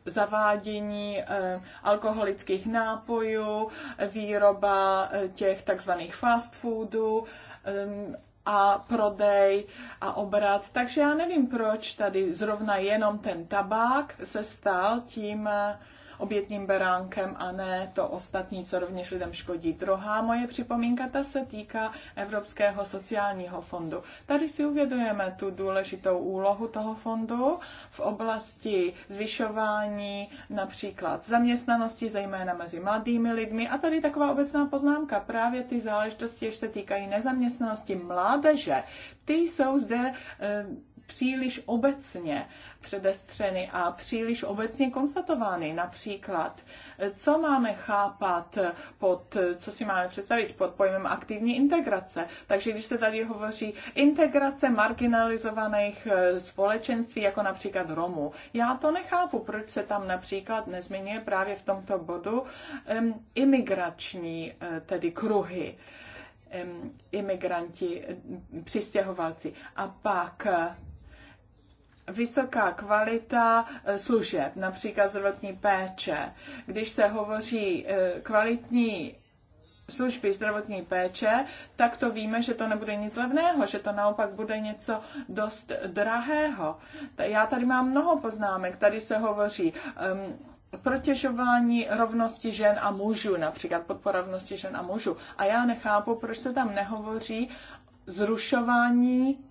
zavádění eh, alkoholických nápojů, výroba eh, těch takzvaných fast foodů, ehm, a prodej a obrat. Takže já nevím, proč tady zrovna jenom ten tabák se stal tím eh, obětním beránkem a ne to ostatní, co rovněž lidem škodí. Druhá moje připomínka, ta se týká Evropského sociálního fondu. Tady si uvědomujeme tu důležitou úlohu toho fondu v oblasti zvyšování například zaměstnanosti, zejména mezi mladými lidmi. A tady taková obecná poznámka, právě ty záležitosti, jež se týkají nezaměstnanosti mládeže, ty jsou zde e, příliš obecně předestřeny a příliš obecně konstatovány. Například, co máme chápat pod, co si máme představit pod pojmem aktivní integrace. Takže když se tady hovoří integrace marginalizovaných eh, společenství, jako například Romů, já to nechápu, proč se tam například nezmiňuje právě v tomto bodu um, imigrační, eh, tedy kruhy imigranti, přistěhovalci. A pak vysoká kvalita eh, služeb, například zdravotní péče. Když se hovoří eh, kvalitní služby zdravotní péče, tak to víme, že to nebude nic levného, že to naopak bude něco dost drahého. Já tady mám mnoho poznámek. Tady se hovoří um, protěžování rovnosti žen a mužů, například podpora rovnosti žen a mužů. A já nechápu, proč se tam nehovoří zrušování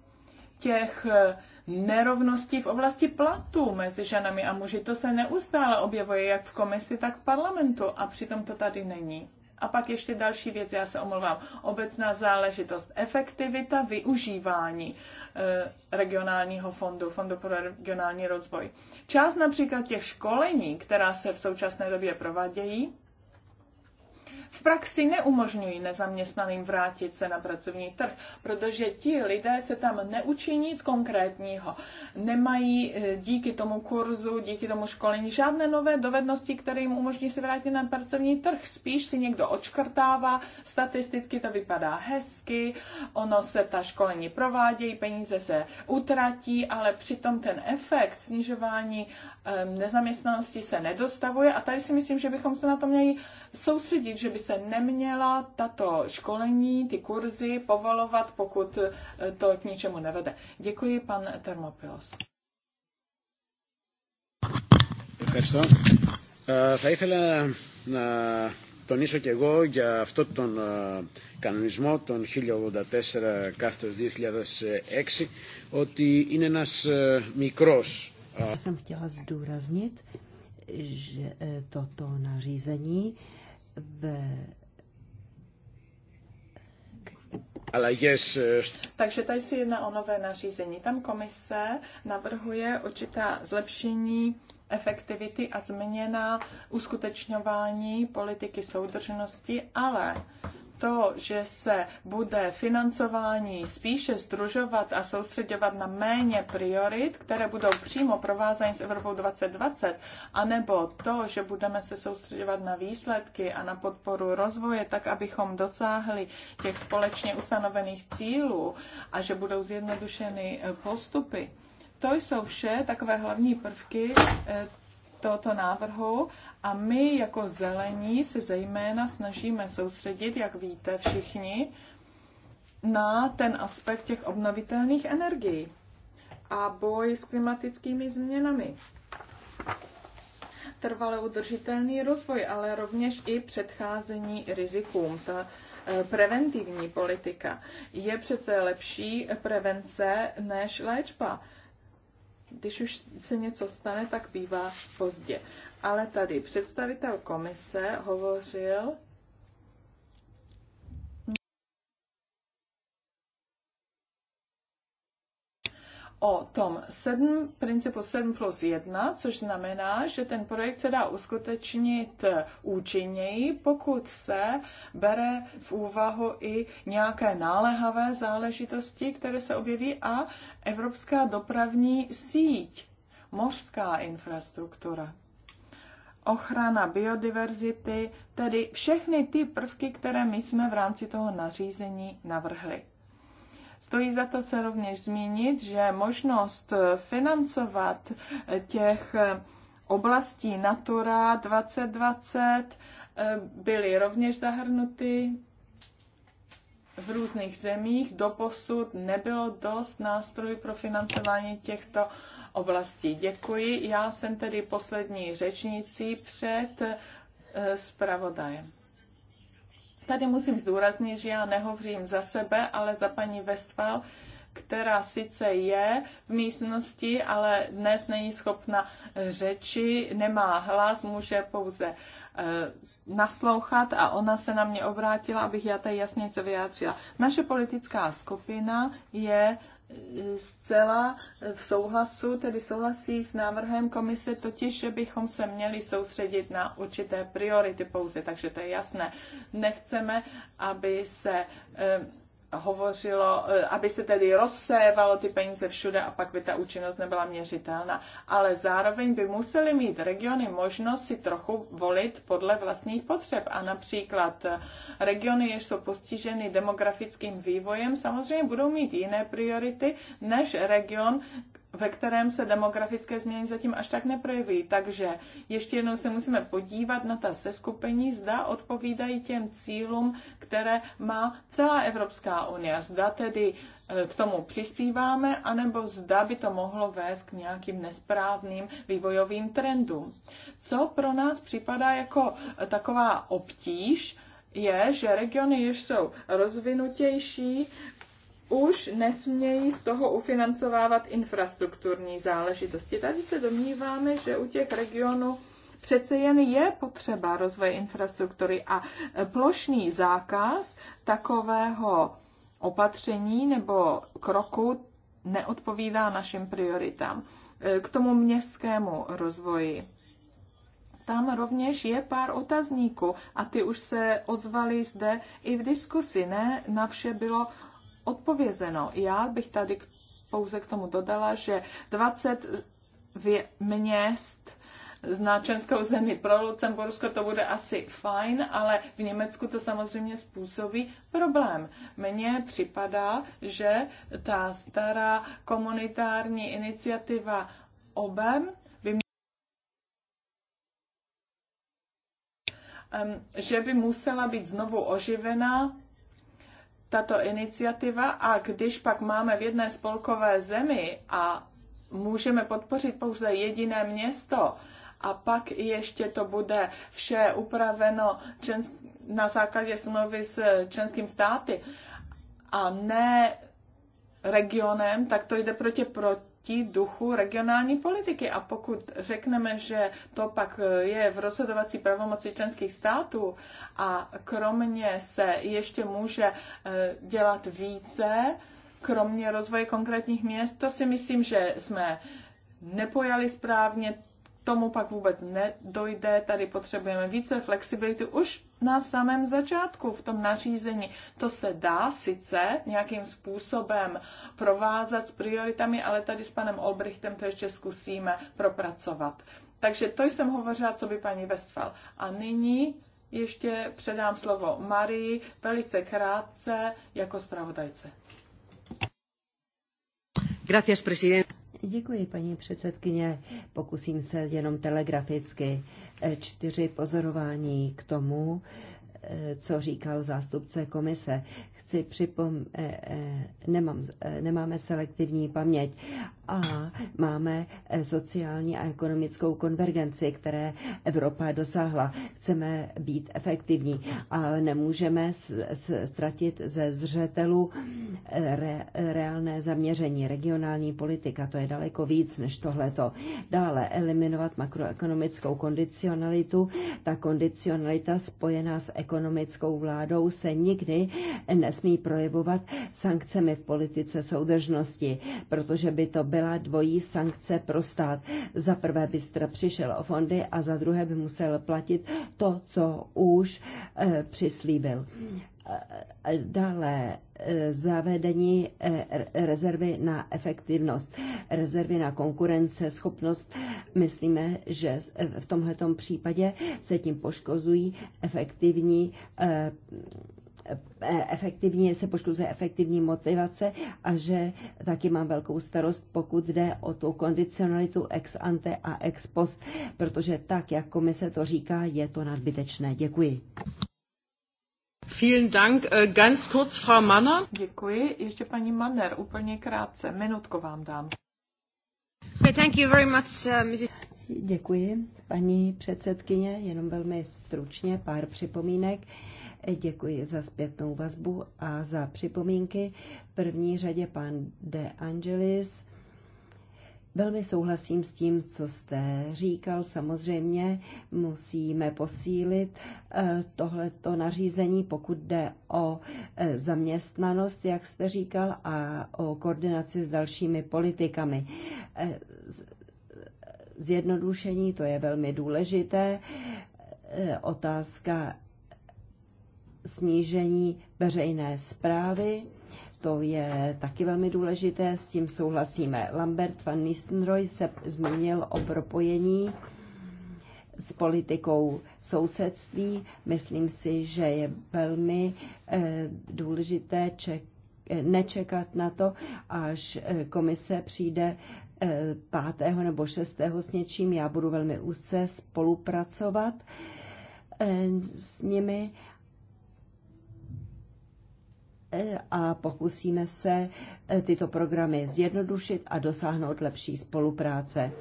těch uh, nerovností v oblasti platů mezi ženami a muži. To se neustále objevuje jak v komisi, tak v parlamentu a přitom to tady není. A pak ještě další věc, já se omlouvám, obecná záležitost, efektivita využívání e, regionálního fondu, Fondu pro regionální rozvoj. Část například těch školení, která se v současné době provádějí, v praxi neumožňují nezaměstnaným vrátit se na pracovní trh, protože ti lidé se tam neučí nic konkrétního. Nemají eh, díky tomu kurzu, díky tomu školení žádné nové dovednosti, které jim umožní se vrátit na pracovní trh. Spíš si někdo očkrtává, statisticky to vypadá hezky, ono se ta školení provádějí, peníze se utratí, ale přitom ten efekt snižování nezaměstnanosti se nedostavuje a tady si myslím, že bychom se na to měli soustředit, že by se neměla tato školení, ty kurzy povolovat, pokud eh, to k ničemu nevede. Děkuji, pan Termopilos. Ευχαριστώ. Θα ήθελα να τονίσω και εγώ για αυτό τον κανονισμό, τον 1084 κάθετος 2006, ότι είναι ένας μικρός já eh, jsem chtěla zdůraznit, že eh, toto nařízení ve ale yes. Eh, Takže tady se jedná o nové nařízení. Tam komise navrhuje určitá zlepšení efektivity a změna uskutečňování politiky soudržnosti, ale to, že se bude financování spíše združovat a soustředovat na méně priorit, které budou přímo provázány s Evropou 2020, anebo to, že budeme se soustředovat na výsledky a na podporu rozvoje, tak abychom dosáhli těch společně ustanovených cílů a že budou zjednodušeny eh, postupy. To jsou vše takové hlavní prvky eh, tohoto návrhu a my jako zelení se zejména snažíme soustředit, jak víte všichni, na ten aspekt těch obnovitelných energií a boj s klimatickými změnami. Trvale udržitelný rozvoj, ale rovněž i předcházení rizikům. Ta eh, preventivní politika je přece lepší prevence než léčba když už se něco stane, tak bývá pozdě ale tady představitel komise hovořil o tom 7, principu 7 plus 1, což znamená, že ten projekt se dá uskutečnit účinněji, pokud se bere v úvahu i nějaké náléhavé záležitosti, které se objeví a evropská dopravní síť, mořská infrastruktura ochrana biodiverzity, tedy všechny ty prvky, které my jsme v rámci toho nařízení navrhli. Stojí za to se rovněž zmínit, že možnost financovat těch oblastí Natura 2020 eh, byly rovněž zahrnuty v různých zemích. Doposud nebylo dost nástrojů pro financování těchto oblasti. Děkuji. Já jsem tedy poslední řečnící před eh, zpravodajem. Tady musím zdůraznit, že já nehovřím za sebe, ale za paní Westphal, která sice je v místnosti, ale dnes není schopna řeči, nemá hlas, může pouze eh, naslouchat a ona se na mě obrátila, abych já tady jasně něco vyjádřila. Naše politická skupina je zcela v souhlasu, tedy souhlasí s návrhem komise, totiž, že bychom se měli soustředit na určité priority pouze, takže to je jasné. Nechceme, aby se eh, hovořilo, e, aby se tedy rozsévalo ty peníze všude a pak by ta účinnost nebyla měřitelná. Ale zároveň by museli mít regiony možnost si trochu volit podle vlastních potřeb. A například e, regiony, jež jsou postiženy demografickým vývojem, samozřejmě budou mít jiné priority než region, ve kterém se demografické změny zatím až tak neprojeví. Takže ještě jednou se musíme podívat na ta seskupení, zda odpovídají těm cílům, které má celá Evropská unie. Zda tedy e, k tomu přispíváme, anebo zda by to mohlo vést k nějakým nesprávným vývojovým trendům. Co pro nás připadá jako taková obtíž, je, že regiony, jež jsou rozvinutější, už nesmějí z toho ufinancovávat infrastrukturní záležitosti. Tady se domníváme, že u těch regionů přece jen je potřeba rozvoje infrastruktury a plošný zákaz takového opatření nebo kroku neodpovídá našim prioritám. K tomu městskému rozvoji. Tam rovněž je pár otazníků a ty už se ozvaly zde i v diskusi, ne? Na vše bylo odpovězeno. Já bych tady pouze k tomu dodala, že 20 měst zná náčenskou zemi. Pro Lucembursko to bude asi fajn, ale v Německu to samozřejmě způsobí problém. Mně připadá, že ta stará komunitární iniciativa OBEM by mě... že by musela být znovu oživená tato iniciativa a když pak máme v jedné spolkové zemi a můžeme podpořit pouze jediné město a pak ještě to bude vše upraveno na základě smlouvy s členským státy a ne regionem, tak to jde proti, proti proti duchu regionální politiky. A pokud řekneme, že to pak je v rozhodovací pravomoci členských států a kromě se ještě může eh, dělat více, kromě rozvoje konkrétních měst, to si myslím, že jsme nepojali správně, tomu pak vůbec nedojde. Tady potřebujeme více flexibility už na samém začátku v tom nařízení. To se dá sice nějakým způsobem provázat s prioritami, ale tady s panem Olbrichtem to ještě zkusíme propracovat. Takže to jsem hovořila, co by paní Westfal. A nyní ještě předám slovo Marii velice krátce jako zpravodajce. Gracias, presidente. Děkuji, paní předsedkyně. Pokusím se jenom telegraficky čtyři pozorování k tomu, co říkal zástupce komise. Chci připom... Eh, eh, nemám, eh, nemáme selektivní paměť a máme sociální a ekonomickou konvergenci, které Evropa dosáhla. Chceme být efektivní a nemůžeme ztratit ze zřetelu re, reálné zaměření. Regionální politika, to je daleko víc než tohleto. Dále eliminovat makroekonomickou kondicionalitu. Ta kondicionalita spojená s ekonomickou ekonomickou vládou se nikdy nesmí projevovat sankcemi v politice soudržnosti, protože by to byla dvojí sankce pro stát. Za prvé by přišel o fondy a za druhé by musel platit to, co už e, přislíbil dále e, zavedení e, rezervy na efektivnost, rezervy na konkurence, schopnost. Myslíme, že e, v tomto případě se tím poškozují efektivní efektivní, se poškozuje efektivní motivace a že taky mám velkou starost, pokud jde o tu kondicionalitu ex ante a ex post, protože tak, jak komise to říká, je to nadbytečné. Děkuji. Vielen Dank. Äh, ganz kurz, Frau Manner. Děkuji. Ještě paní Manner, úplně krátce. Minutku vám dám. Thank you very much, uh, Děkuji, paní předsedkyně. Jenom velmi stručně pár připomínek. Děkuji za zpětnou vazbu a za připomínky. V první řadě pan De Angelis Velmi souhlasím s tím, co jste říkal. Samozřejmě musíme posílit eh, tohleto nařízení, pokud jde o eh, zaměstnanost, jak jste říkal, a o koordinaci s dalšími politikami. Eh, zjednodušení, to je velmi důležité. Otázka snížení veřejné zprávy to je taky velmi důležité, s tím souhlasíme. Lambert van Nistelrooy se zmínil o propojení s politikou sousedství. Myslím si, že je velmi eh, důležité ček, nečekat na to, až eh, komise přijde 5. Eh, nebo 6. s něčím. Já budu velmi úzce spolupracovat s nimi a pokusíme se eh, tyto programy zjednodušit a dosáhnout lepší spolupráce.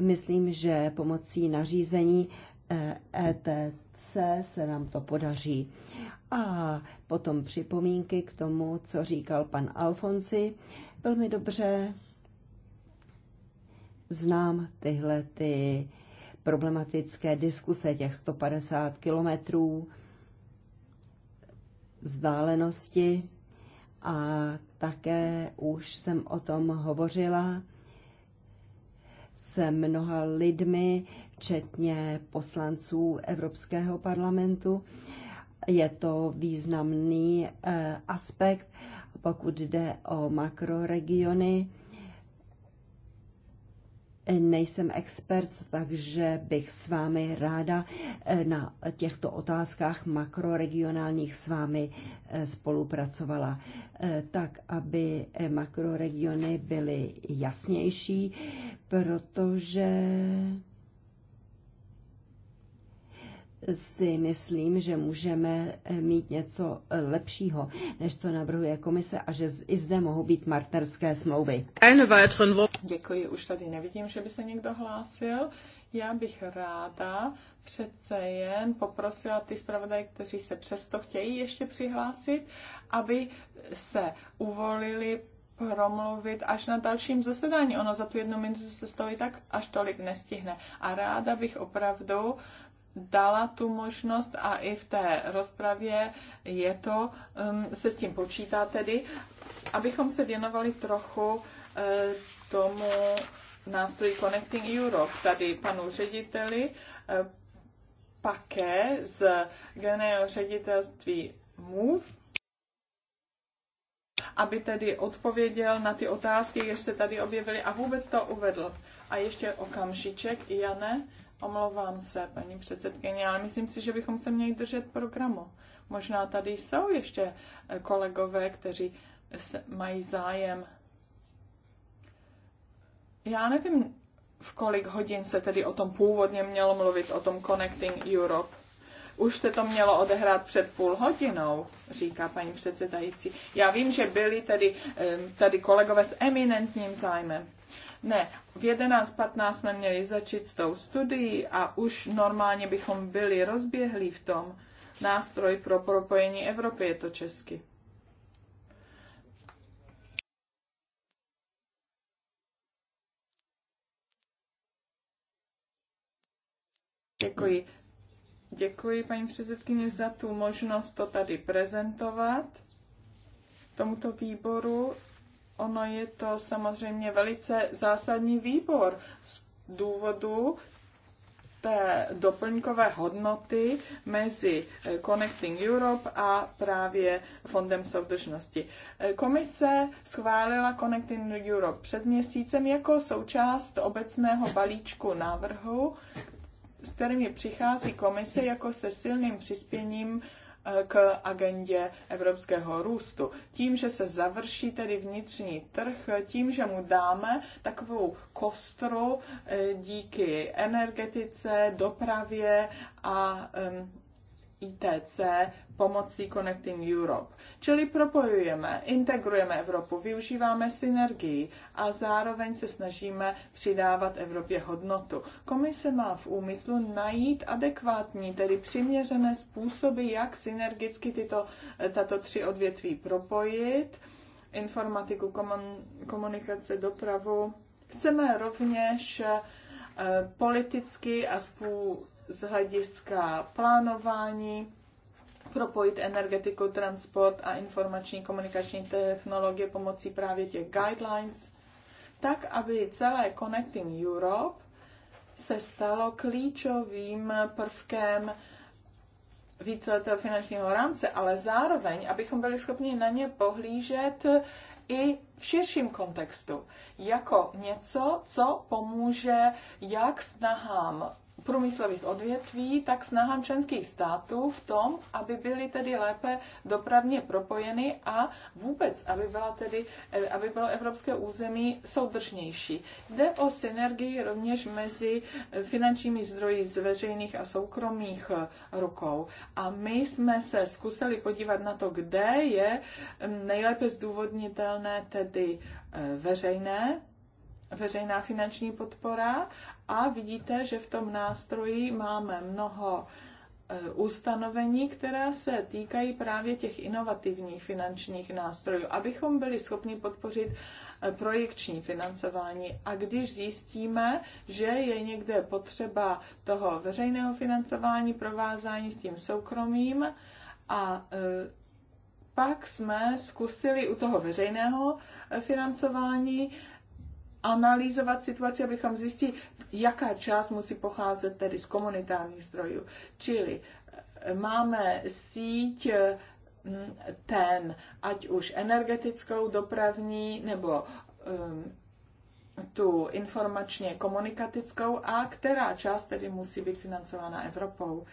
Myslím, že pomocí nařízení ETC eh, e se nám to podaří. A potom připomínky k tomu, co říkal pan Alfonsi. Velmi dobře znám tyhle ty problematické diskuse těch 150 kilometrů vzdálenosti a také už jsem o tom hovořila se mnoha lidmi, včetně poslanců Evropského parlamentu. Je to významný eh, aspekt, pokud jde o makroregiony nejsem expert, takže bych s vámi ráda eh, na těchto otázkách makroregionálních s vámi eh, spolupracovala, eh, tak aby makroregiony byly jasnější, protože si myslím, že můžeme eh, mít něco eh, lepšího, než co navrhuje komise a že i zde mohou být partnerské smlouvy. Děkuji, už tady nevidím, že by se někdo hlásil. Já bych ráda přece jen poprosila ty zpravodaje, kteří se přesto chtějí ještě přihlásit, aby se uvolili promluvit až na dalším zasedání. Ono za tu jednu minutu se stojí tak až tolik nestihne. A ráda bych opravdu dala tu možnost a i v té rozpravě je to, um, se s tím počítá tedy, abychom se věnovali trochu uh, tomu nástroji Connecting Europe, tady panu řediteli, také uh, z generálního ředitelství MOVE, aby tedy odpověděl na ty otázky, jež se tady objevily a vůbec to uvedl. A ještě okamžiček, Jane, Omlouvám se, paní předsedkyně, ale myslím si, že bychom se měli držet programu. Možná tady jsou ještě eh, kolegové, kteří mají zájem. Já nevím, v kolik hodin se tedy o tom původně mělo mluvit, o tom Connecting Europe. Už se to mělo odehrát před půl hodinou, říká paní předsedající. Já vím, že byli tedy eh, tady kolegové s eminentním zájmem. Ne, v 11.15 jsme měli začít s tou studií a už normálně bychom byli rozběhlí v tom nástroj pro propojení Evropy, je to česky. Děkuji. Děkuji paní předsedkyně za tu možnost to tady prezentovat tomuto výboru ono je to samozřejmě velice zásadní výbor z důvodu té doplňkové hodnoty mezi eh, Connecting Europe a právě Fondem soudržnosti. Eh, komise schválila Connecting Europe před měsícem jako součást obecného balíčku návrhu, s kterými přichází komise jako se silným přispěním k agendě evropského růstu. Tím, že se završí tedy vnitřní trh, tím, že mu dáme takovou kostru eh, díky energetice, dopravě a ITC pomocí Connecting Europe. Čili propojujeme, integrujeme Evropu, využíváme synergii a zároveň se snažíme přidávat Evropě hodnotu. Komise má v úmyslu najít adekvátní, tedy přiměřené způsoby, jak synergicky tyto, tato tři odvětví propojit. Informatiku, komunikace, dopravu. Chceme rovněž eh, politicky a spolu z hlediska plánování, propojit energetiku, transport a informační komunikační technologie pomocí právě těch guidelines, tak aby celé Connecting Europe se stalo klíčovým prvkem víceletého finančního rámce, ale zároveň, abychom byli schopni na ně pohlížet i v širším kontextu, jako něco, co pomůže jak snahám průmyslových odvětví, tak snahám členských států v tom, aby byly tedy lépe dopravně propojeny a vůbec, aby, byla tedy, eh, aby bylo evropské území soudržnější. Jde o synergii rovněž mezi finančními zdroji z veřejných a soukromých eh, rukou. A my jsme se zkusili podívat na to, kde je mm, nejlépe zdůvodnitelné tedy eh, veřejné veřejná finanční podpora a vidíte, že v tom nástroji máme mnoho e, ustanovení, která se týkají právě těch inovativních finančních nástrojů, abychom byli schopni podpořit e, projekční financování. A když zjistíme, že je někde potřeba toho veřejného financování, provázání s tím soukromým a e, pak jsme zkusili u toho veřejného financování analyzovat situaci, abychom zjistili, jaká část musí pocházet tedy z komunitárních zdrojů. Čili eh, máme síť eh, ten, ať už energetickou, dopravní nebo um, tu informačně komunikatickou a která část tedy musí být financována Evropou. Uh,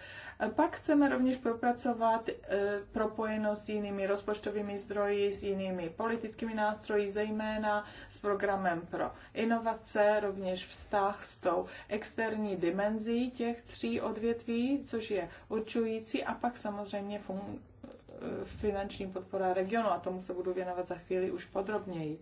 pak chceme rovněž propracovat eh, propojenost s jinými rozpočtovými zdroji, s jinými politickými nástroji, zejména s programem pro inovace, rovněž vztah s tou externí dimenzí těch tří odvětví, což je určující, a pak samozřejmě fun- eh, finanční podpora regionu, a tomu se budu věnovat za chvíli už podrobněji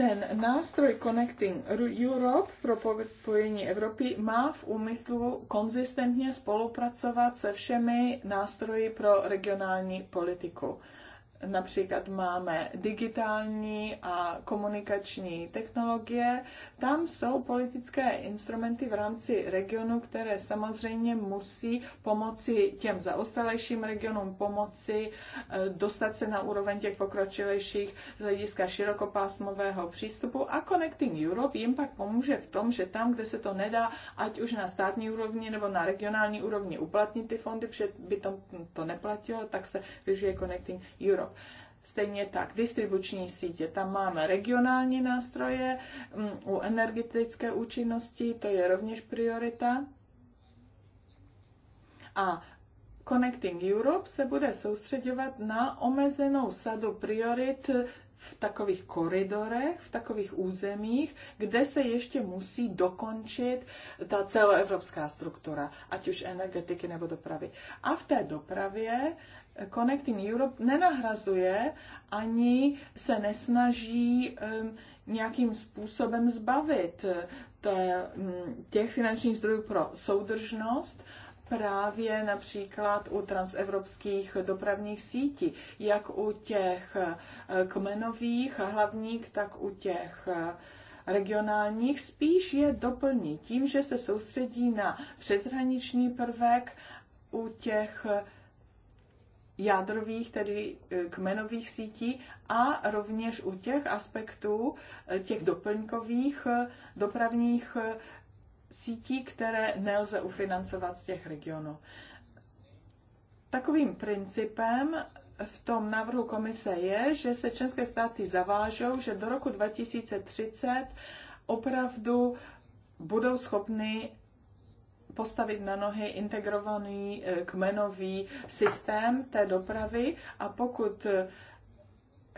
ten nástroj Connecting Europe pro pojení Evropy má v úmyslu konzistentně spolupracovat se všemi nástroji pro regionální politiku například máme digitální a komunikační technologie, tam jsou politické instrumenty v rámci regionu, které samozřejmě musí pomoci těm zaostalejším regionům, pomoci eh, dostat se na úroveň těch pokročilejších z hlediska širokopásmového přístupu a Connecting Europe jim pak pomůže v tom, že tam, kde se to nedá, ať už na státní úrovni nebo na regionální úrovni uplatnit ty fondy, protože by to, to neplatilo, tak se využije Connecting Europe. Europe. Stejně tak distribuční sítě, tam máme regionální nástroje, mm, u energetické účinnosti to je rovněž priorita. A Connecting Europe se bude soustředovat na omezenou sadu priorit v takových koridorech, v takových územích, kde se ještě musí dokončit ta celoevropská struktura, ať už energetiky nebo dopravy. A v té dopravě Connecting Europe nenahrazuje ani se nesnaží um, nějakým způsobem zbavit uh, um, těch finančních zdrojů pro soudržnost, právě například u transevropských dopravních sítí, jak u těch uh, kmenových hlavních, tak u těch uh, regionálních, spíš je doplní tím, že se soustředí na přeshraniční prvek u těch jádrových, tedy e, kmenových sítí a rovněž u těch aspektů, e, těch doplňkových e, dopravních sítí, které nelze ufinancovat z těch regionů. Takovým principem v tom návrhu komise je, že se české státy zavážou, že do roku 2030 opravdu budou schopny postavit na nohy integrovaný eh, kmenový systém té dopravy a pokud eh,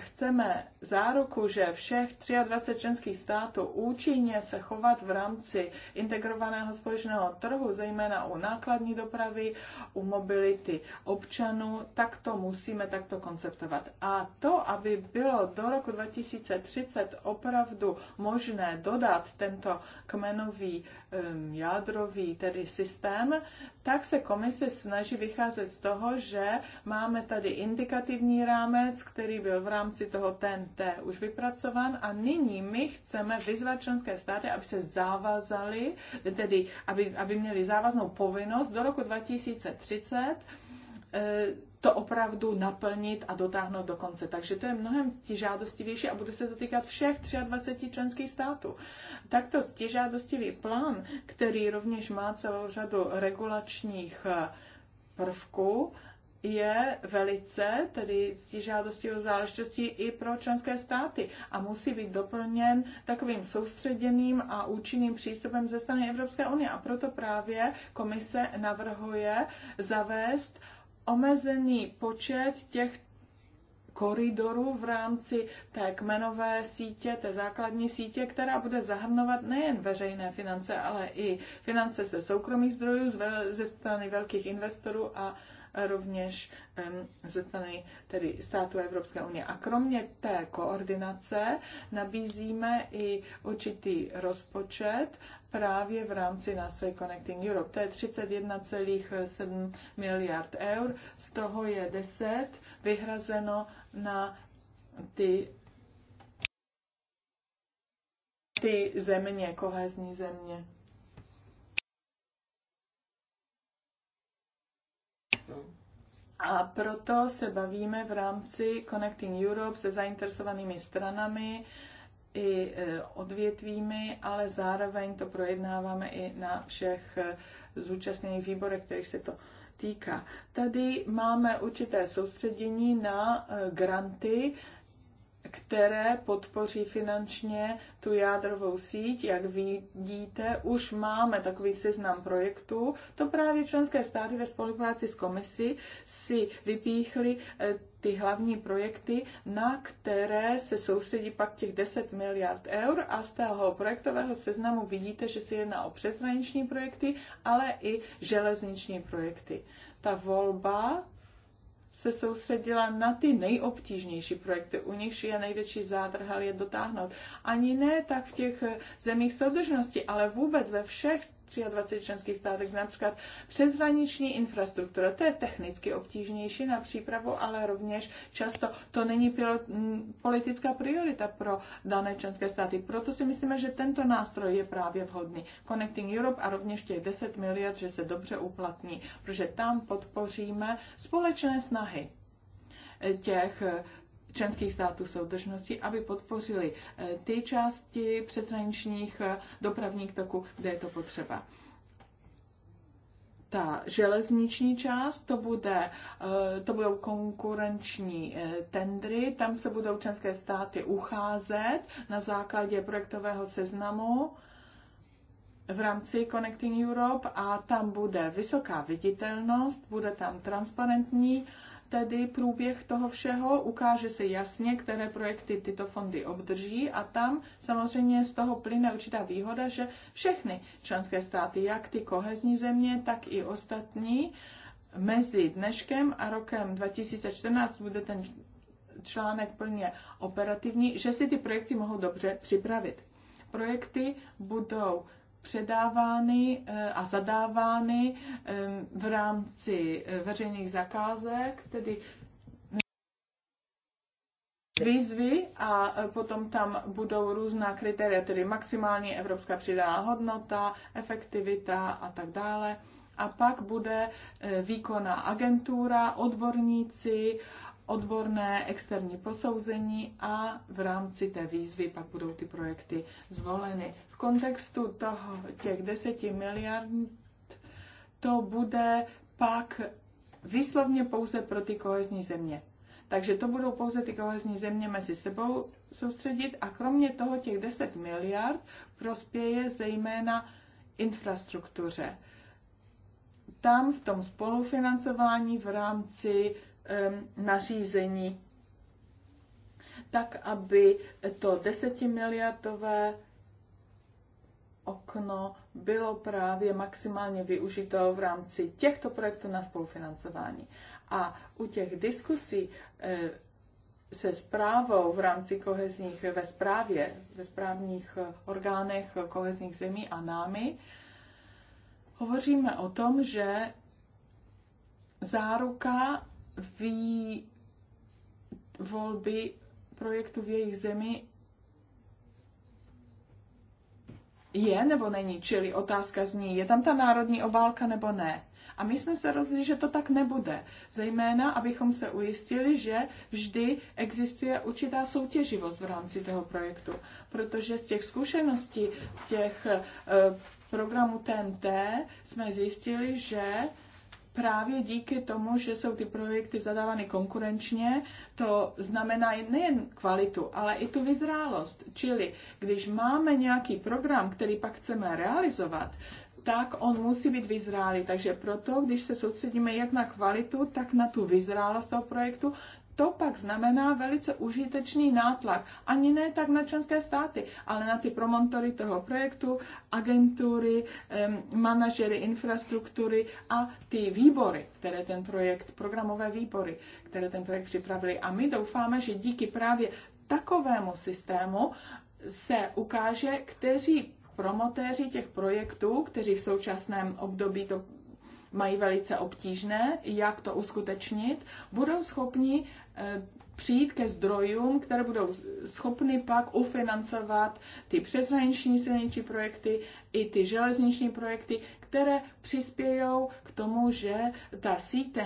chceme záruku, že všech 23 členských států účinně se chovat v rámci integrovaného společného trhu, zejména u nákladní dopravy, u mobility občanů, tak to musíme takto konceptovat. A to, aby bylo do roku 2030 opravdu možné dodat tento kmenový Um, jádrový tedy systém, tak se komise snaží vycházet z toho, že máme tady indikativní rámec, který byl v rámci toho TNT už vypracovan a nyní my chceme vyzvat členské státy, aby se závazali, tedy aby, aby měli závaznou povinnost do roku 2030 eh, to opravdu naplnit a dotáhnout do konce. Takže to je mnohem žádostivější a bude se to týkat všech 23 členských států. Takto žádostivý plán, který rovněž má celou řadu regulačních eh, prvků, je velice, tedy žádostivou záležitostí i pro členské státy a musí být doplněn takovým soustředěným a účinným přístupem ze strany Evropské unie. A proto právě komise navrhuje zavést omezený počet těch koridorů v rámci té kmenové sítě, té základní sítě, která bude zahrnovat nejen veřejné finance, ale i finance ze soukromých zdrojů, ze strany velkých investorů a rovněž ze strany tedy státu Evropské unie. A kromě té koordinace nabízíme i určitý rozpočet právě v rámci nástroje Connecting Europe. To je 31,7 miliard eur, z toho je 10 vyhrazeno na ty ty země, kohezní země. A proto se bavíme v rámci Connecting Europe se zainteresovanými stranami, i e, odvětvími, ale zároveň to projednáváme i na všech e, zúčastněných výborech, kterých se to týká. Tady máme určité soustředění na e, granty, které podpoří finančně tu jádrovou síť. Jak vidíte, už máme takový seznam projektů. To právě členské státy ve spolupráci s komisí si vypíchly eh, ty hlavní projekty, na které se soustředí pak těch 10 miliard eur a z toho projektového seznamu vidíte, že se jedná o přeshraniční projekty, ale i železniční projekty. Ta volba se soustředila na ty nejobtížnější projekty, u nichž je největší zádrhal je dotáhnout. Ani ne tak v těch zemích soudržnosti, ale vůbec ve všech 23 členských státek, například přeshraniční infrastruktura. To je technicky obtížnější na přípravu, ale rovněž často to není pilot, politická priorita pro dané členské státy. Proto si myslíme, že tento nástroj je právě vhodný. Connecting Europe a rovněž těch 10 miliard, že se dobře uplatní, protože tam podpoříme společné snahy těch členských států soudržnosti, aby podpořili eh, ty části přeshraničních eh, dopravních toků, kde je to potřeba. Ta železniční část, to, bude, eh, to budou konkurenční tendry, tam se budou členské státy ucházet na základě projektového seznamu v rámci Connecting Europe a tam bude vysoká viditelnost, bude tam transparentní uh, tedy průběh toho všeho, ukáže se jasně, které projekty tyto fondy obdrží a tam samozřejmě z toho plyne určitá výhoda, že všechny členské státy, jak ty kohezní země, tak i ostatní, mezi dneškem a rokem 2014 bude ten článek plně operativní, že si ty projekty mohou dobře připravit. Projekty budou předávány eh, a zadávány eh, v rámci eh, veřejných zakázek, tedy výzvy a potom tam budou různá kritéria, tedy maximální evropská přidaná hodnota, efektivita a tak dále. A pak bude výkonná agentura, odborníci, odborné externí posouzení a v rámci té výzvy pak budou ty projekty zvoleny kontextu toho, těch 10 miliard, to bude pak výslovně pouze pro ty kohezní země. Takže to budou pouze ty kohezní země mezi sebou soustředit a kromě toho těch 10 miliard prospěje zejména infrastruktuře. Tam v tom spolufinancování v rámci um, nařízení, tak aby to miliardové okno bylo právě maximálně využito v rámci těchto projektů na spolufinancování. A u těch diskusí e, se zprávou v rámci kohezních ve správě, ve správních orgánech kohezních zemí a námi, hovoříme o tom, že záruka ví volby projektu v jejich zemi je nebo není, čili otázka zní, je tam ta národní obálka nebo ne. A my jsme se rozhodli, že to tak nebude. Zejména, abychom se ujistili, že vždy existuje určitá soutěživost v rámci toho projektu. Protože z těch zkušeností, těch eh, programů TNT jsme zjistili, že právě díky tomu, že jsou ty projekty zadávány konkurenčně, to znamená nejen kvalitu, ale i tu vyzrálost. Čili když máme nějaký program, který pak chceme realizovat, tak on musí být vyzrálý. Takže proto, když se soustředíme jak na kvalitu, tak na tu vyzrálost toho projektu, to pak znamená velice užitečný nátlak, ani ne tak na členské státy, ale na ty promontory toho projektu, agentury, manažery infrastruktury a ty výbory, které ten projekt, programové výbory, které ten projekt připravili. A my doufáme, že díky právě takovému systému se ukáže, kteří promotéři těch projektů, kteří v současném období to mají velice obtížné, jak to uskutečnit, budou schopni eh, přijít ke zdrojům, které budou schopny pak ufinancovat ty přeshraniční silniční projekty i ty železniční projekty, které přispějou k tomu, že ta síť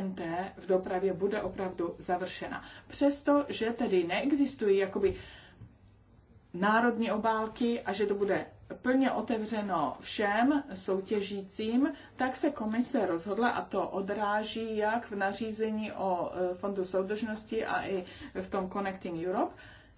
v dopravě bude opravdu završena. Přesto, že tedy neexistují jakoby národní obálky a že to bude plně otevřeno všem soutěžícím, tak se komise rozhodla, a to odráží jak v nařízení o e, Fondu soudržnosti a i v tom Connecting Europe,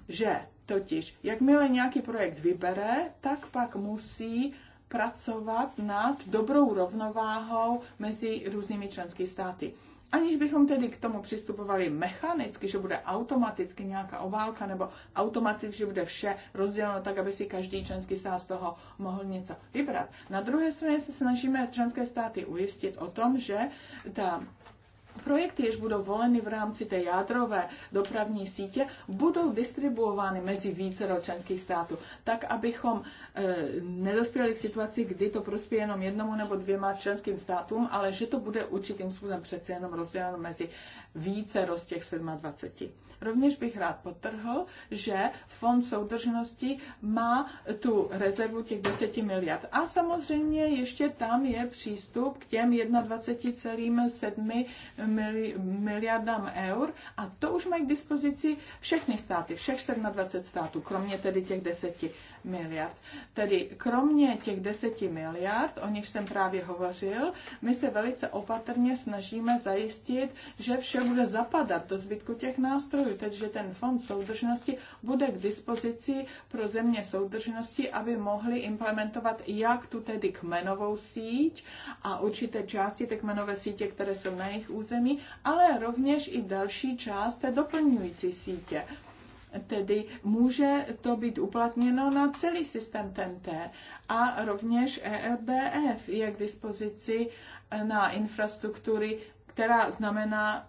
že totiž, jakmile nějaký projekt vybere, tak pak musí pracovat nad dobrou rovnováhou mezi různými členskými státy. Aniž bychom tedy k tomu přistupovali mechanicky, že bude automaticky nějaká oválka, nebo automaticky, že bude vše rozděleno tak, aby si každý členský stát z toho mohl něco vybrat. Na druhé straně se snažíme členské státy ujistit o tom, že ta projekty, jež budou voleny v rámci té jádrové dopravní sítě, budou distribuovány mezi více členských států, tak abychom e, nedospěli k situaci, kdy to prospěje jenom jednomu nebo dvěma členským státům, ale že to bude určitým způsobem přece jenom rozděleno mezi více roz těch 27. Rovněž bych rád potrhl, že Fond soudržnosti má tu rezervu těch 10 miliard. A samozřejmě ještě tam je přístup k těm 21,7 miliardám eur a to už mají k dispozici všechny státy, všech 27 států, kromě tedy těch 10 miliard. Tedy kromě těch 10 miliard, o nich jsem právě hovořil, my se velice opatrně snažíme zajistit, že vše bude zapadat do zbytku těch nástrojů zdrojů, takže ten fond soudržnosti bude k dispozici pro země soudržnosti, aby mohli implementovat jak tu tedy kmenovou síť a určité části té kmenové sítě, které jsou na jejich území, ale rovněž i další část té doplňující sítě. Tedy může to být uplatněno na celý systém TNT a rovněž ERBF je k dispozici na infrastruktury, která znamená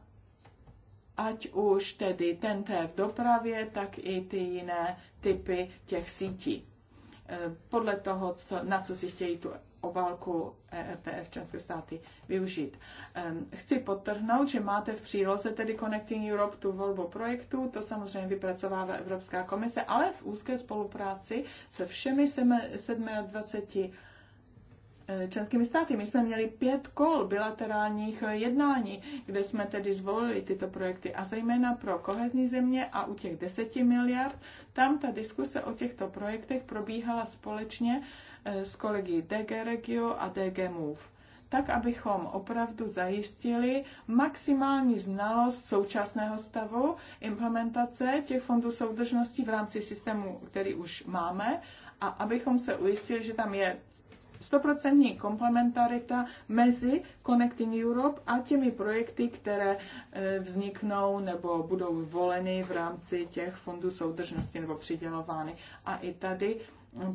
ať už tedy té v dopravě, tak i ty jiné typy těch sítí. E, podle toho, co, na co si chtějí tu obálku ERTF České státy využít. E, chci podtrhnout, že máte v příloze tedy Connecting Europe tu volbu projektu, to samozřejmě vypracovává Evropská komise, ale v úzké spolupráci se všemi 27 Eh, členskými státy. My jsme měli pět kol bilaterálních eh, jednání, kde jsme tedy zvolili tyto projekty a zejména pro kohezní země a u těch deseti miliard, tam ta diskuse o těchto projektech probíhala společně eh, s kolegy DG Regio a DG Move tak, abychom opravdu zajistili maximální znalost současného stavu implementace těch fondů soudržnosti v rámci systému, který už máme, a abychom se ujistili, že tam je Stoprocentní komplementarita mezi Connecting Europe a těmi projekty, které e, vzniknou nebo budou voleny v rámci těch fondů soudržnosti nebo přidělovány. A i tady e,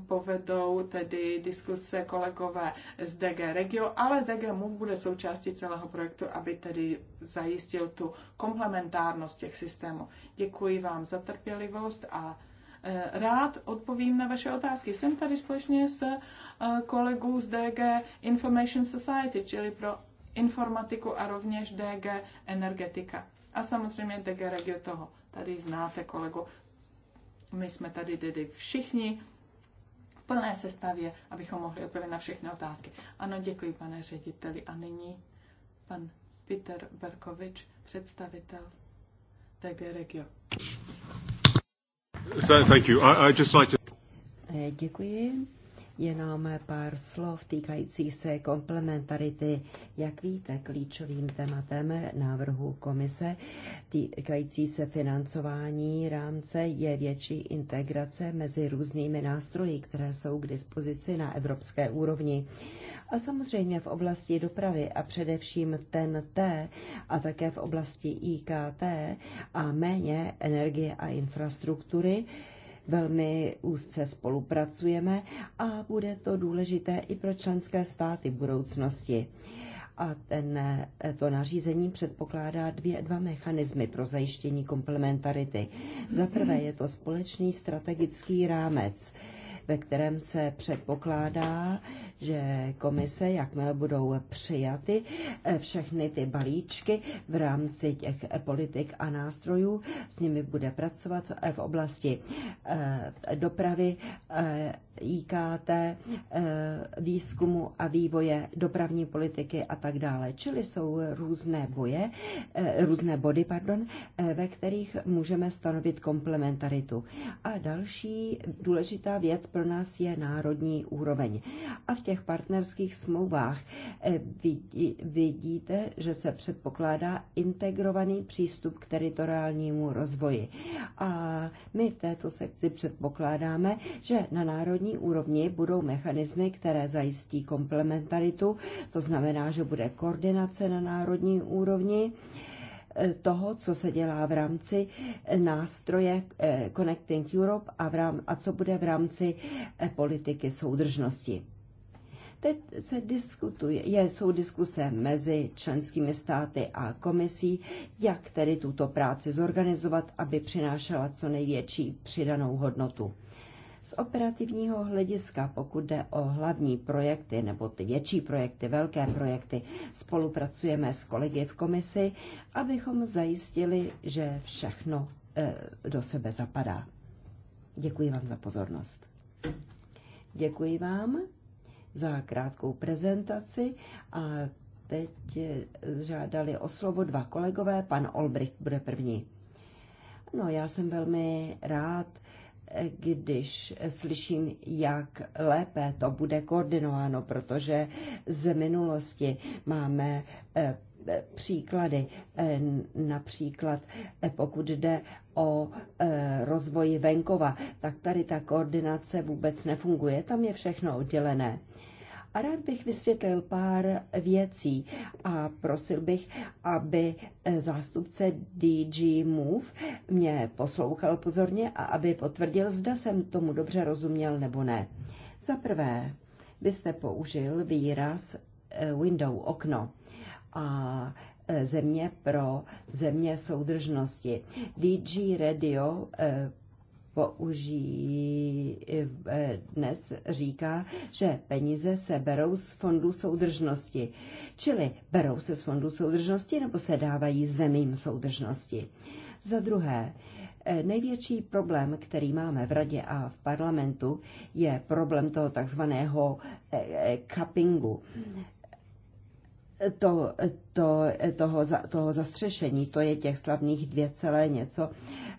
povedou tedy diskuse kolegové z DG Regio, ale DG MUV bude součástí celého projektu, aby tedy zajistil tu komplementárnost těch systémů. Děkuji vám za trpělivost a Eh, rád odpovím na vaše otázky. Jsem tady společně s eh, kolegou z DG Information Society, čili pro informatiku a rovněž DG Energetika. A samozřejmě DG Regio toho. Tady znáte kolegu. My jsme tady tedy všichni v plné sestavě, abychom mohli odpovědět na všechny otázky. Ano, děkuji, pane řediteli. A nyní pan Peter Berkovič, představitel DG Regio. Thank you. just like to... Eh, děkuji. Jenom pár slov týkající se komplementarity. Jak víte, klíčovým tématem návrhu komise týkající se financování rámce je větší integrace mezi různými nástroji, které jsou k dispozici na evropské úrovni. A samozřejmě v oblasti dopravy a především TNT a také v oblasti IKT a méně energie a infrastruktury, velmi úzce spolupracujeme a bude to důležité i pro členské státy v budoucnosti. A ten, to nařízení předpokládá dvě, dva mechanismy pro zajištění komplementarity. Za prvé je to společný strategický rámec, ve kterém se předpokládá, že komise, jakmile budou přijaty eh, všechny ty balíčky v rámci těch politik a nástrojů, s nimi bude pracovat eh, v oblasti eh, dopravy, IKT, výzkumu a vývoje, dopravní politiky a tak dále. Čili jsou různé boje, různé body, pardon, ve kterých můžeme stanovit komplementaritu. A další důležitá věc pro nás je národní úroveň. A v těch těch partnerských smlouvách e, vidíte, že se předpokládá integrovaný přístup k teritoriálnímu rozvoji. A my v této sekci předpokládáme, že na národní úrovni budou mechanismy, které zajistí komplementaritu, to znamená, že bude koordinace na národní úrovni e, toho, co se dělá v rámci e, nástroje Connecting Europe a, v rám, a co bude v rámci politiky soudržnosti. Teď se diskutuje, je, jsou diskuse mezi členskými státy a komisí, jak tedy tuto práci zorganizovat, aby přinášela co největší přidanou hodnotu. Z operativního hlediska, pokud jde o hlavní projekty nebo ty větší projekty, velké projekty, spolupracujeme s kolegy v komisi, abychom zajistili, že všechno e, do sebe zapadá. Děkuji vám za pozornost. Děkuji vám za krátkou prezentaci a teď žádali o slovo dva kolegové, pan Olbricht bude první. No, já jsem velmi rád, když slyším, jak lépe to bude koordinováno, protože z minulosti máme e, e, příklady, e, například pokud jde o rozvoji venkova, tak tady ta koordinace vůbec nefunguje, tam je všechno oddělené. A rád bych vysvětlil pár věcí a prosil bych, aby eh, zástupce DG Move mě poslouchal pozorně a aby potvrdil, zda jsem tomu dobře rozuměl nebo ne. Za prvé, byste použil výraz eh, window, okno. A eh, země pro země soudržnosti. DG Radio použijí eh, dnes, říká, že peníze se berou z fondu soudržnosti. Čili berou se z fondu soudržnosti nebo se dávají zemím soudržnosti. Za druhé, eh, Největší problém, který máme v radě a v parlamentu, je problém toho takzvaného eh, cuppingu. To, to, toho, toho zastřešení, to je těch slavných dvě celé něco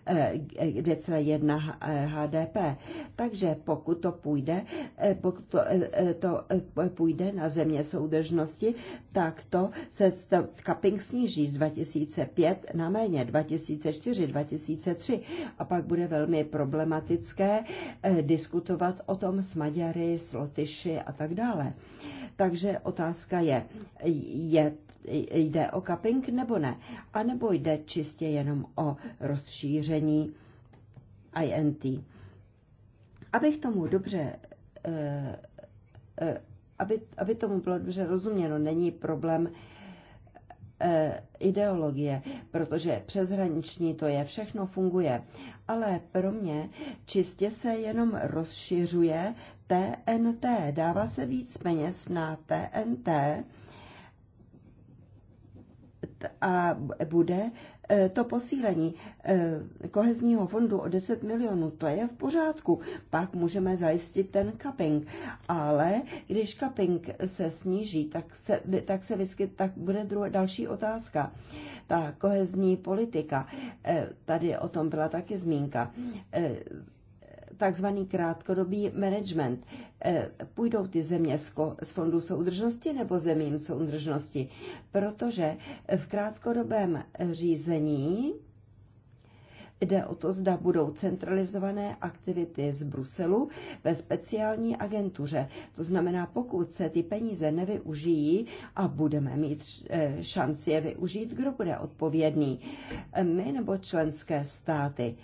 2,1 HDP. Takže pokud to půjde, eh, pokud to, eh, eh, to půjde na země soudržnosti, tak to se cupping sníží z 2005 na méně 2004, 2003 a pak bude velmi problematické diskutovat o tom s Maďary, s Lotyši a tak dále. Takže otázka je, je jde o cupping nebo ne, a nebo jde čistě jenom o rozšíření INT. Abych tomu dobře eh, eh, aby, aby tomu bylo dobře rozuměno, není problém eh, ideologie, protože přeshraniční to je, všechno funguje. Ale pro mě čistě se jenom rozšiřuje TNT, dává se víc peněz na TNT, a bude eh, to posílení eh, kohezního fondu o 10 milionů, to je v pořádku. Pak můžeme zajistit ten cupping. Ale když cupping se sníží, tak se, tak se vyskyt, tak bude druhá, další otázka. Ta kohezní politika, eh, tady o tom byla taky zmínka takzvaný krátkodobý management. Eh, půjdou ty země z fondů soudržnosti nebo zemím soudržnosti? Protože v krátkodobém řízení Jde o to, zda budou centralizované aktivity z Bruselu ve speciální agentuře. To znamená, pokud se ty peníze nevyužijí a budeme mít eh, šanci je využít, kdo bude odpovědný? My nebo členské státy?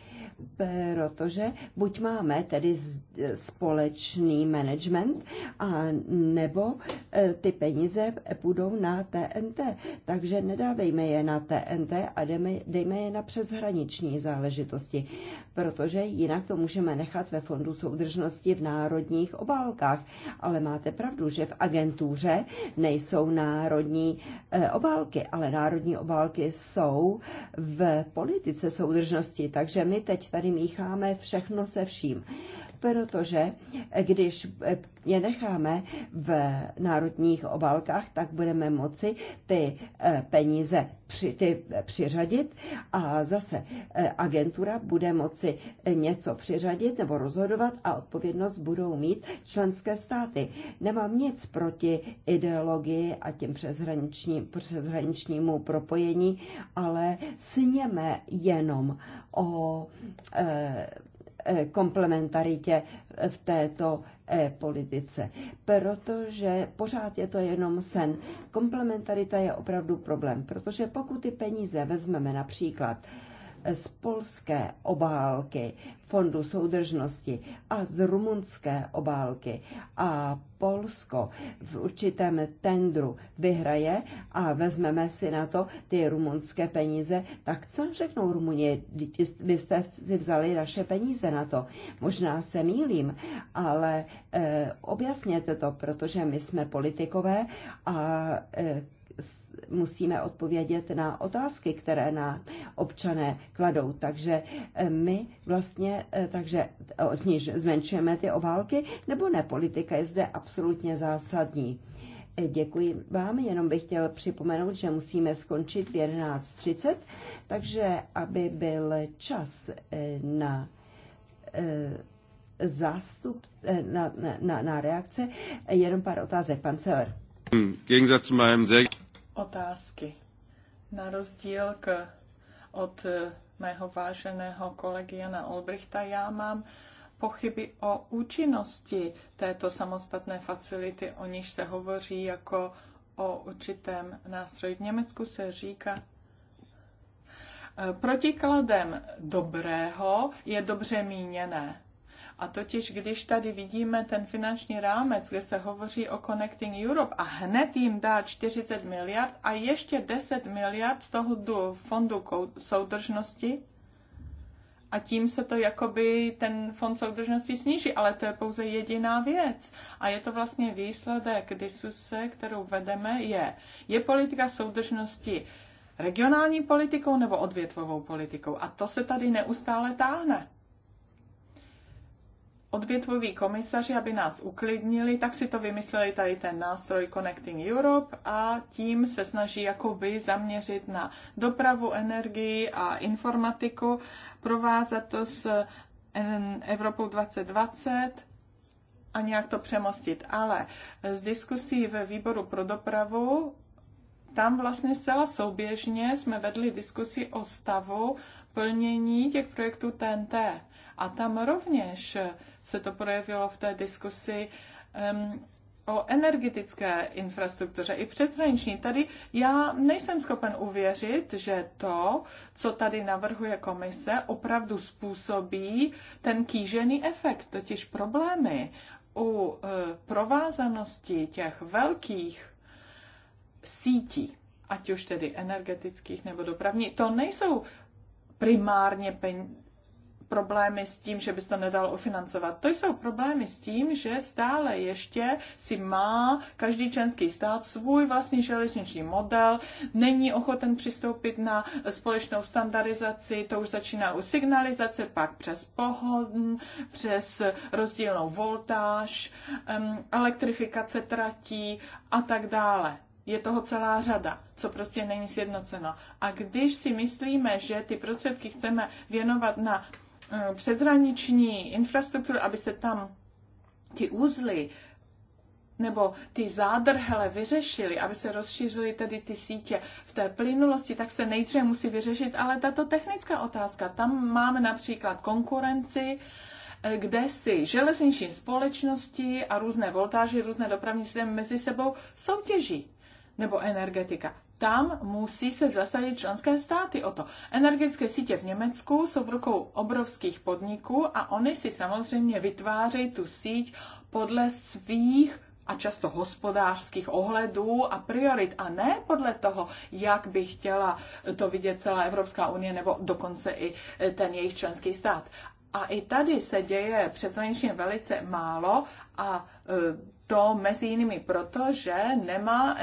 Protože buď máme tedy společný management, a nebo eh, ty peníze půjdou na TNT. Takže nedávejme je na TNT a dejme, je na přeshraniční záležitosti záležitosti, protože jinak to můžeme nechat ve Fondu soudržnosti v národních obálkách. Ale máte pravdu, že v agentuře nejsou národní e, obálky, ale národní obálky jsou v politice soudržnosti, takže my teď tady mícháme všechno se vším protože když je necháme v národních obálkách, tak budeme moci ty eh, peníze při, ty eh, přiřadit a zase eh, agentura bude moci něco přiřadit nebo rozhodovat a odpovědnost budou mít členské státy. Nemám nic proti ideologii a těm přeshraniční, přeshraničnímu propojení, ale sněme jenom o e, Eh, komplementaritě v této eh, politice, protože pořád je to jenom sen. Komplementarita je opravdu problém, protože pokud ty peníze vezmeme například z polské obálky Fondu soudržnosti a z rumunské obálky a Polsko v určitém tendru vyhraje a vezmeme si na to ty rumunské peníze, tak co řeknou Rumunie, vy jste si vzali naše peníze na to. Možná se mýlím, ale e, objasněte to, protože my jsme politikové a e, musíme odpovědět na otázky, které na občané kladou. Takže eh, my vlastně eh, takže zniž zmenšujeme ty obálky, nebo ne? Politika je zde absolutně zásadní. Eh, děkuji vám, jenom bych chtěl připomenout, že musíme skončit v 11.30, takže aby byl čas na zástup, na, na, na reakce, jenom pár otázek. Pan Celer. Hmm, otázky. Na rozdíl k, od eh, mého váženého kolegy Jana Olbrichta, já mám pochyby o účinnosti této samostatné facility, o níž se hovoří jako o určitém nástroji. V Německu se říká, eh, protikladem dobrého je dobře míněné. A totiž, když tady vidíme ten finanční rámec, kde se hovoří o Connecting Europe a hned jim dá 40 miliard a ještě 10 miliard z toho do fondu soudržnosti, a tím se to jakoby ten fond soudržnosti sníží, ale to je pouze jediná věc. A je to vlastně výsledek diskuse, kterou vedeme, je, je politika soudržnosti regionální politikou nebo odvětvovou politikou. A to se tady neustále táhne odvětvoví komisaři, aby nás uklidnili, tak si to vymysleli tady ten nástroj Connecting Europe a tím se snaží jakoby zaměřit na dopravu, energii a informatiku, provázat to s Evropou 2020 a nějak to přemostit. Ale z diskusí ve výboru pro dopravu tam vlastně zcela souběžně jsme vedli diskusi o stavu plnění těch projektů TNT a tam rovněž se to projevilo v té diskusi um, o energetické infrastruktuře i přeshraniční. Tady já nejsem schopen uvěřit, že to, co tady navrhuje komise, opravdu způsobí ten kýžený efekt, totiž problémy u e, provázanosti těch velkých sítí, ať už tedy energetických nebo dopravní, to nejsou primárně peníze problémy s tím, že by se to nedalo ufinancovat. To jsou problémy s tím, že stále ještě si má každý členský stát svůj vlastní železniční model, není ochoten přistoupit na společnou standardizaci, to už začíná u signalizace, pak přes pohon, přes rozdílnou voltáž, elektrifikace tratí a tak dále je toho celá řada, co prostě není sjednoceno. A když si myslíme, že ty prostředky chceme věnovat na Eh, přeshraniční infrastrukturu, aby se tam ty úzly nebo ty zádrhele vyřešili, aby se rozšířily tedy ty sítě v té plynulosti, tak se nejdříve musí vyřešit, ale tato technická otázka, tam máme například konkurenci, eh, kde si železniční společnosti a různé voltáže, různé dopravní systémy mezi sebou soutěží nebo energetika tam musí se zasadit členské státy o to. Energetické sítě v Německu jsou v rukou obrovských podniků a oni si samozřejmě vytvářejí tu síť podle svých a často hospodářských ohledů a priorit a ne podle toho, jak by chtěla to vidět celá Evropská unie nebo dokonce i e, ten jejich členský stát. A i tady se děje přeshraničně velice málo a e, to mezi jinými proto, že nemá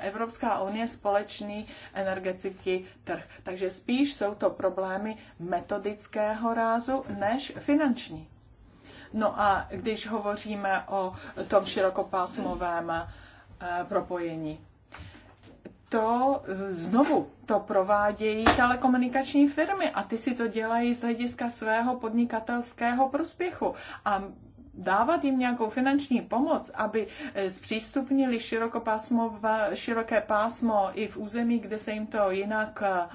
Evropská unie společný energetický trh. Takže spíš jsou to problémy metodického rázu než finanční. No a když hovoříme o tom širokopásmovém eh, propojení, to eh, znovu to provádějí telekomunikační firmy a ty si to dělají z hlediska svého podnikatelského prospěchu. A dávat jim nějakou finanční pomoc, aby eh, zpřístupnili široké pásmo i v území, kde se jim to jinak eh,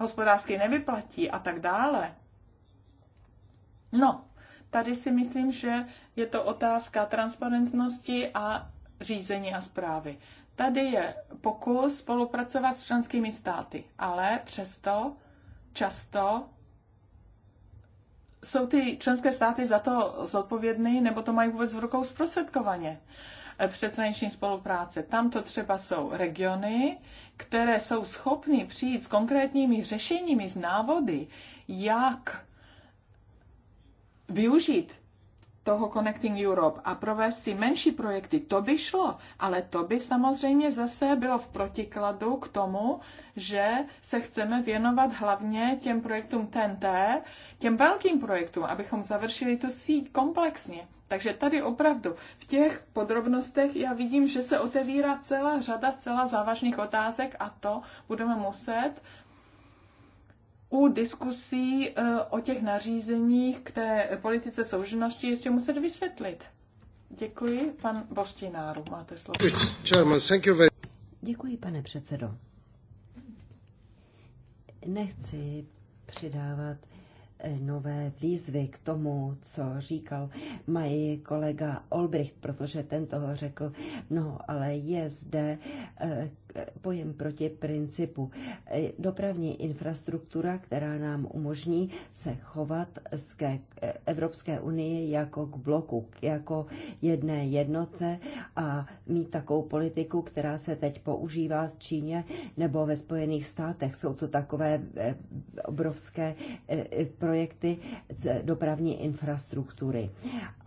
hospodářsky nevyplatí a tak dále. No, tady si myslím, že je to otázka transparentnosti a řízení a zprávy. Tady je pokus spolupracovat s členskými státy, ale přesto často jsou ty členské státy za to zodpovědné, nebo to mají vůbec v rukou zprostředkovaně? E, přeceneční spolupráce. Tam to třeba jsou regiony, které jsou schopny přijít s konkrétními řešeními, z návody, jak využít toho Connecting Europe a provést si menší projekty, to by šlo, ale to by samozřejmě zase bylo v protikladu k tomu, že se chceme věnovat hlavně těm projektům TNT, těm velkým projektům, abychom završili tu síť komplexně. Takže tady opravdu v těch podrobnostech já vidím, že se otevírá celá řada celá závažných otázek a to budeme muset uh, u diskusí eh, o těch nařízeních k té politice soudržnosti ještě muset vysvětlit. Děkuji, pan Boštináru, máte slovo. Děkuji, pane předsedo. Nechci přidávat eh, nové výzvy k tomu, co říkal mají kolega Olbricht, protože ten toho řekl, no ale je zde eh, pojem proti principu. Eh, dopravní infrastruktura, která nám umožní se chovat k eh, Evropské unii jako k bloku, jako jedné jednoce a mít takovou politiku, která se teď používá v Číně nebo ve Spojených státech. Jsou to takové eh, obrovské projekty dopravní infrastruktury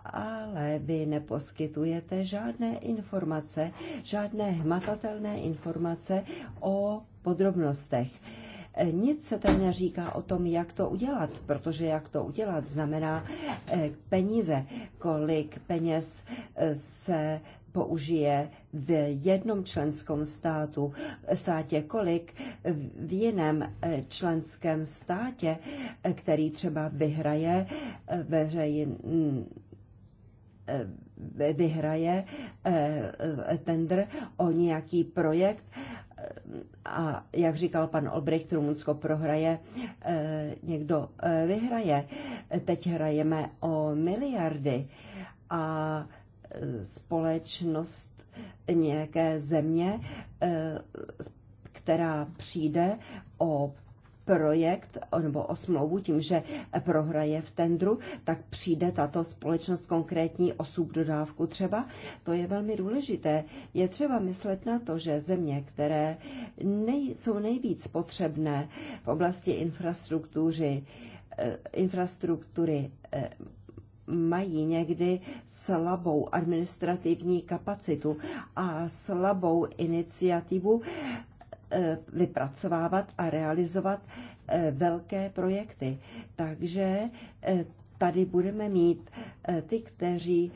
ale vy neposkytujete žádné informace, žádné hmatatelné informace o podrobnostech. Eh, nic se tam neříká o tom, jak to udělat, protože jak to udělat znamená eh, peníze, kolik peněz eh, se použije v jednom členském státu, státě kolik, v jiném členském státě, který třeba vyhraje veřejn, Eh, vyhraje eh, tender o nějaký projekt a jak říkal pan Olbrecht, Rumunsko prohraje, eh, někdo vyhraje. Teď hrajeme o miliardy a společnost nějaké země, která přijde o projekt nebo o smlouvu tím, že prohraje v tendru, tak přijde tato společnost konkrétní osůb dodávku třeba. To je velmi důležité. Je třeba myslet na to, že země, které nej, jsou nejvíc potřebné v oblasti infrastruktury, eh, infrastruktury eh, mají někdy slabou administrativní kapacitu a slabou iniciativu Eh, vypracovávat a realizovat eh, velké projekty. Takže eh, tady budeme mít ty, kteří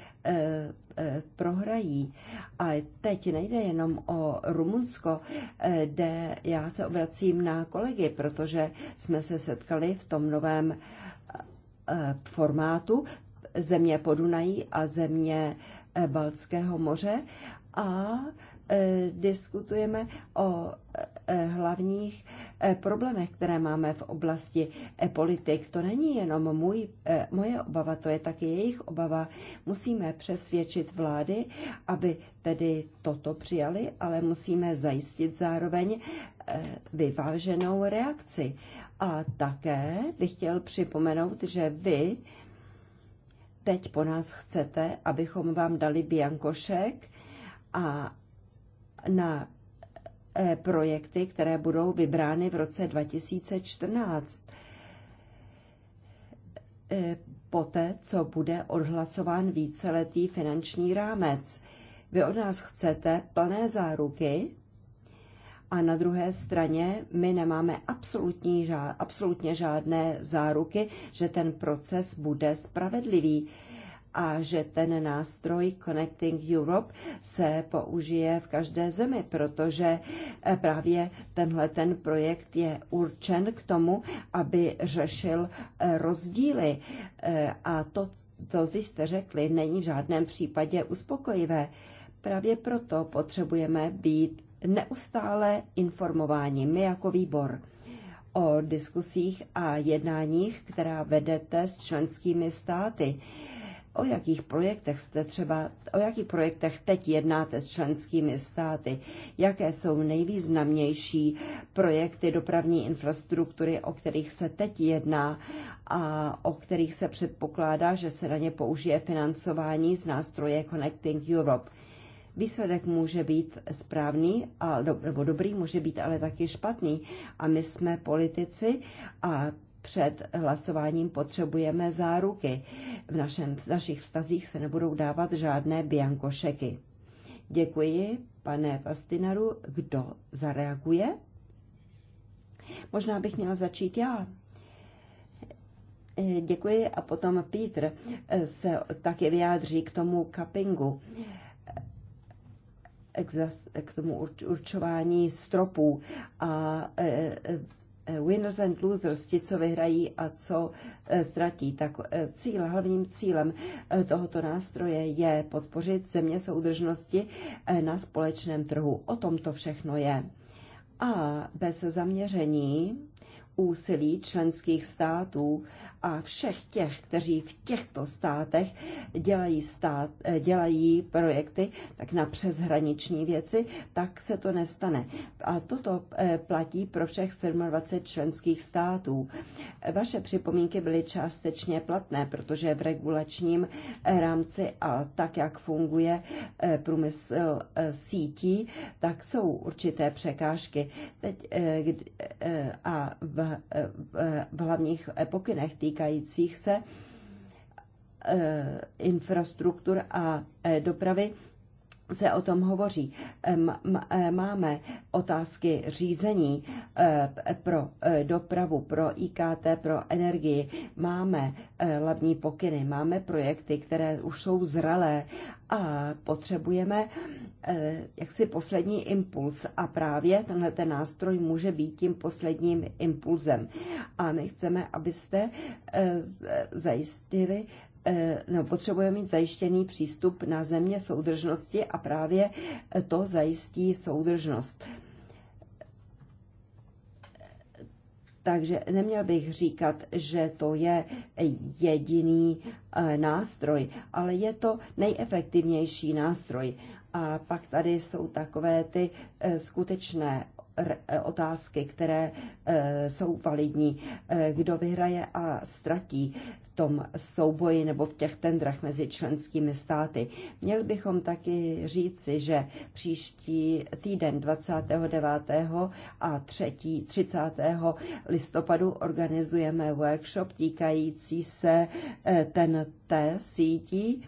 prohrají. A teď nejde jenom o Rumunsko, kde já se obracím na kolegy, protože jsme se setkali v tom novém formátu země Podunají a země Baltského moře a Eh, diskutujeme o eh, hlavních eh, problémech, které máme v oblasti politik. To není jenom můj, moje obava, to je taky jejich obava. Musíme přesvědčit vlády, aby tedy toto přijali, ale musíme zajistit zároveň vyváženou reakci. A také bych chtěl připomenout, že vy teď po nás chcete, abychom vám dali biankošek a na eh, projekty, které budou vybrány v roce 2014. Eh, poté, co bude odhlasován víceletý finanční rámec. Vy od nás chcete plné záruky a na druhé straně my nemáme absolutní, absolutně žádné záruky, že ten proces bude spravedlivý a že ten nástroj Connecting Europe se použije v každé zemi, protože eh, právě tenhle ten projekt je určen k tomu, aby řešil eh, rozdíly. Eh, a to, co vy jste řekli, není v žádném případě uspokojivé. Právě proto potřebujeme být neustále informováni, my jako výbor o diskusích a jednáních, která vedete s členskými státy. O jakých projektech jste třeba, o jakých projektech teď jednáte s členskými státy? Jaké jsou nejvýznamnější projekty dopravní infrastruktury, o kterých se teď jedná a o kterých se předpokládá, že se na ně použije financování z nástroje Connecting Europe? výsledek může být správný a, nebo dobrý, může být ale taky špatný. A my jsme politici a před hlasováním potřebujeme záruky. V, našem, v našich vztazích se nebudou dávat žádné biankošeky. Děkuji, pane Pastinaru. Kdo zareaguje? Možná bych měla začít já. Eh, děkuji a potom Pítr eh, se taky vyjádří k tomu kapingu, eh, k tomu určování stropů a Eh, winners and losers, ti, co vyhrají a co eh, ztratí. Tak eh, cíl, hlavním cílem tohoto nástroje je podpořit země soudržnosti na společném trhu. O tom to všechno je. A bez zaměření úsilí členských států a všech těch, kteří v těchto státech dělají, stát, dělají projekty, tak na přeshraniční věci, tak se to nestane. A toto e, platí pro všech 27 členských států. Vaše připomínky byly částečně platné, protože v regulačním e, rámci a tak, jak funguje e, průmysl sítí, tak jsou určité překážky. Teď a v, v, v hlavních pokynech tý týkajících se eh, infrastruktur a eh, dopravy se o tom hovoří. E, máme otázky řízení e, pro e, dopravu, pro IKT, pro energii. Máme hlavní pokyny, máme projekty, které už jsou zralé a potřebujeme jaksi poslední impuls a právě tenhle ten nástroj může být tím posledním impulzem. A my chceme, abyste zajistili Eh, no, potřebujeme mít zajištěný přístup na země soudržnosti a právě to zajistí soudržnost. Takže neměl bych říkat, že to je jediný eh, nástroj, ale je to nejefektivnější nástroj. A pak tady jsou takové ty eh, skutečné E, otázky, které e, jsou validní. E, kdo vyhraje a ztratí v tom souboji nebo v těch tendrách mezi členskými státy. Měli bychom taky říci, že příští týden 29. a 3. 30. listopadu organizujeme workshop týkající se ten té sítí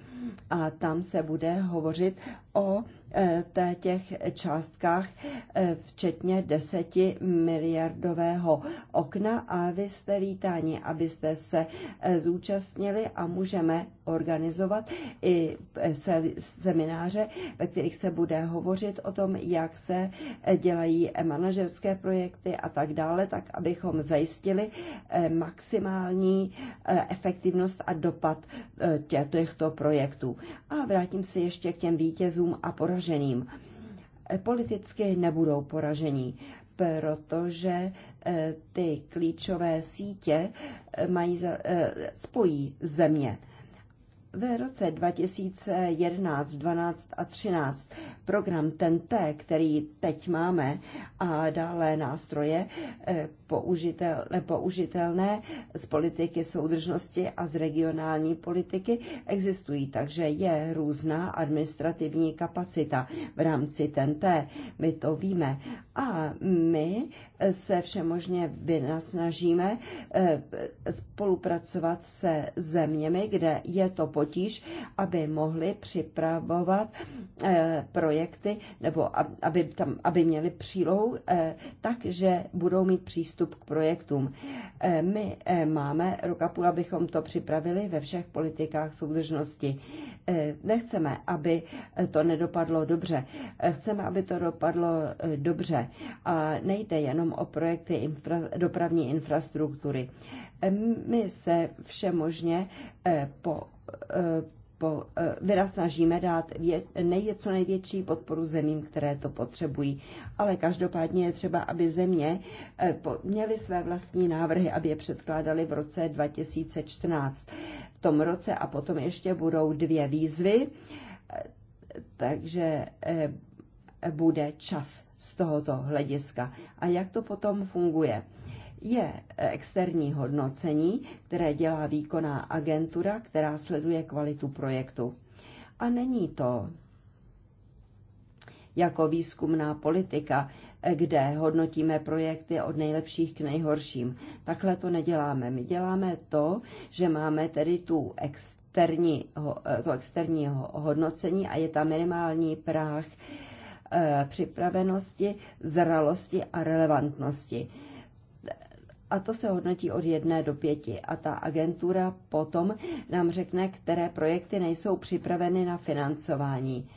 a tam se bude hovořit o Eh, těch částkách, eh, včetně deseti miliardového okna a vy jste vítáni, abyste se eh, zúčastnili a můžeme organizovat i eh, semináře, ve kterých se bude hovořit o tom, jak se eh, dělají eh, manažerské projekty a tak dále, tak abychom zajistili maximální efektivnost a dopad těchto projektů. A vrátím se ještě k těm vítězům a poraženým. Politicky nebudou poražení protože ty klíčové sítě mají, spojí země v roce 2011, 12 a 13 program TNT, který teď máme, a dále nástroje eh, použitelné z politiky soudržnosti a z regionální politiky existují, takže je různá administrativní kapacita v rámci TNT. My to víme. A my se všemožně vynasnažíme eh, spolupracovat se zeměmi, kde je to potíž, aby mohli připravovat eh, projekty nebo aby, tam, aby měli přílohu eh, tak, že budou mít přístup k projektům. Eh, my máme roka půl, abychom to připravili ve všech politikách soudržnosti. Nechceme, aby to nedopadlo dobře. Chceme, aby to dopadlo dobře. A nejde jenom o projekty infra, dopravní infrastruktury. My se všemožně eh, po eh, po, eh, snažíme dát nejvě, co největší podporu zemím, které to potřebují. Ale každopádně je třeba, aby země měly své vlastní návrhy, aby je předkládali v roce 2014. V tom roce a potom ještě budou dvě výzvy, takže bude čas z tohoto hlediska. A jak to potom funguje? je externí hodnocení, které dělá výkonná agentura, která sleduje kvalitu projektu. A není to jako výzkumná politika, kde hodnotíme projekty od nejlepších k nejhorším. Takhle to neděláme. My děláme to, že máme tedy tu externí, to externí hodnocení a je tam minimální práh eh, připravenosti, zralosti a relevantnosti a to se hodnotí od jedné do pěti. A ta agentura potom nám řekne, které projekty nejsou připraveny na financování.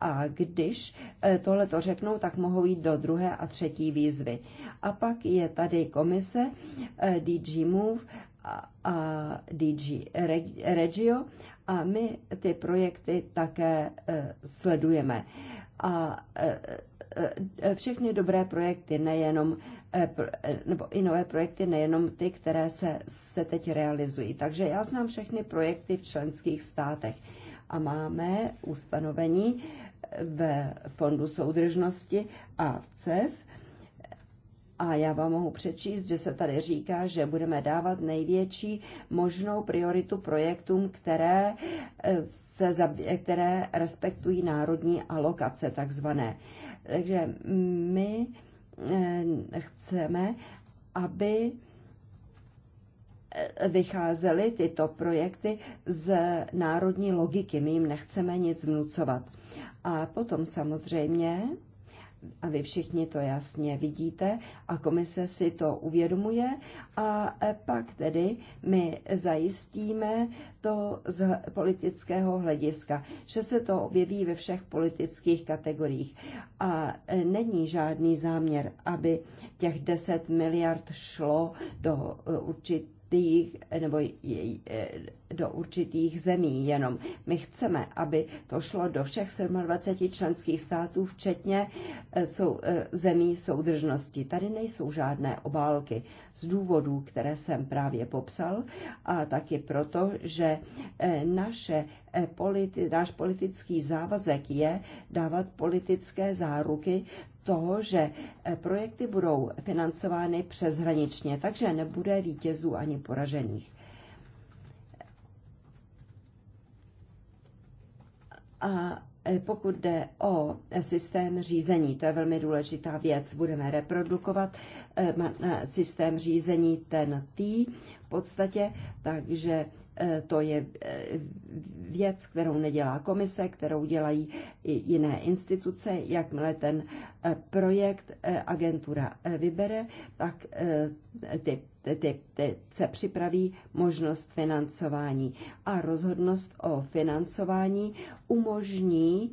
A když eh, tohle to řeknou, tak mohou jít do druhé a třetí výzvy. A pak je tady komise eh, DG Move a, a DG Regio a my ty projekty také eh, sledujeme. A všechny dobré projekty, nejenom E, e, nebo i nové projekty, nejenom ty, které se, se teď realizují. Takže já znám všechny projekty v členských státech a máme ustanovení ve Fondu soudržnosti a v CEF, a já vám mohu přečíst, že se tady říká, že budeme dávat největší možnou prioritu projektům, které, e, se, které respektují národní alokace takzvané. Takže my Eh, chceme, aby eh, vycházely tyto projekty z národní logiky. My jim nechceme nic vnucovat. A potom samozřejmě a vy všichni to jasně vidíte a komise si to uvědomuje a pak tedy my zajistíme to z politického hlediska, že se to objeví ve všech politických kategoriích. A e, není žádný záměr, aby těch 10 miliard šlo do e, určitých určitých, nebo eh, do určitých zemí jenom. My chceme, aby to šlo do všech 27 členských států, včetně eh, sou, eh, zemí soudržnosti. Tady nejsou žádné obálky z důvodů, které jsem právě popsal a taky proto, že naše politi, náš politický závazek je dávat politické záruky toho, že eh, projekty budou financovány přeshraničně, takže nebude vítězů ani poražených. A eh, pokud jde o eh, systém řízení, to je velmi důležitá věc, budeme reprodukovat systém řízení ten tý. v podstatě, takže Eh, to je eh, věc, kterou nedělá komise, kterou dělají i jiné instituce. Jakmile ten eh, projekt agentura vybere, tak ty ty, ty se připraví možnost financování a rozhodnost o financování umožní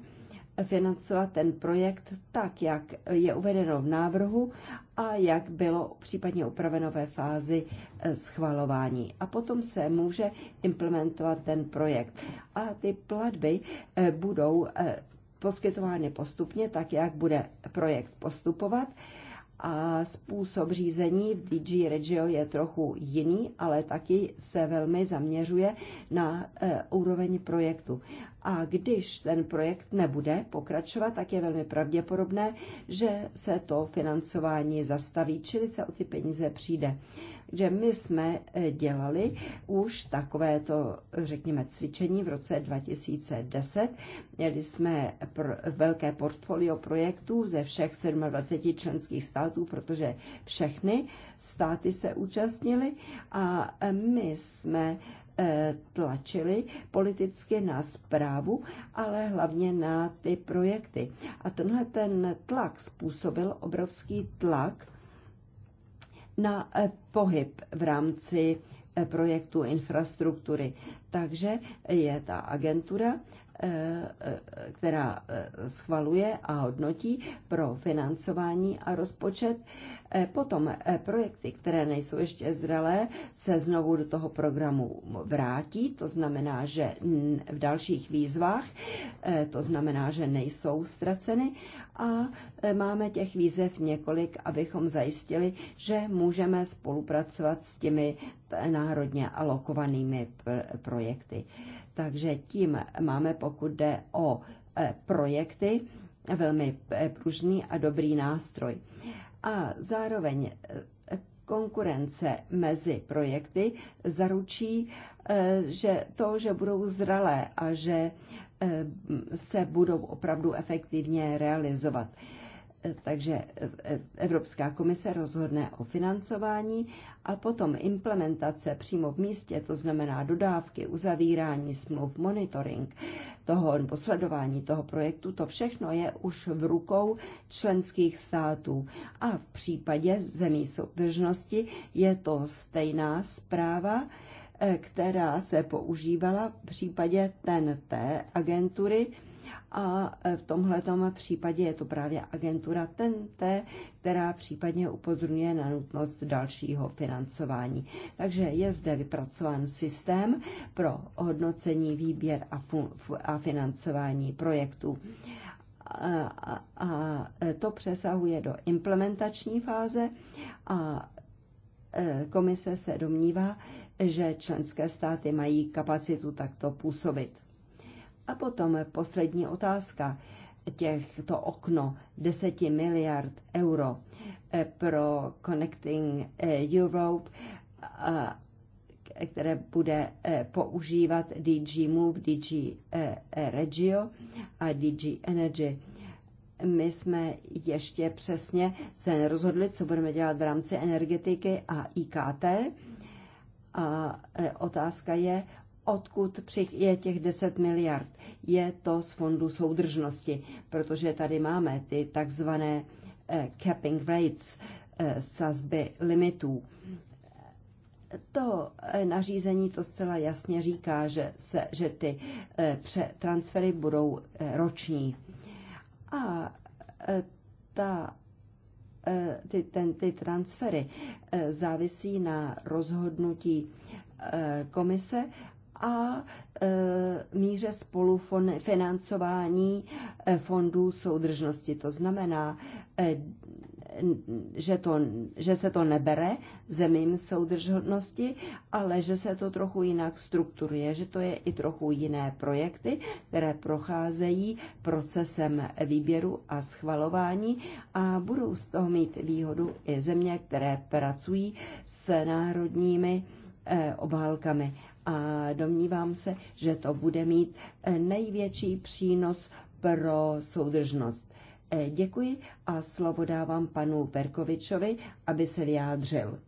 financovat ten projekt tak, jak je uvedeno v návrhu a jak bylo případně upraveno ve fázi eh, schvalování. A potom se může implementovat ten projekt. A ty platby eh, budou eh, poskytovány postupně, tak jak bude projekt postupovat. A způsob řízení v DG Regio je trochu jiný, ale taky se velmi zaměřuje na úroveň projektu. A když ten projekt nebude pokračovat, tak je velmi pravděpodobné, že se to financování zastaví, čili se o ty peníze přijde. Takže my jsme eh, dělali už takovéto, řekněme, cvičení v roce 2010. Měli jsme velké portfolio projektů ze všech 27 členských států, protože všechny státy se účastnili a eh, my jsme Eh, tlačili politicky na zprávu, ale hlavně na ty projekty. A tenhle ten tlak způsobil obrovský tlak na eh, pohyb v rámci eh, projektu infrastruktury. Takže je ta agentura, která schvaluje a hodnotí pro financování a rozpočet, E, potom e, projekty, které nejsou ještě zralé, se znovu do toho programu vrátí, to znamená, že v dalších výzvách, e, to znamená, že nejsou ztraceny a máme těch výzev několik, abychom zajistili, že můžeme spolupracovat s těmi národně alokovanými projekty. Takže tím máme, pokud jde o projekty, velmi pružný a dobrý nástroj a zároveň e, konkurence mezi projekty zaručí, e, že to, že budou zralé a že e, se budou opravdu efektivně realizovat takže Evropská komise rozhodne o financování a potom implementace přímo v místě, to znamená dodávky, uzavírání smluv, monitoring toho posledování toho projektu, to všechno je už v rukou členských států. A v případě zemí soudržnosti je to stejná zpráva, eh, která se používala v případě TNT agentury, a e, v tomhle případě je to právě agentura TNT, která případně upozorňuje na nutnost dalšího financování. Takže je zde vypracován systém pro hodnocení, výběr a, a financování projektů. A, a, a to přesahuje do implementační fáze a e, komise se domnívá, že členské státy mají kapacitu takto působit. A potom poslední otázka. Těchto okno 10 miliard euro eh, pro Connecting eh, Europe, eh, které bude používat DG Move, DG Regio a DG Energy my jsme ještě přesně se nerozhodli, co budeme dělat v rámci energetiky a IKT. A otázka je, odkud je těch 10 miliard. Je to z fondu soudržnosti, protože tady máme ty takzvané eh, capping rates, eh, sazby limitů. To eh, nařízení to zcela jasně říká, že, se, že ty transfery budou roční. A ta, ty, ten, ty transfery závisí na rozhodnutí komise a e, míře spolufinancování e, fondů soudržnosti. To znamená, e, že, to, že se to nebere zemím soudržnosti, ale že se to trochu jinak strukturuje, že to je i trochu jiné projekty, které procházejí procesem výběru a schvalování a budou z toho mít výhodu i země, které pracují s národními obálkami a domnívám se, že to bude mít eh, největší přínos pro soudržnost. Eh, děkuji a slovo dávám panu Perkovičovi, aby se vyjádřil.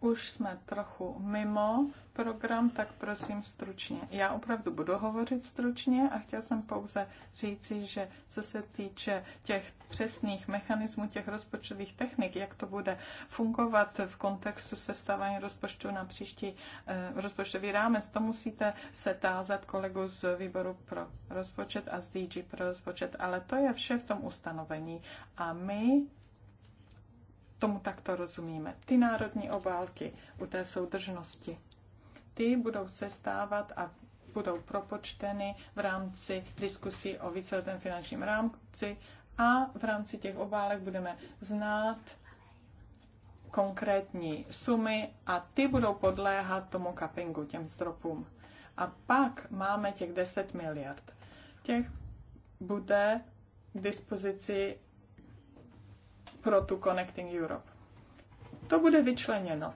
Už jsme trochu mimo program, tak prosím stručně. Já opravdu budu hovořit stručně a chtěl jsem pouze říci, že co se týče těch přesných mechanismů, těch rozpočtových technik, jak to bude fungovat v kontextu sestavání rozpočtu na příští eh, rozpočtový rámec, to musíte se tázat kolegu z výboru pro rozpočet a z DG pro rozpočet, ale to je vše v tom ustanovení a my tomu takto rozumíme. Ty národní obálky u té soudržnosti ty budou sestávat a budou propočteny v rámci diskusí o víceletém finančním rámci a v rámci těch obálek budeme znát konkrétní sumy a ty budou podléhat tomu kapingu, těm stropům. A pak máme těch 10 miliard. Těch bude k dispozici pro tu Connecting Europe. To bude vyčleněno.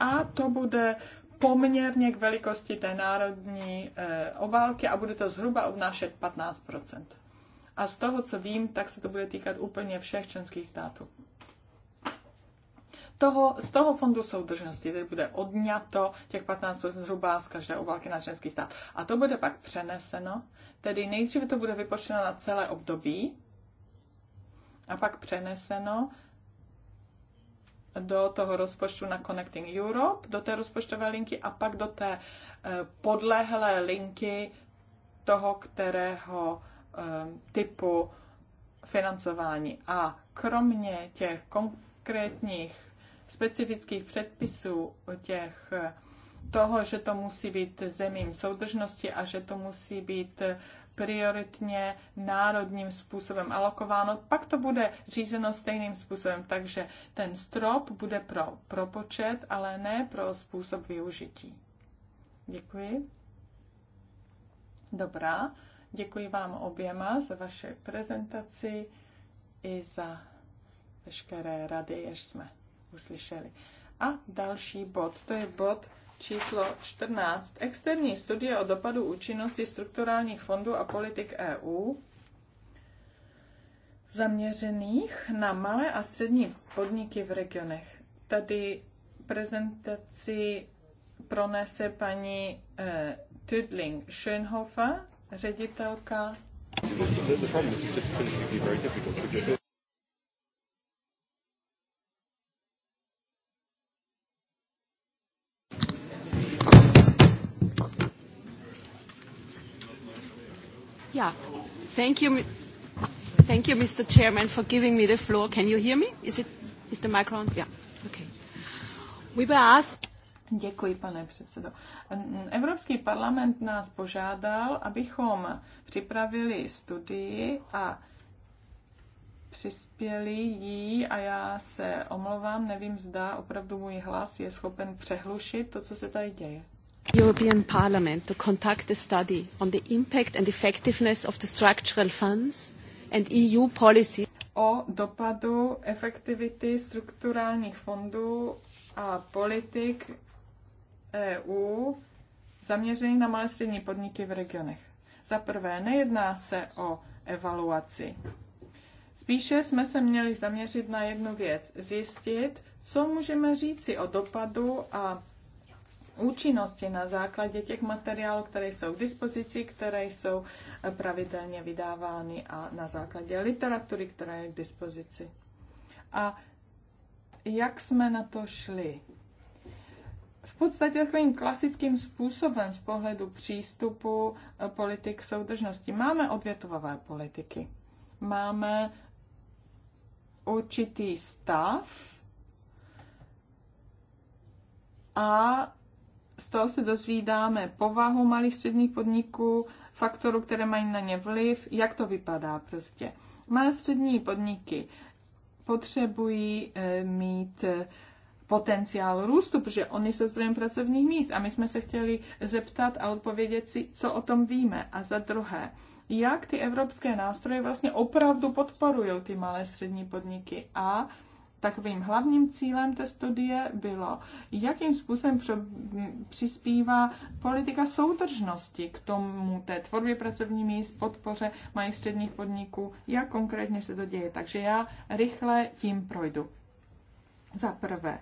A to bude poměrně k velikosti té národní eh, obálky a bude to zhruba obnášet 15 A z toho, co vím, tak se to bude týkat úplně všech členských států. Toho, z toho fondu soudržnosti tedy bude odňato těch 15 zhruba z každé obálky na členský stát. A to bude pak přeneseno, tedy nejdříve to bude vypočteno na celé období a pak přeneseno do toho rozpočtu na Connecting Europe, do té rozpočtové linky a pak do té eh, podlehlé linky toho, kterého eh, typu financování. A kromě těch konkrétních specifických předpisů, těch eh, toho, že to musí být zemím soudržnosti a že to musí být prioritně národním způsobem alokováno, pak to bude řízeno stejným způsobem. Takže ten strop bude pro propočet, ale ne pro způsob využití. Děkuji. Dobrá, děkuji vám oběma za vaše prezentaci i za veškeré rady, jež jsme uslyšeli. A další bod, to je bod číslo 14. Externí studie o dopadu účinnosti strukturálních fondů a politik EU zaměřených na malé a střední podniky v regionech. Tady prezentaci pronese paní eh, Tüdling Schönhofer, ředitelka. The Yeah. Thank you. Thank you, Mr. Chairman, for giving me the floor. Can you hear me? Is it is the mic on? Yeah. Okay. We were asked Děkuji, pane předsedo. Evropský parlament nás požádal, abychom připravili studii a přispěli jí a já se omlouvám, nevím, zda opravdu můj hlas je schopen přehlušit to, co se tady děje. European Parliament to conduct a study on the impact and effectiveness of the structural funds and EU policy. O dopadu efektivity strukturálních fondů a politik EU zaměřený na malé střední podniky v regionech. Za prvé, nejedná se o evaluaci. Spíše jsme se měli zaměřit na jednu věc, zjistit, co můžeme říci o dopadu a účinnosti na základě těch materiálů, které jsou k dispozici, které jsou eh, pravidelně vydávány a na základě literatury, která je k dispozici. A jak jsme na to šli? v podstatě takovým klasickým způsobem z pohledu přístupu eh, politik soudržnosti. Máme odvětvové politiky. Máme určitý stav a z toho se dozvídáme povahu malých středních podniků, faktorů, které mají na ně vliv, jak to vypadá prostě. Malé střední podniky potřebují eh, mít eh, potenciál růstu, protože oni jsou zdrojem pracovních míst a my jsme se chtěli zeptat a odpovědět si, co o tom víme. A za druhé, jak ty evropské nástroje vlastně opravdu podporují ty malé střední podniky a Takovým hlavním cílem té studie bylo, jakým způsobem přispívá politika soudržnosti k tomu té tvorbě pracovní míst, podpoře mají středních podniků, jak konkrétně se to děje. Takže já rychle tím projdu. Za prvé,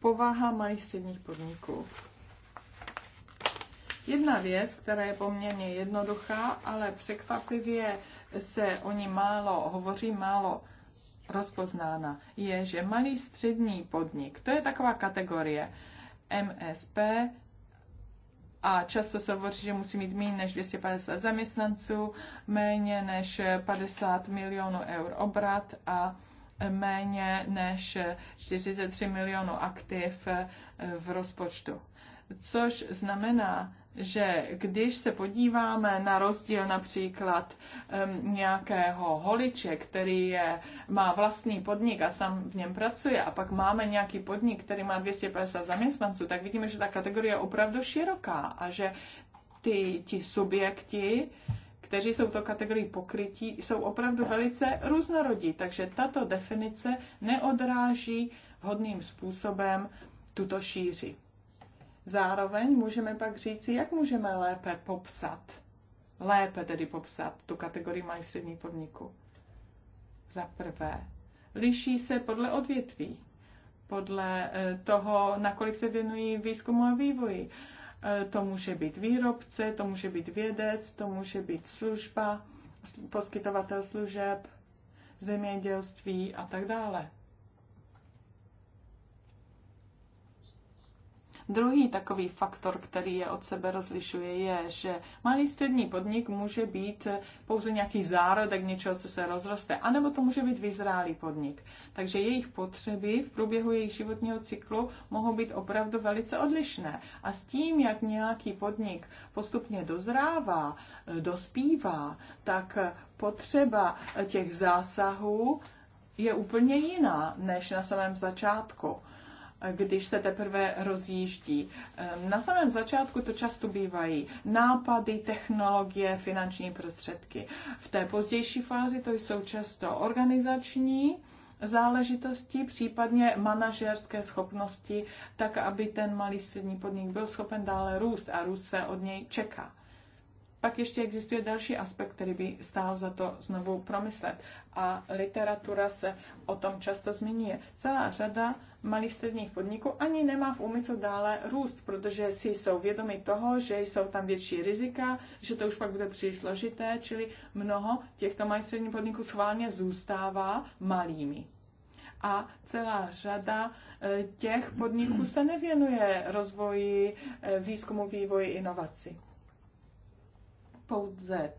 povaha mají středních podniků. Jedna věc, která je poměrně jednoduchá, ale překvapivě se o ní málo hovoří, málo rozpoznána, je, že malý střední podnik, to je taková kategorie MSP, a často se hovoří, že musí mít méně než 250 zaměstnanců, méně než 50 milionů eur obrat a méně než 43 milionů aktiv v rozpočtu. Což znamená, že když se podíváme na rozdíl například um, nějakého holiče, který je, má vlastní podnik a sám v něm pracuje, a pak máme nějaký podnik, který má 250 zaměstnanců, tak vidíme, že ta kategorie je opravdu široká a že ty, ti subjekti, kteří jsou to kategorii pokrytí, jsou opravdu velice různorodí. Takže tato definice neodráží vhodným způsobem tuto šíři. Zároveň můžeme pak říci, jak můžeme lépe popsat, lépe tedy popsat tu kategorii malých střední Za prvé, liší se podle odvětví, podle eh, toho, nakolik se věnují výzkumu a vývoji. Eh, to může být výrobce, to může být vědec, to může být služba, poskytovatel služeb, zemědělství a tak dále. Druhý takový faktor, který je od sebe rozlišuje, je, že malý střední podnik může být pouze nějaký zárodek něčeho, co se rozroste, anebo to může být vyzrálý podnik. Takže jejich potřeby v průběhu jejich životního cyklu mohou být opravdu velice odlišné. A s tím, jak nějaký podnik postupně dozrává, dospívá, tak potřeba těch zásahů je úplně jiná než na samém začátku když se teprve rozjíždí. Ehm, na samém začátku to často bývají nápady, technologie, finanční prostředky. V té pozdější fázi to jsou často organizační záležitosti, případně manažerské schopnosti, tak aby ten malý střední podnik byl schopen dále růst a růst se od něj čeká pak ještě existuje další aspekt, který by stál za to znovu promyslet. A literatura se o tom často zmiňuje. Celá řada malých středních podniků ani nemá v úmyslu dále růst, protože si jsou vědomi toho, že jsou tam větší rizika, že to už pak bude příliš složité, čili mnoho těchto malých středních podniků schválně zůstává malými a celá řada e, těch podniků se nevěnuje rozvoji, e, výzkumu, vývoji, inovaci pouze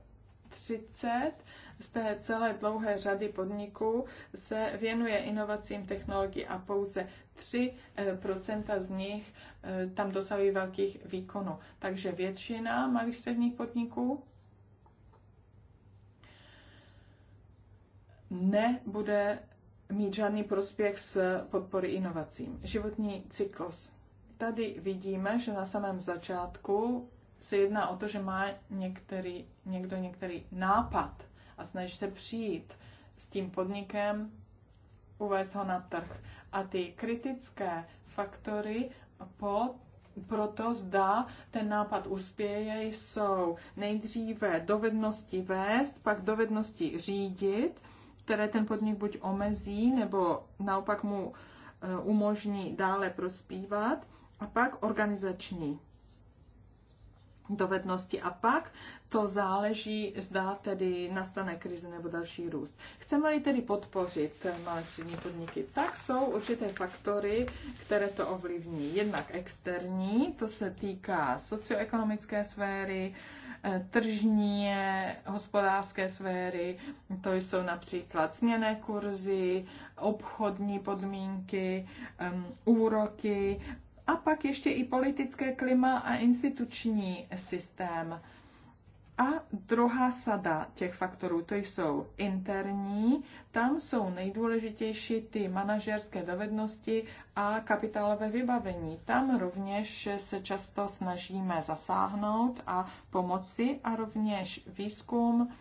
30 z té celé dlouhé řady podniků se věnuje inovacím technologií a pouze 3% eh, z nich eh, tam dosahují velkých výkonů. Takže většina malých středních podniků nebude mít žádný prospěch z podpory inovacím. Životní cyklus. Tady vidíme, že na samém začátku se jedná o to, že má některý, někdo některý nápad a snaží se přijít s tím podnikem, uvést ho na trh. A ty kritické faktory po proto zda ten nápad uspěje, jsou nejdříve dovednosti vést, pak dovednosti řídit, které ten podnik buď omezí, nebo naopak mu eh, umožní dále prospívat, a pak organizační dovednosti a pak to záleží, zda tedy nastane krize nebo další růst. Chceme-li tedy podpořit malé střední podniky, tak jsou určité faktory, které to ovlivní. Jednak externí, to se týká socioekonomické sféry, eh, tržní hospodářské sféry, to jsou například směné kurzy, obchodní podmínky, um, úroky, a pak ještě i politické klima a instituční systém. A druhá sada těch faktorů, to jsou interní, tam jsou nejdůležitější ty manažerské dovednosti a kapitálové vybavení. Tam rovněž se často snažíme zasáhnout a pomoci a rovněž výzkum,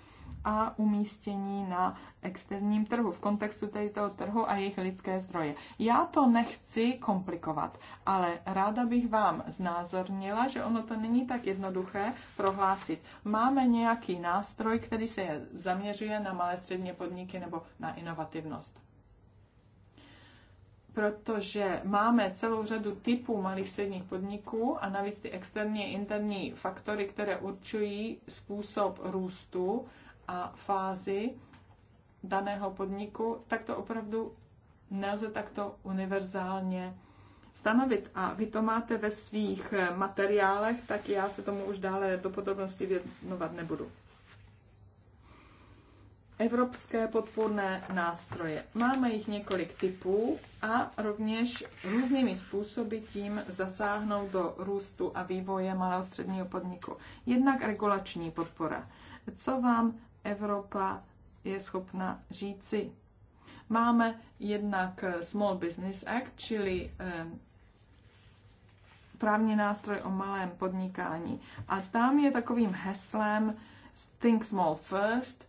a umístění na externím trhu, v kontextu tedy toho trhu a jejich lidské zdroje. Já to nechci komplikovat, ale ráda bych vám znázornila, že ono to není tak jednoduché prohlásit. Máme nějaký nástroj, který se zaměřuje na malé střední podniky nebo na inovativnost protože máme celou řadu typů malých středních podniků a navíc ty externí a interní faktory, které určují způsob růstu, a fázi daného podniku, tak to opravdu nelze takto univerzálně stanovit. A vy to máte ve svých materiálech, tak já se tomu už dále do podrobnosti věnovat nebudu. Evropské podpůrné nástroje. Máme jich několik typů a rovněž různými způsoby tím zasáhnout do růstu a vývoje malého středního podniku. Jednak regulační podpora. Co vám Evropa je schopna říci. Máme jednak Small Business Act, čili eh, právní nástroj o malém podnikání. A tam je takovým heslem Think Small First,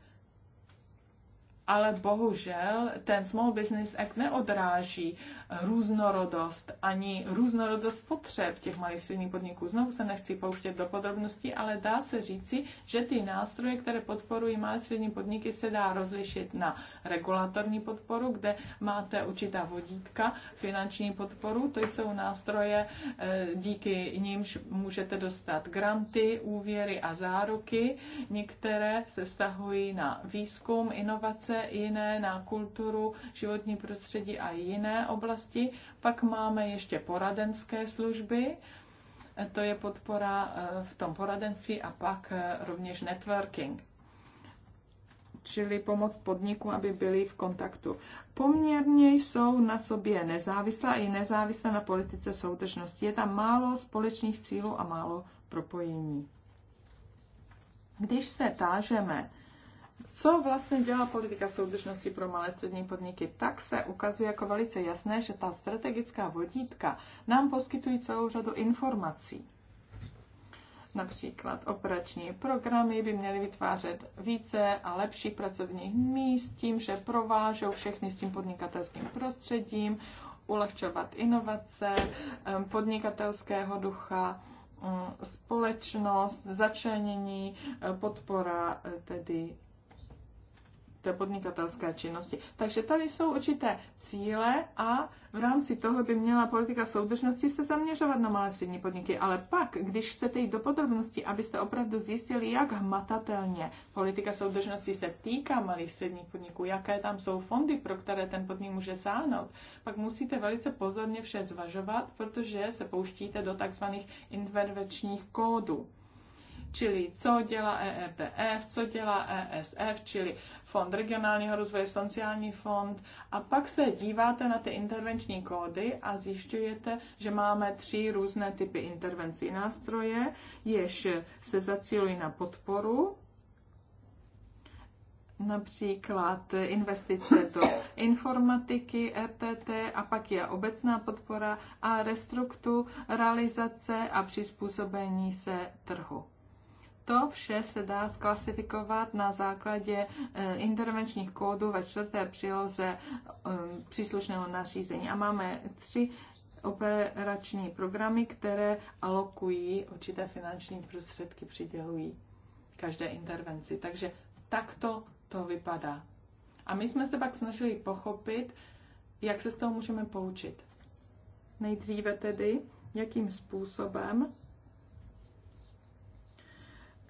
ale bohužel ten Small Business Act neodráží různorodost ani různorodost potřeb těch malých středních podniků. Znovu se nechci pouštět do podrobností, ale dá se říci, že ty nástroje, které podporují malé střední podniky, se dá rozlišit na regulatorní podporu, kde máte určitá vodítka, finanční podporu, to jsou nástroje, eh, díky nímž můžete dostat granty, úvěry a záruky. Některé se vztahují na výzkum, inovace, jiné na kulturu, životní prostředí a jiné oblasti. Pak máme ještě poradenské služby, to je podpora eh, v tom poradenství a pak eh, rovněž networking čili pomoc podniku, aby byli v kontaktu. Poměrně jsou na sobě nezávislá i nezávislá na politice soudržnosti. Je tam málo společných cílů a málo propojení. Když se tážeme, co vlastně dělá politika soudržnosti pro malé střední podniky, tak se ukazuje jako velice jasné, že ta strategická vodítka nám poskytují celou řadu informací. Například operační programy by měly vytvářet více a lepších pracovních míst tím, že provážou všechny s tím podnikatelským prostředím, ulehčovat inovace, podnikatelského ducha, mm, společnost, začlenění, e, podpora e, tedy té podnikatelské činnosti. Takže tady jsou určité cíle a v rámci toho by měla politika soudržnosti se zaměřovat na malé střední podniky. Ale pak, když chcete jít do podrobností, abyste opravdu zjistili, jak hmatatelně politika soudržnosti se týká malých středních podniků, jaké tam jsou fondy, pro které ten podnik může sáhnout, pak musíte velice pozorně vše zvažovat, protože se pouštíte do takzvaných intervenčních kódů čili co dělá EEPF, co dělá ESF, čili Fond regionálního rozvoje, sociální fond. A pak se díváte na ty intervenční kódy a zjišťujete, že máme tři různé typy intervencí. Nástroje, jež se zacílují na podporu, například investice do informatiky, RTT e a pak je obecná podpora a restrukturalizace a přizpůsobení se trhu. To vše se dá sklasifikovat na základě eh, intervenčních kódů ve čtvrté příloze eh, příslušného nařízení. A máme tři operační programy, které alokují určité finanční prostředky, přidělují každé intervenci. Takže takto to vypadá. A my jsme se pak snažili pochopit, jak se z toho můžeme poučit. Nejdříve tedy, jakým způsobem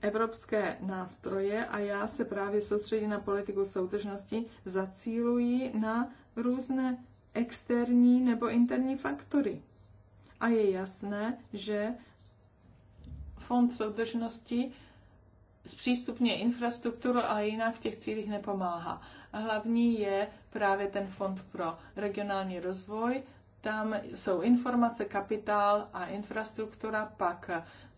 evropské nástroje a já se právě soustředím na politiku soudržnosti, zacílují na různé externí nebo interní faktory. A je jasné, že fond soudržnosti zpřístupně infrastrukturu, ale jinak v těch cílích nepomáhá. Hlavní je právě ten fond pro regionální rozvoj, tam jsou informace, kapitál a infrastruktura, pak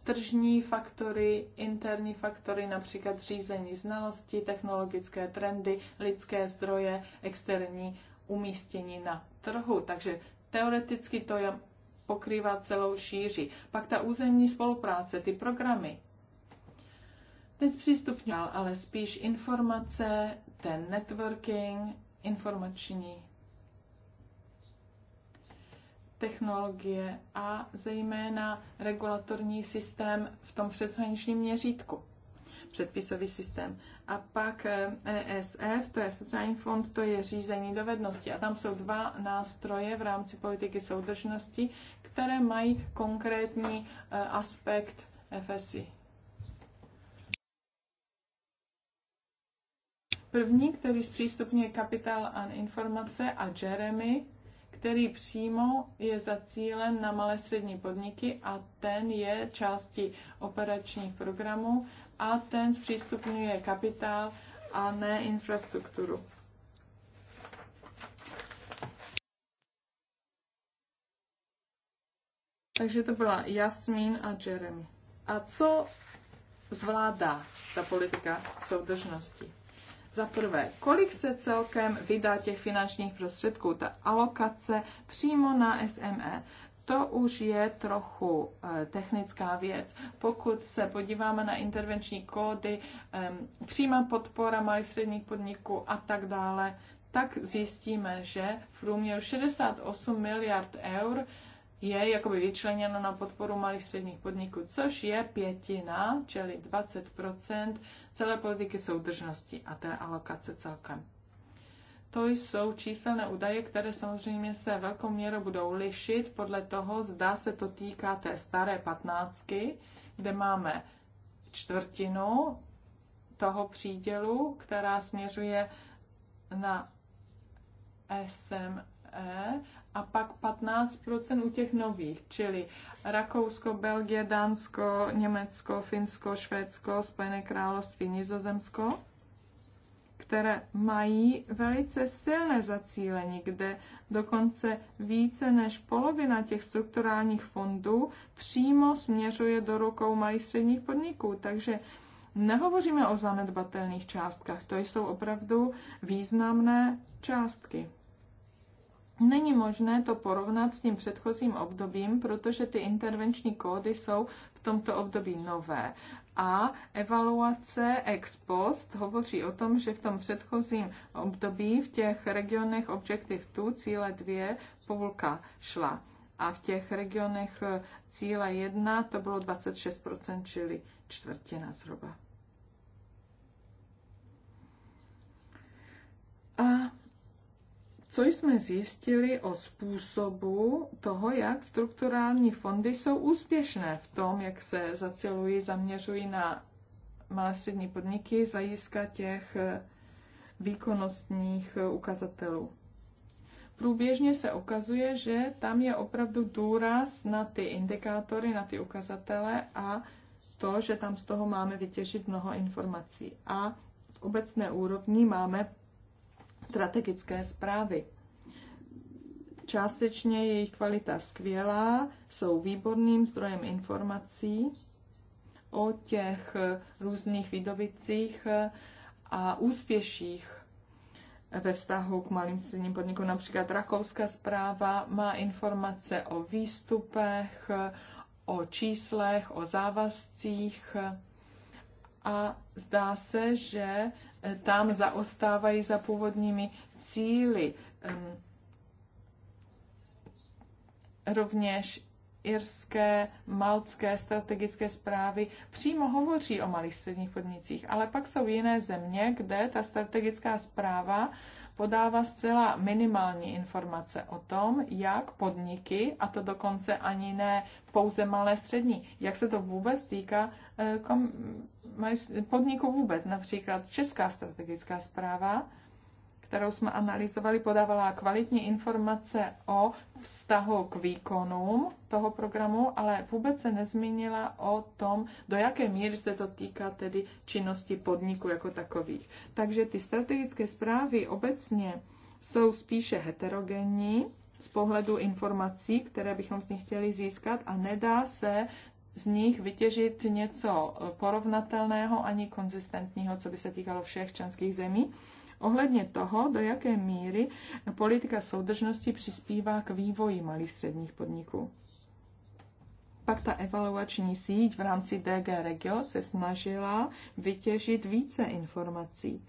tržní faktory, interní faktory, například řízení znalostí, technologické trendy, lidské zdroje, externí umístění na trhu. Takže teoreticky to je pokrývá celou šíři. Pak ta územní spolupráce, ty programy. Nezpřístupňoval, ale spíš informace, ten networking, informační technologie a zejména regulatorní systém v tom přeshraničním měřítku předpisový systém. A pak ESF, eh, e to je sociální fond, to je řízení dovednosti. A tam jsou dva nástroje v rámci politiky soudržnosti, které mají konkrétní eh, aspekt FSI. První, který zpřístupňuje kapitál a informace a Jeremy, který přímo je zacílen na malé střední podniky a ten je částí operačních programů a ten zpřístupňuje kapitál a ne infrastrukturu. Takže to byla Jasmín a Jeremy. A co zvládá ta politika soudržnosti? Za prvé, kolik se celkem vydá těch finančních prostředků, ta alokace přímo na SME, to už je trochu eh, technická věc. Pokud se podíváme na intervenční kódy, přímá podpora malých středních podniků a tak dále, tak zjistíme, že v průměru 68 miliard eur je jakoby vyčleněno na podporu malých středních podniků, což je pětina, čili 20% celé politiky soudržnosti a té alokace celkem. To jsou číselné údaje, které samozřejmě se velkou měrou budou lišit podle toho, zda se to týká té staré patnáctky, kde máme čtvrtinu toho přídělu, která směřuje na SME a pak 15% u těch nových, čili Rakousko, Belgie, Dánsko, Německo, Finsko, Švédsko, Spojené království, Nizozemsko, které mají velice silné zacílení, kde dokonce více než polovina těch strukturálních fondů přímo směřuje do rukou malých středních podniků. Takže nehovoříme o zanedbatelných částkách, to jsou opravdu významné částky. Není možné to porovnat s tím předchozím obdobím, protože ty intervenční kódy jsou v tomto období nové. A evaluace ex post hovoří o tom, že v tom předchozím období v těch regionech Objective 2 cíle 2 půlka šla. A v těch regionech eh, cíle 1 to bylo 26%, čili čtvrtina zhruba. A co jsme zjistili o způsobu toho, jak strukturální fondy jsou úspěšné v tom, jak se zacelují, zaměřují na malé střední podniky z těch eh, výkonnostních eh, ukazatelů. Průběžně se ukazuje, že tam je opravdu důraz na ty indikátory, na ty ukazatele a to, že tam z toho máme vytěžit mnoho informací. A v obecné úrovni máme strategické zprávy. Částečně jejich kvalita skvělá, jsou výborným zdrojem informací o těch různých výdovicích a úspěších ve vztahu k malým středním podnikům. Například rakouská zpráva má informace o výstupech, o číslech, o závazcích a zdá se, že tam zaostávají za původními cíly. Rovněž irské, maltské strategické zprávy přímo hovoří o malých středních podnicích, ale pak jsou jiné země, kde ta strategická zpráva podává zcela minimální informace o tom, jak podniky, a to dokonce ani ne pouze malé střední, jak se to vůbec týká eh, podniku vůbec. Například Česká strategická zpráva kterou jsme analyzovali, podávala kvalitní informace o vztahu k výkonům toho programu, ale vůbec se nezmínila o tom, do jaké míry se to týká tedy činnosti podniku jako takových. Takže ty strategické zprávy obecně jsou spíše heterogenní z pohledu informací, které bychom z nich chtěli získat a nedá se z nich vytěžit něco porovnatelného ani konzistentního, co by se týkalo všech členských zemí ohledně toho, do jaké míry politika soudržnosti přispívá k vývoji malých středních podniků. Pak ta evaluační síť v rámci DG Regio se snažila vytěžit více informací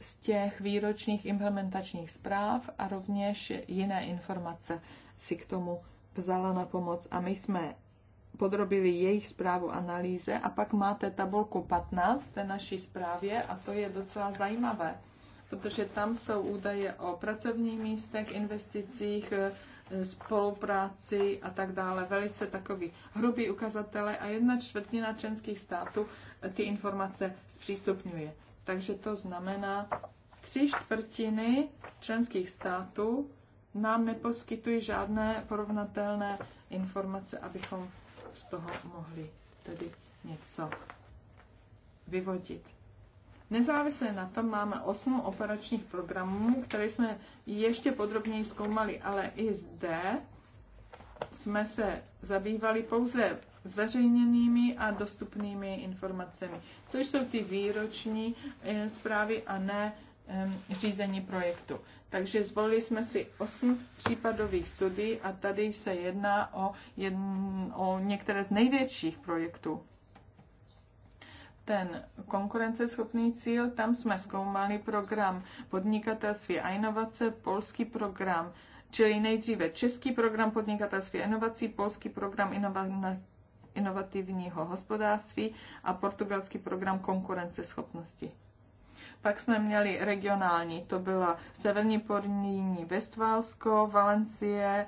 z těch výročních implementačních zpráv a rovněž jiné informace si k tomu vzala na pomoc. A my jsme podrobili jejich zprávu analýze a pak máte tabulku 15 v té naší zprávě a to je docela zajímavé, protože tam jsou údaje o pracovních místech, investicích, e, spolupráci a tak dále. Velice takový hrubý ukazatele a jedna čtvrtina členských států e, ty informace zpřístupňuje. Takže to znamená, tři čtvrtiny členských států nám neposkytují žádné porovnatelné informace, abychom z toho mohli tedy něco vyvodit. Nezávisle na tom máme 8 operačních programů, které jsme ještě podrobněji zkoumali, ale i zde jsme se zabývali pouze zveřejněnými a dostupnými informacemi, což jsou ty výroční eh, zprávy a ne řízení projektu. Takže zvolili jsme si osm případových studií a tady se jedná o, jedn, o některé z největších projektů. Ten konkurenceschopný cíl, tam jsme zkoumali program podnikatelství a inovace, polský program, čili nejdříve český program podnikatelství a inovací, polský program inova- inovativního hospodářství a portugalský program konkurenceschopnosti. Pak jsme měli regionální, to byla Severní Porníní Vestválsko, Valencie,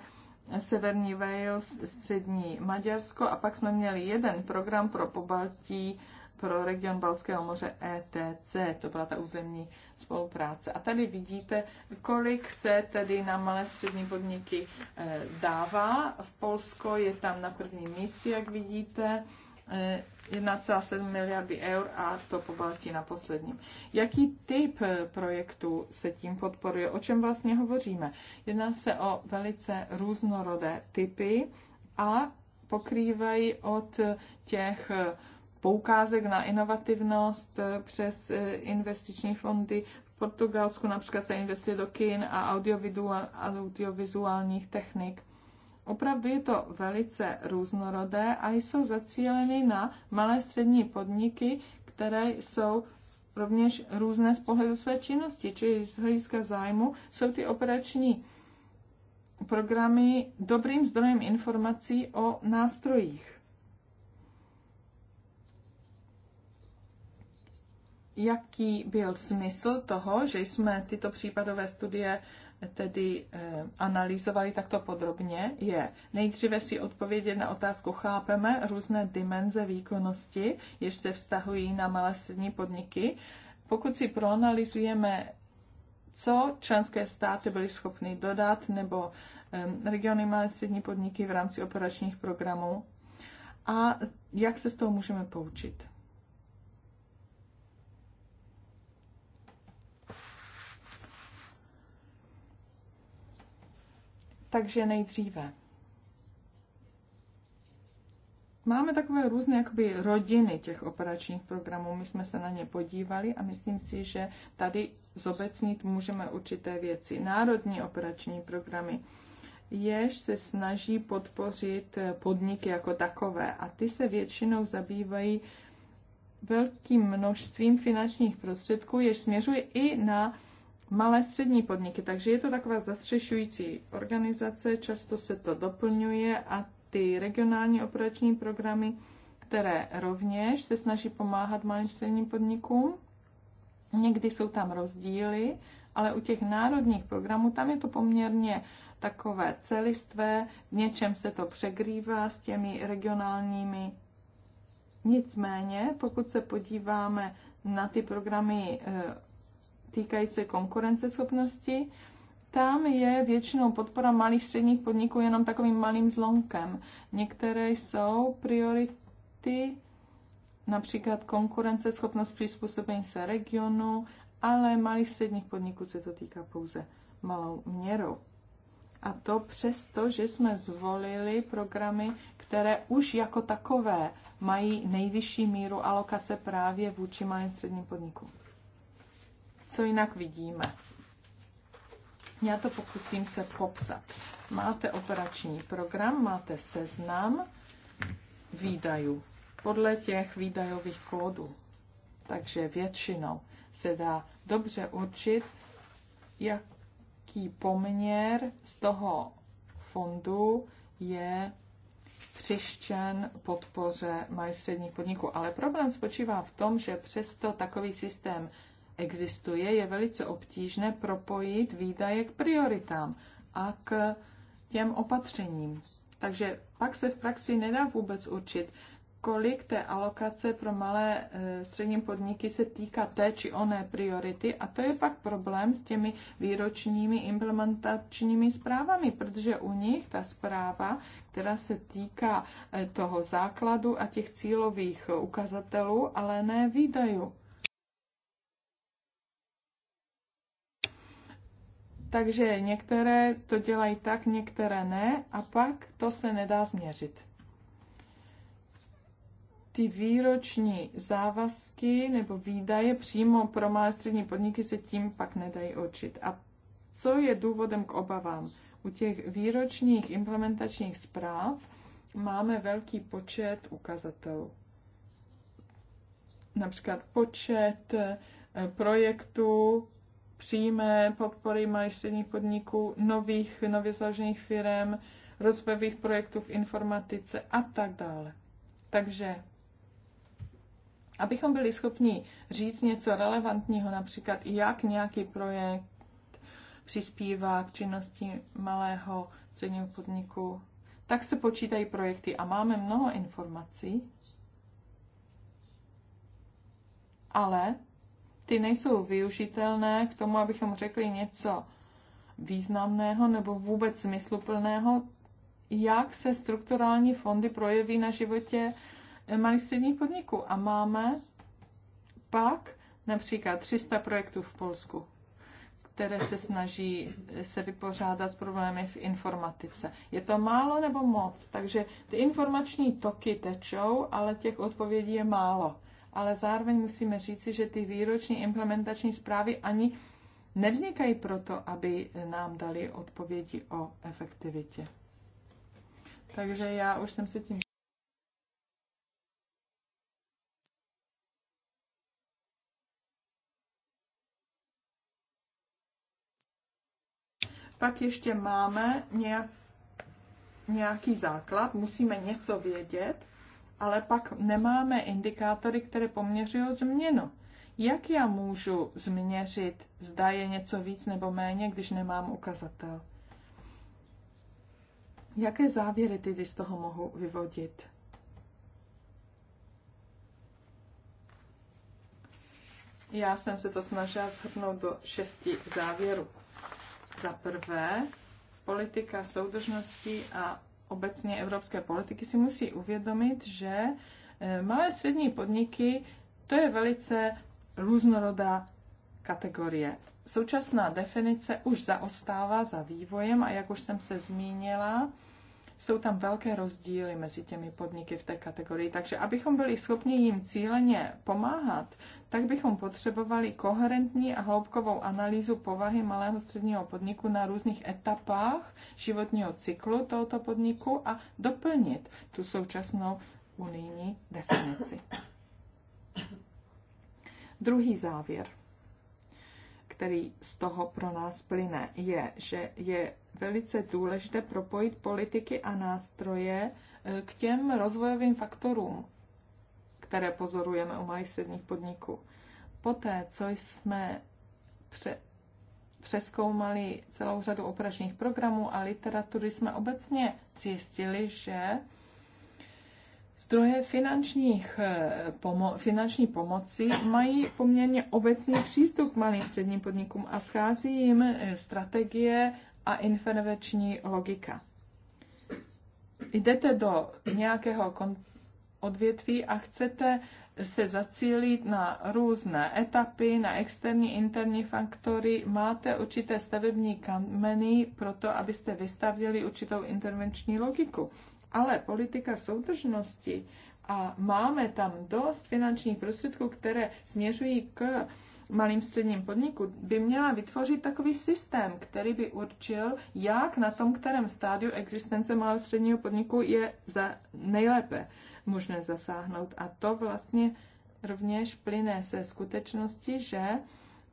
Severní Wales, Střední Maďarsko a pak jsme měli jeden program pro pobaltí, pro region Balckého moře ETC, to byla ta územní spolupráce. A tady vidíte, kolik se tedy na malé střední podniky eh, dává. V Polsko je tam na prvním místě, jak vidíte, 1,7 eh, miliardy eur a to po Balti na posledním. Jaký typ eh, projektu se tím podporuje? O čem vlastně hovoříme? Jedná se o velice různorodé typy a pokrývají od eh, těch poukázek na inovativnost přes investiční fondy. V Portugalsku například se investuje do kin a audiovizuálních technik Opravdu je to velice různorodé a jsou zacíleny na malé střední podniky, které jsou rovněž různé z pohledu své činnosti, čili z hlediska zájmu jsou ty operační programy dobrým zdrojem informací o nástrojích. Jaký byl smysl toho, že jsme tyto případové studie tedy eh, analyzovali takto podrobně, je nejdříve si odpovědět na otázku, chápeme různé dimenze výkonnosti, jež se vztahují na malé střední podniky. Pokud si proanalizujeme, co členské státy byly schopny dodat, nebo eh, regiony malé střední podniky v rámci operačních programů, a jak se z toho můžeme poučit. Takže nejdříve. Máme takové různé jakoby, rodiny těch operačních programů. My jsme se na ně podívali a myslím si, že tady zobecnit můžeme určité věci. Národní operační programy, jež se snaží podpořit podniky jako takové a ty se většinou zabývají velkým množstvím finančních prostředků, jež směřuje i na malé střední podniky. Takže je to taková zastřešující organizace, často se to doplňuje a ty regionální operační programy, které rovněž se snaží pomáhat malým středním podnikům. Někdy jsou tam rozdíly, ale u těch národních programů tam je to poměrně takové celistvé, v něčem se to přegrývá s těmi regionálními. Nicméně, pokud se podíváme na ty programy eh, týkající se konkurenceschopnosti, tam je většinou podpora malých středních podniků jenom takovým malým zlomkem. Některé jsou priority, například konkurenceschopnost přizpůsobení se regionu, ale malých středních podniků se to týká pouze malou měrou. A to přesto, že jsme zvolili programy, které už jako takové mají nejvyšší míru alokace právě vůči malým středním podnikům co jinak vidíme. Já to pokusím se popsat. Máte operační program, máte seznam výdajů podle těch výdajových kódů. Takže většinou se dá dobře určit, jaký poměr z toho fondu je přištěn podpoře malých středních podniků. Ale problém spočívá v tom, že přesto takový systém existuje, je velice obtížné propojit výdaje k prioritám a k těm opatřením. Takže pak se v praxi nedá vůbec určit, kolik té alokace pro malé eh, střední podniky se týká té či oné priority a to je pak problém s těmi výročními implementačními zprávami, protože u nich ta zpráva, která se týká eh, toho základu a těch cílových eh, ukazatelů, ale ne výdajů. Takže některé to dělají tak, některé ne, a pak to se nedá změřit. Ty výroční závazky nebo výdaje přímo pro malé střední podniky se tím pak nedají určit. A co je důvodem k obavám? U těch výročních implementačních zpráv máme velký počet ukazatelů. Například počet eh, projektů, přímé podpory malých středních podniků, nových, nově založených firm, rozvojových projektů v informatice a tak dále. Takže abychom byli schopni říct něco relevantního, například jak nějaký projekt přispívá k činnosti malého středního podniku, tak se počítají projekty a máme mnoho informací, ale ty nejsou využitelné k tomu, abychom řekli něco významného nebo vůbec smysluplného, jak se strukturální fondy projeví na životě malých středních podniků. A máme pak například 300 projektů v Polsku, které se snaží se vypořádat s problémy v informatice. Je to málo nebo moc? Takže ty informační toky tečou, ale těch odpovědí je málo ale zároveň musíme říci, že ty výroční implementační zprávy ani nevznikají proto, aby nám dali odpovědi o efektivitě. Takže já už jsem se tím Pak ještě máme nějaký základ, musíme něco vědět ale pak nemáme indikátory, které poměřují změnu. Jak já můžu změřit, zda je něco víc nebo méně, když nemám ukazatel? Jaké závěry tedy z toho mohu vyvodit? Já jsem se to snažila shrnout do šesti závěrů. Za prvé, politika soudržnosti a obecně evropské politiky si musí uvědomit, že eh, malé střední podniky to je velice různorodá kategorie. Současná definice už zaostává za vývojem a jak už jsem se zmínila, jsou tam velké rozdíly mezi těmi podniky v té kategorii, takže abychom byli schopni jim cíleně pomáhat, tak bychom potřebovali koherentní a hloubkovou analýzu povahy malého středního podniku na různých etapách životního cyklu tohoto podniku a doplnit tu současnou unijní definici. Druhý závěr který z toho pro nás plyne, je, že je velice důležité propojit politiky a nástroje e, k těm rozvojovým faktorům, které pozorujeme u malých středních podniků. Poté, co jsme pře- přeskoumali celou řadu operačních programů a literatury, jsme obecně zjistili, že Zdroje finančních eh, pomo- finanční pomoci mají poměrně obecný přístup k malým středním podnikům a schází jim eh, strategie a inferveční logika. Jdete do nějakého odvětví a chcete se zacílit na různé etapy, na externí, interní faktory. Máte určité stavební kameny pro to, abyste vystavili určitou intervenční logiku. Ale politika soudržnosti a máme tam dost finančních prostředků, které směřují k malým středním podniku, by měla vytvořit takový systém, který by určil, jak na tom, kterém stádiu existence malého středního podniku je za nejlépe možné zasáhnout. A to vlastně rovněž plyne se skutečnosti, že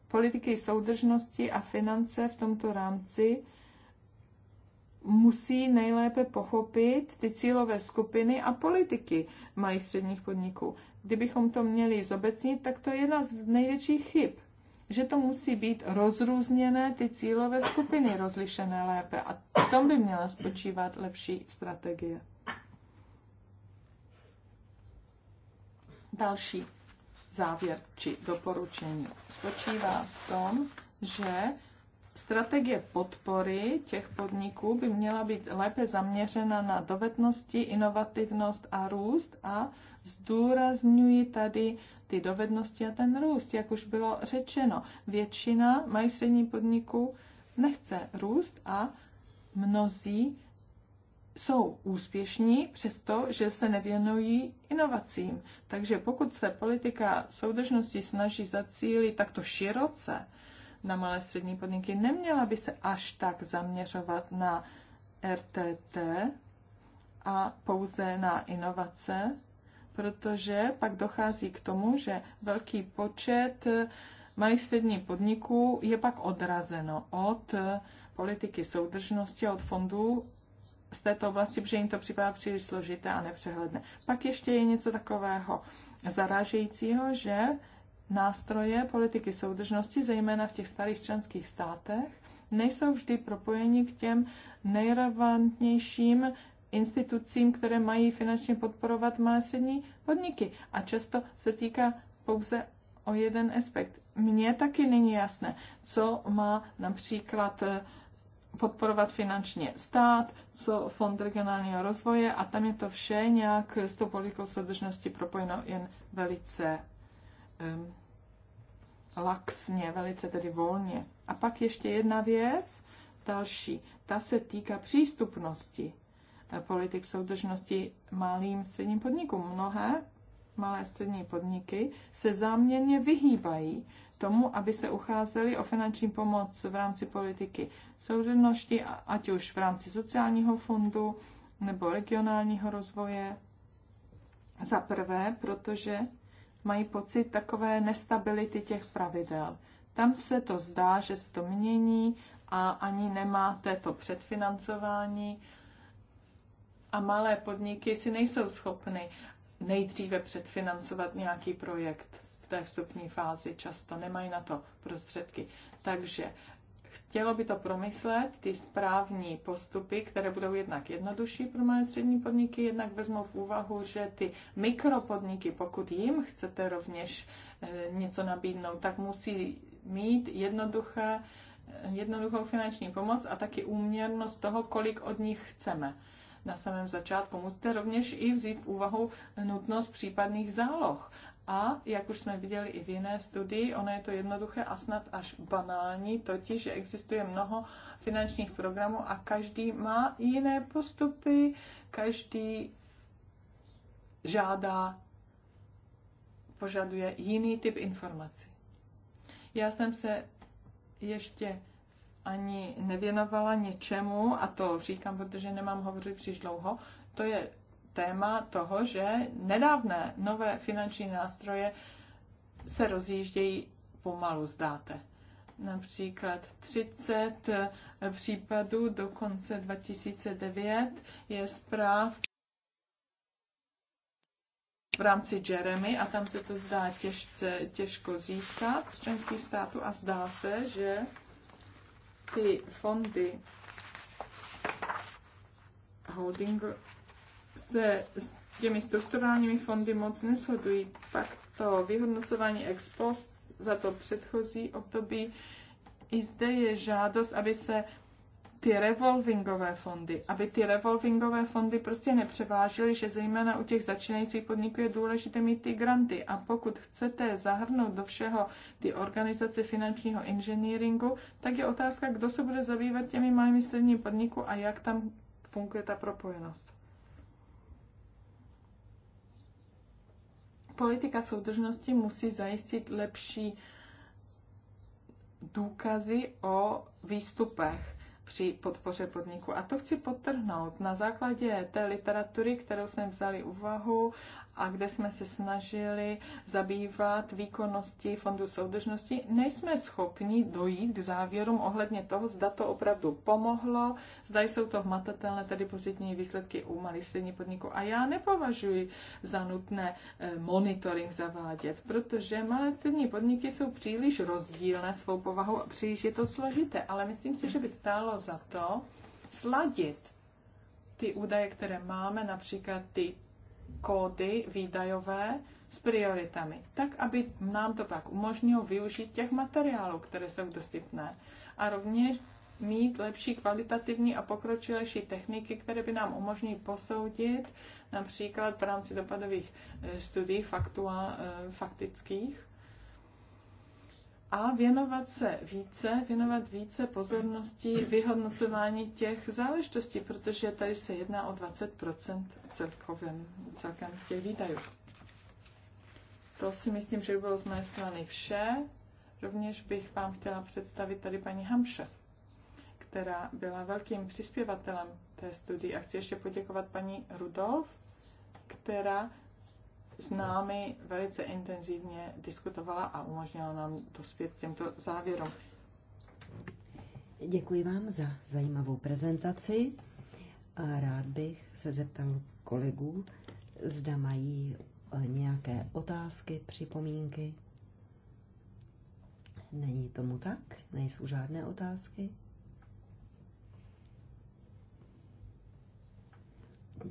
politiky soudržnosti a finance v tomto rámci musí nejlépe pochopit ty cílové skupiny a politiky malých středních podniků. Kdybychom to měli zobecnit, tak to je jedna z největších chyb, že to musí být rozrůzněné, ty cílové skupiny rozlišené lépe. A v tom by měla spočívat lepší strategie. Další závěr či doporučení spočívá v tom, že Strategie podpory těch podniků by měla být lépe zaměřena na dovednosti, inovativnost a růst a zdůrazňuji tady ty dovednosti a ten růst, jak už bylo řečeno. Většina mají střední podniků nechce růst a mnozí jsou úspěšní přesto, že se nevěnují inovacím. Takže pokud se politika soudržnosti snaží zacílit takto široce, na malé střední podniky. Neměla by se až tak zaměřovat na RTT a pouze na inovace, protože pak dochází k tomu, že velký počet malých středních podniků je pak odrazeno od politiky soudržnosti, od fondů z této oblasti, protože jim to připadá příliš složité a nepřehledné. Pak ještě je něco takového zarážejícího, že nástroje politiky soudržnosti, zejména v těch starých členských státech, nejsou vždy propojeni k těm nejrelevantnějším institucím, které mají finančně podporovat malé střední podniky. A často se týká pouze o jeden aspekt. Mně taky není jasné, co má například eh, podporovat finančně stát, co Fond regionálního rozvoje a tam je to vše nějak s tou politikou soudržnosti propojeno jen velice laxně, velice tedy volně. A pak ještě jedna věc, další, ta se týká přístupnosti eh, politik soudržnosti malým středním podnikům. Mnohé malé střední podniky se záměrně vyhýbají tomu, aby se ucházeli o finanční pomoc v rámci politiky soudržnosti, ať už v rámci sociálního fondu nebo regionálního rozvoje. Za prvé, protože mají pocit takové nestability těch pravidel. Tam se to zdá, že se to mění a ani nemáte to předfinancování a malé podniky si nejsou schopny nejdříve předfinancovat nějaký projekt v té vstupní fázi, často nemají na to prostředky. Takže chtělo by to promyslet, ty správní postupy, které budou jednak jednodušší pro malé střední podniky, jednak vezmou v úvahu, že ty mikropodniky, pokud jim chcete rovněž eh, něco nabídnout, tak musí mít jednoduché, eh, jednoduchou finanční pomoc a taky úměrnost toho, kolik od nich chceme. Na samém začátku musíte rovněž i vzít v úvahu nutnost případných záloh a jak už jsme viděli i v jiné studii, ono je to jednoduché a snad až banální, totiž, že existuje mnoho finančních programů a každý má jiné postupy, každý žádá, požaduje jiný typ informací. Já jsem se ještě ani nevěnovala něčemu, a to říkám, protože nemám hovořit příliš dlouho, to je téma toho, že nedávné nové finanční nástroje se rozjíždějí pomalu, zdáte. Například 30 případů do konce 2009 je zpráv v rámci Jeremy a tam se to zdá těžce, těžko získat z členských států a zdá se, že ty fondy holding, se s těmi strukturálními fondy moc neshodují. Pak to vyhodnocování ex post za to předchozí období, i zde je žádost, aby se ty revolvingové fondy, aby ty revolvingové fondy prostě nepřevážily, že zejména u těch začínajících podniků je důležité mít ty granty. A pokud chcete zahrnout do všeho ty organizace finančního inženýringu, tak je otázka, kdo se bude zabývat těmi malými střední podniku a jak tam funguje ta propojenost. politika soudržnosti musí zajistit lepší důkazy o výstupech při podpoře podniku. A to chci potrhnout na základě té literatury, kterou jsem vzali úvahu a kde jsme se snažili zabývat výkonností Fondu soudržnosti, nejsme schopni dojít k závěrům ohledně toho, zda to opravdu pomohlo, zda jsou to hmatatelné, tedy pozitivní výsledky u malých středních podniků. A já nepovažuji za nutné eh, monitoring zavádět, protože malé střední podniky jsou příliš rozdílné svou povahou a příliš je to složité, ale myslím si, že by stálo za to sladit ty údaje, které máme, například ty kódy výdajové s prioritami, tak aby nám to pak umožnilo využít těch materiálů, které jsou dostupné. A rovněž mít lepší kvalitativní a pokročilejší techniky, které by nám umožní posoudit například v rámci dopadových eh, studií faktua, eh, faktických, a věnovat se více, věnovat více pozornosti vyhodnocování těch záležitostí, protože tady se jedná o 20 celkovém, celkem těch výdajů. To si myslím, že by bylo z mé strany vše. Rovněž bych vám chtěla představit tady paní Hamše, která byla velkým přispěvatelem té studii. A chci ještě poděkovat paní Rudolf, která s námi velice intenzivně diskutovala a umožnila nám dospět k těmto závěrům. Děkuji vám za zajímavou prezentaci a rád bych se zeptal kolegů, zda mají eh, nějaké otázky, připomínky. Není tomu tak? Nejsou žádné otázky?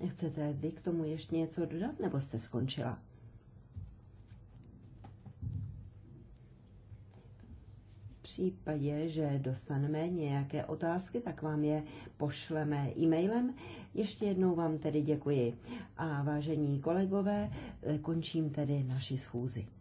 Chcete vy k tomu ještě něco dodat, nebo jste skončila? V případě, že dostaneme nějaké otázky, tak vám je pošleme e-mailem. Ještě jednou vám tedy děkuji. A vážení kolegové, končím tedy naši schůzi.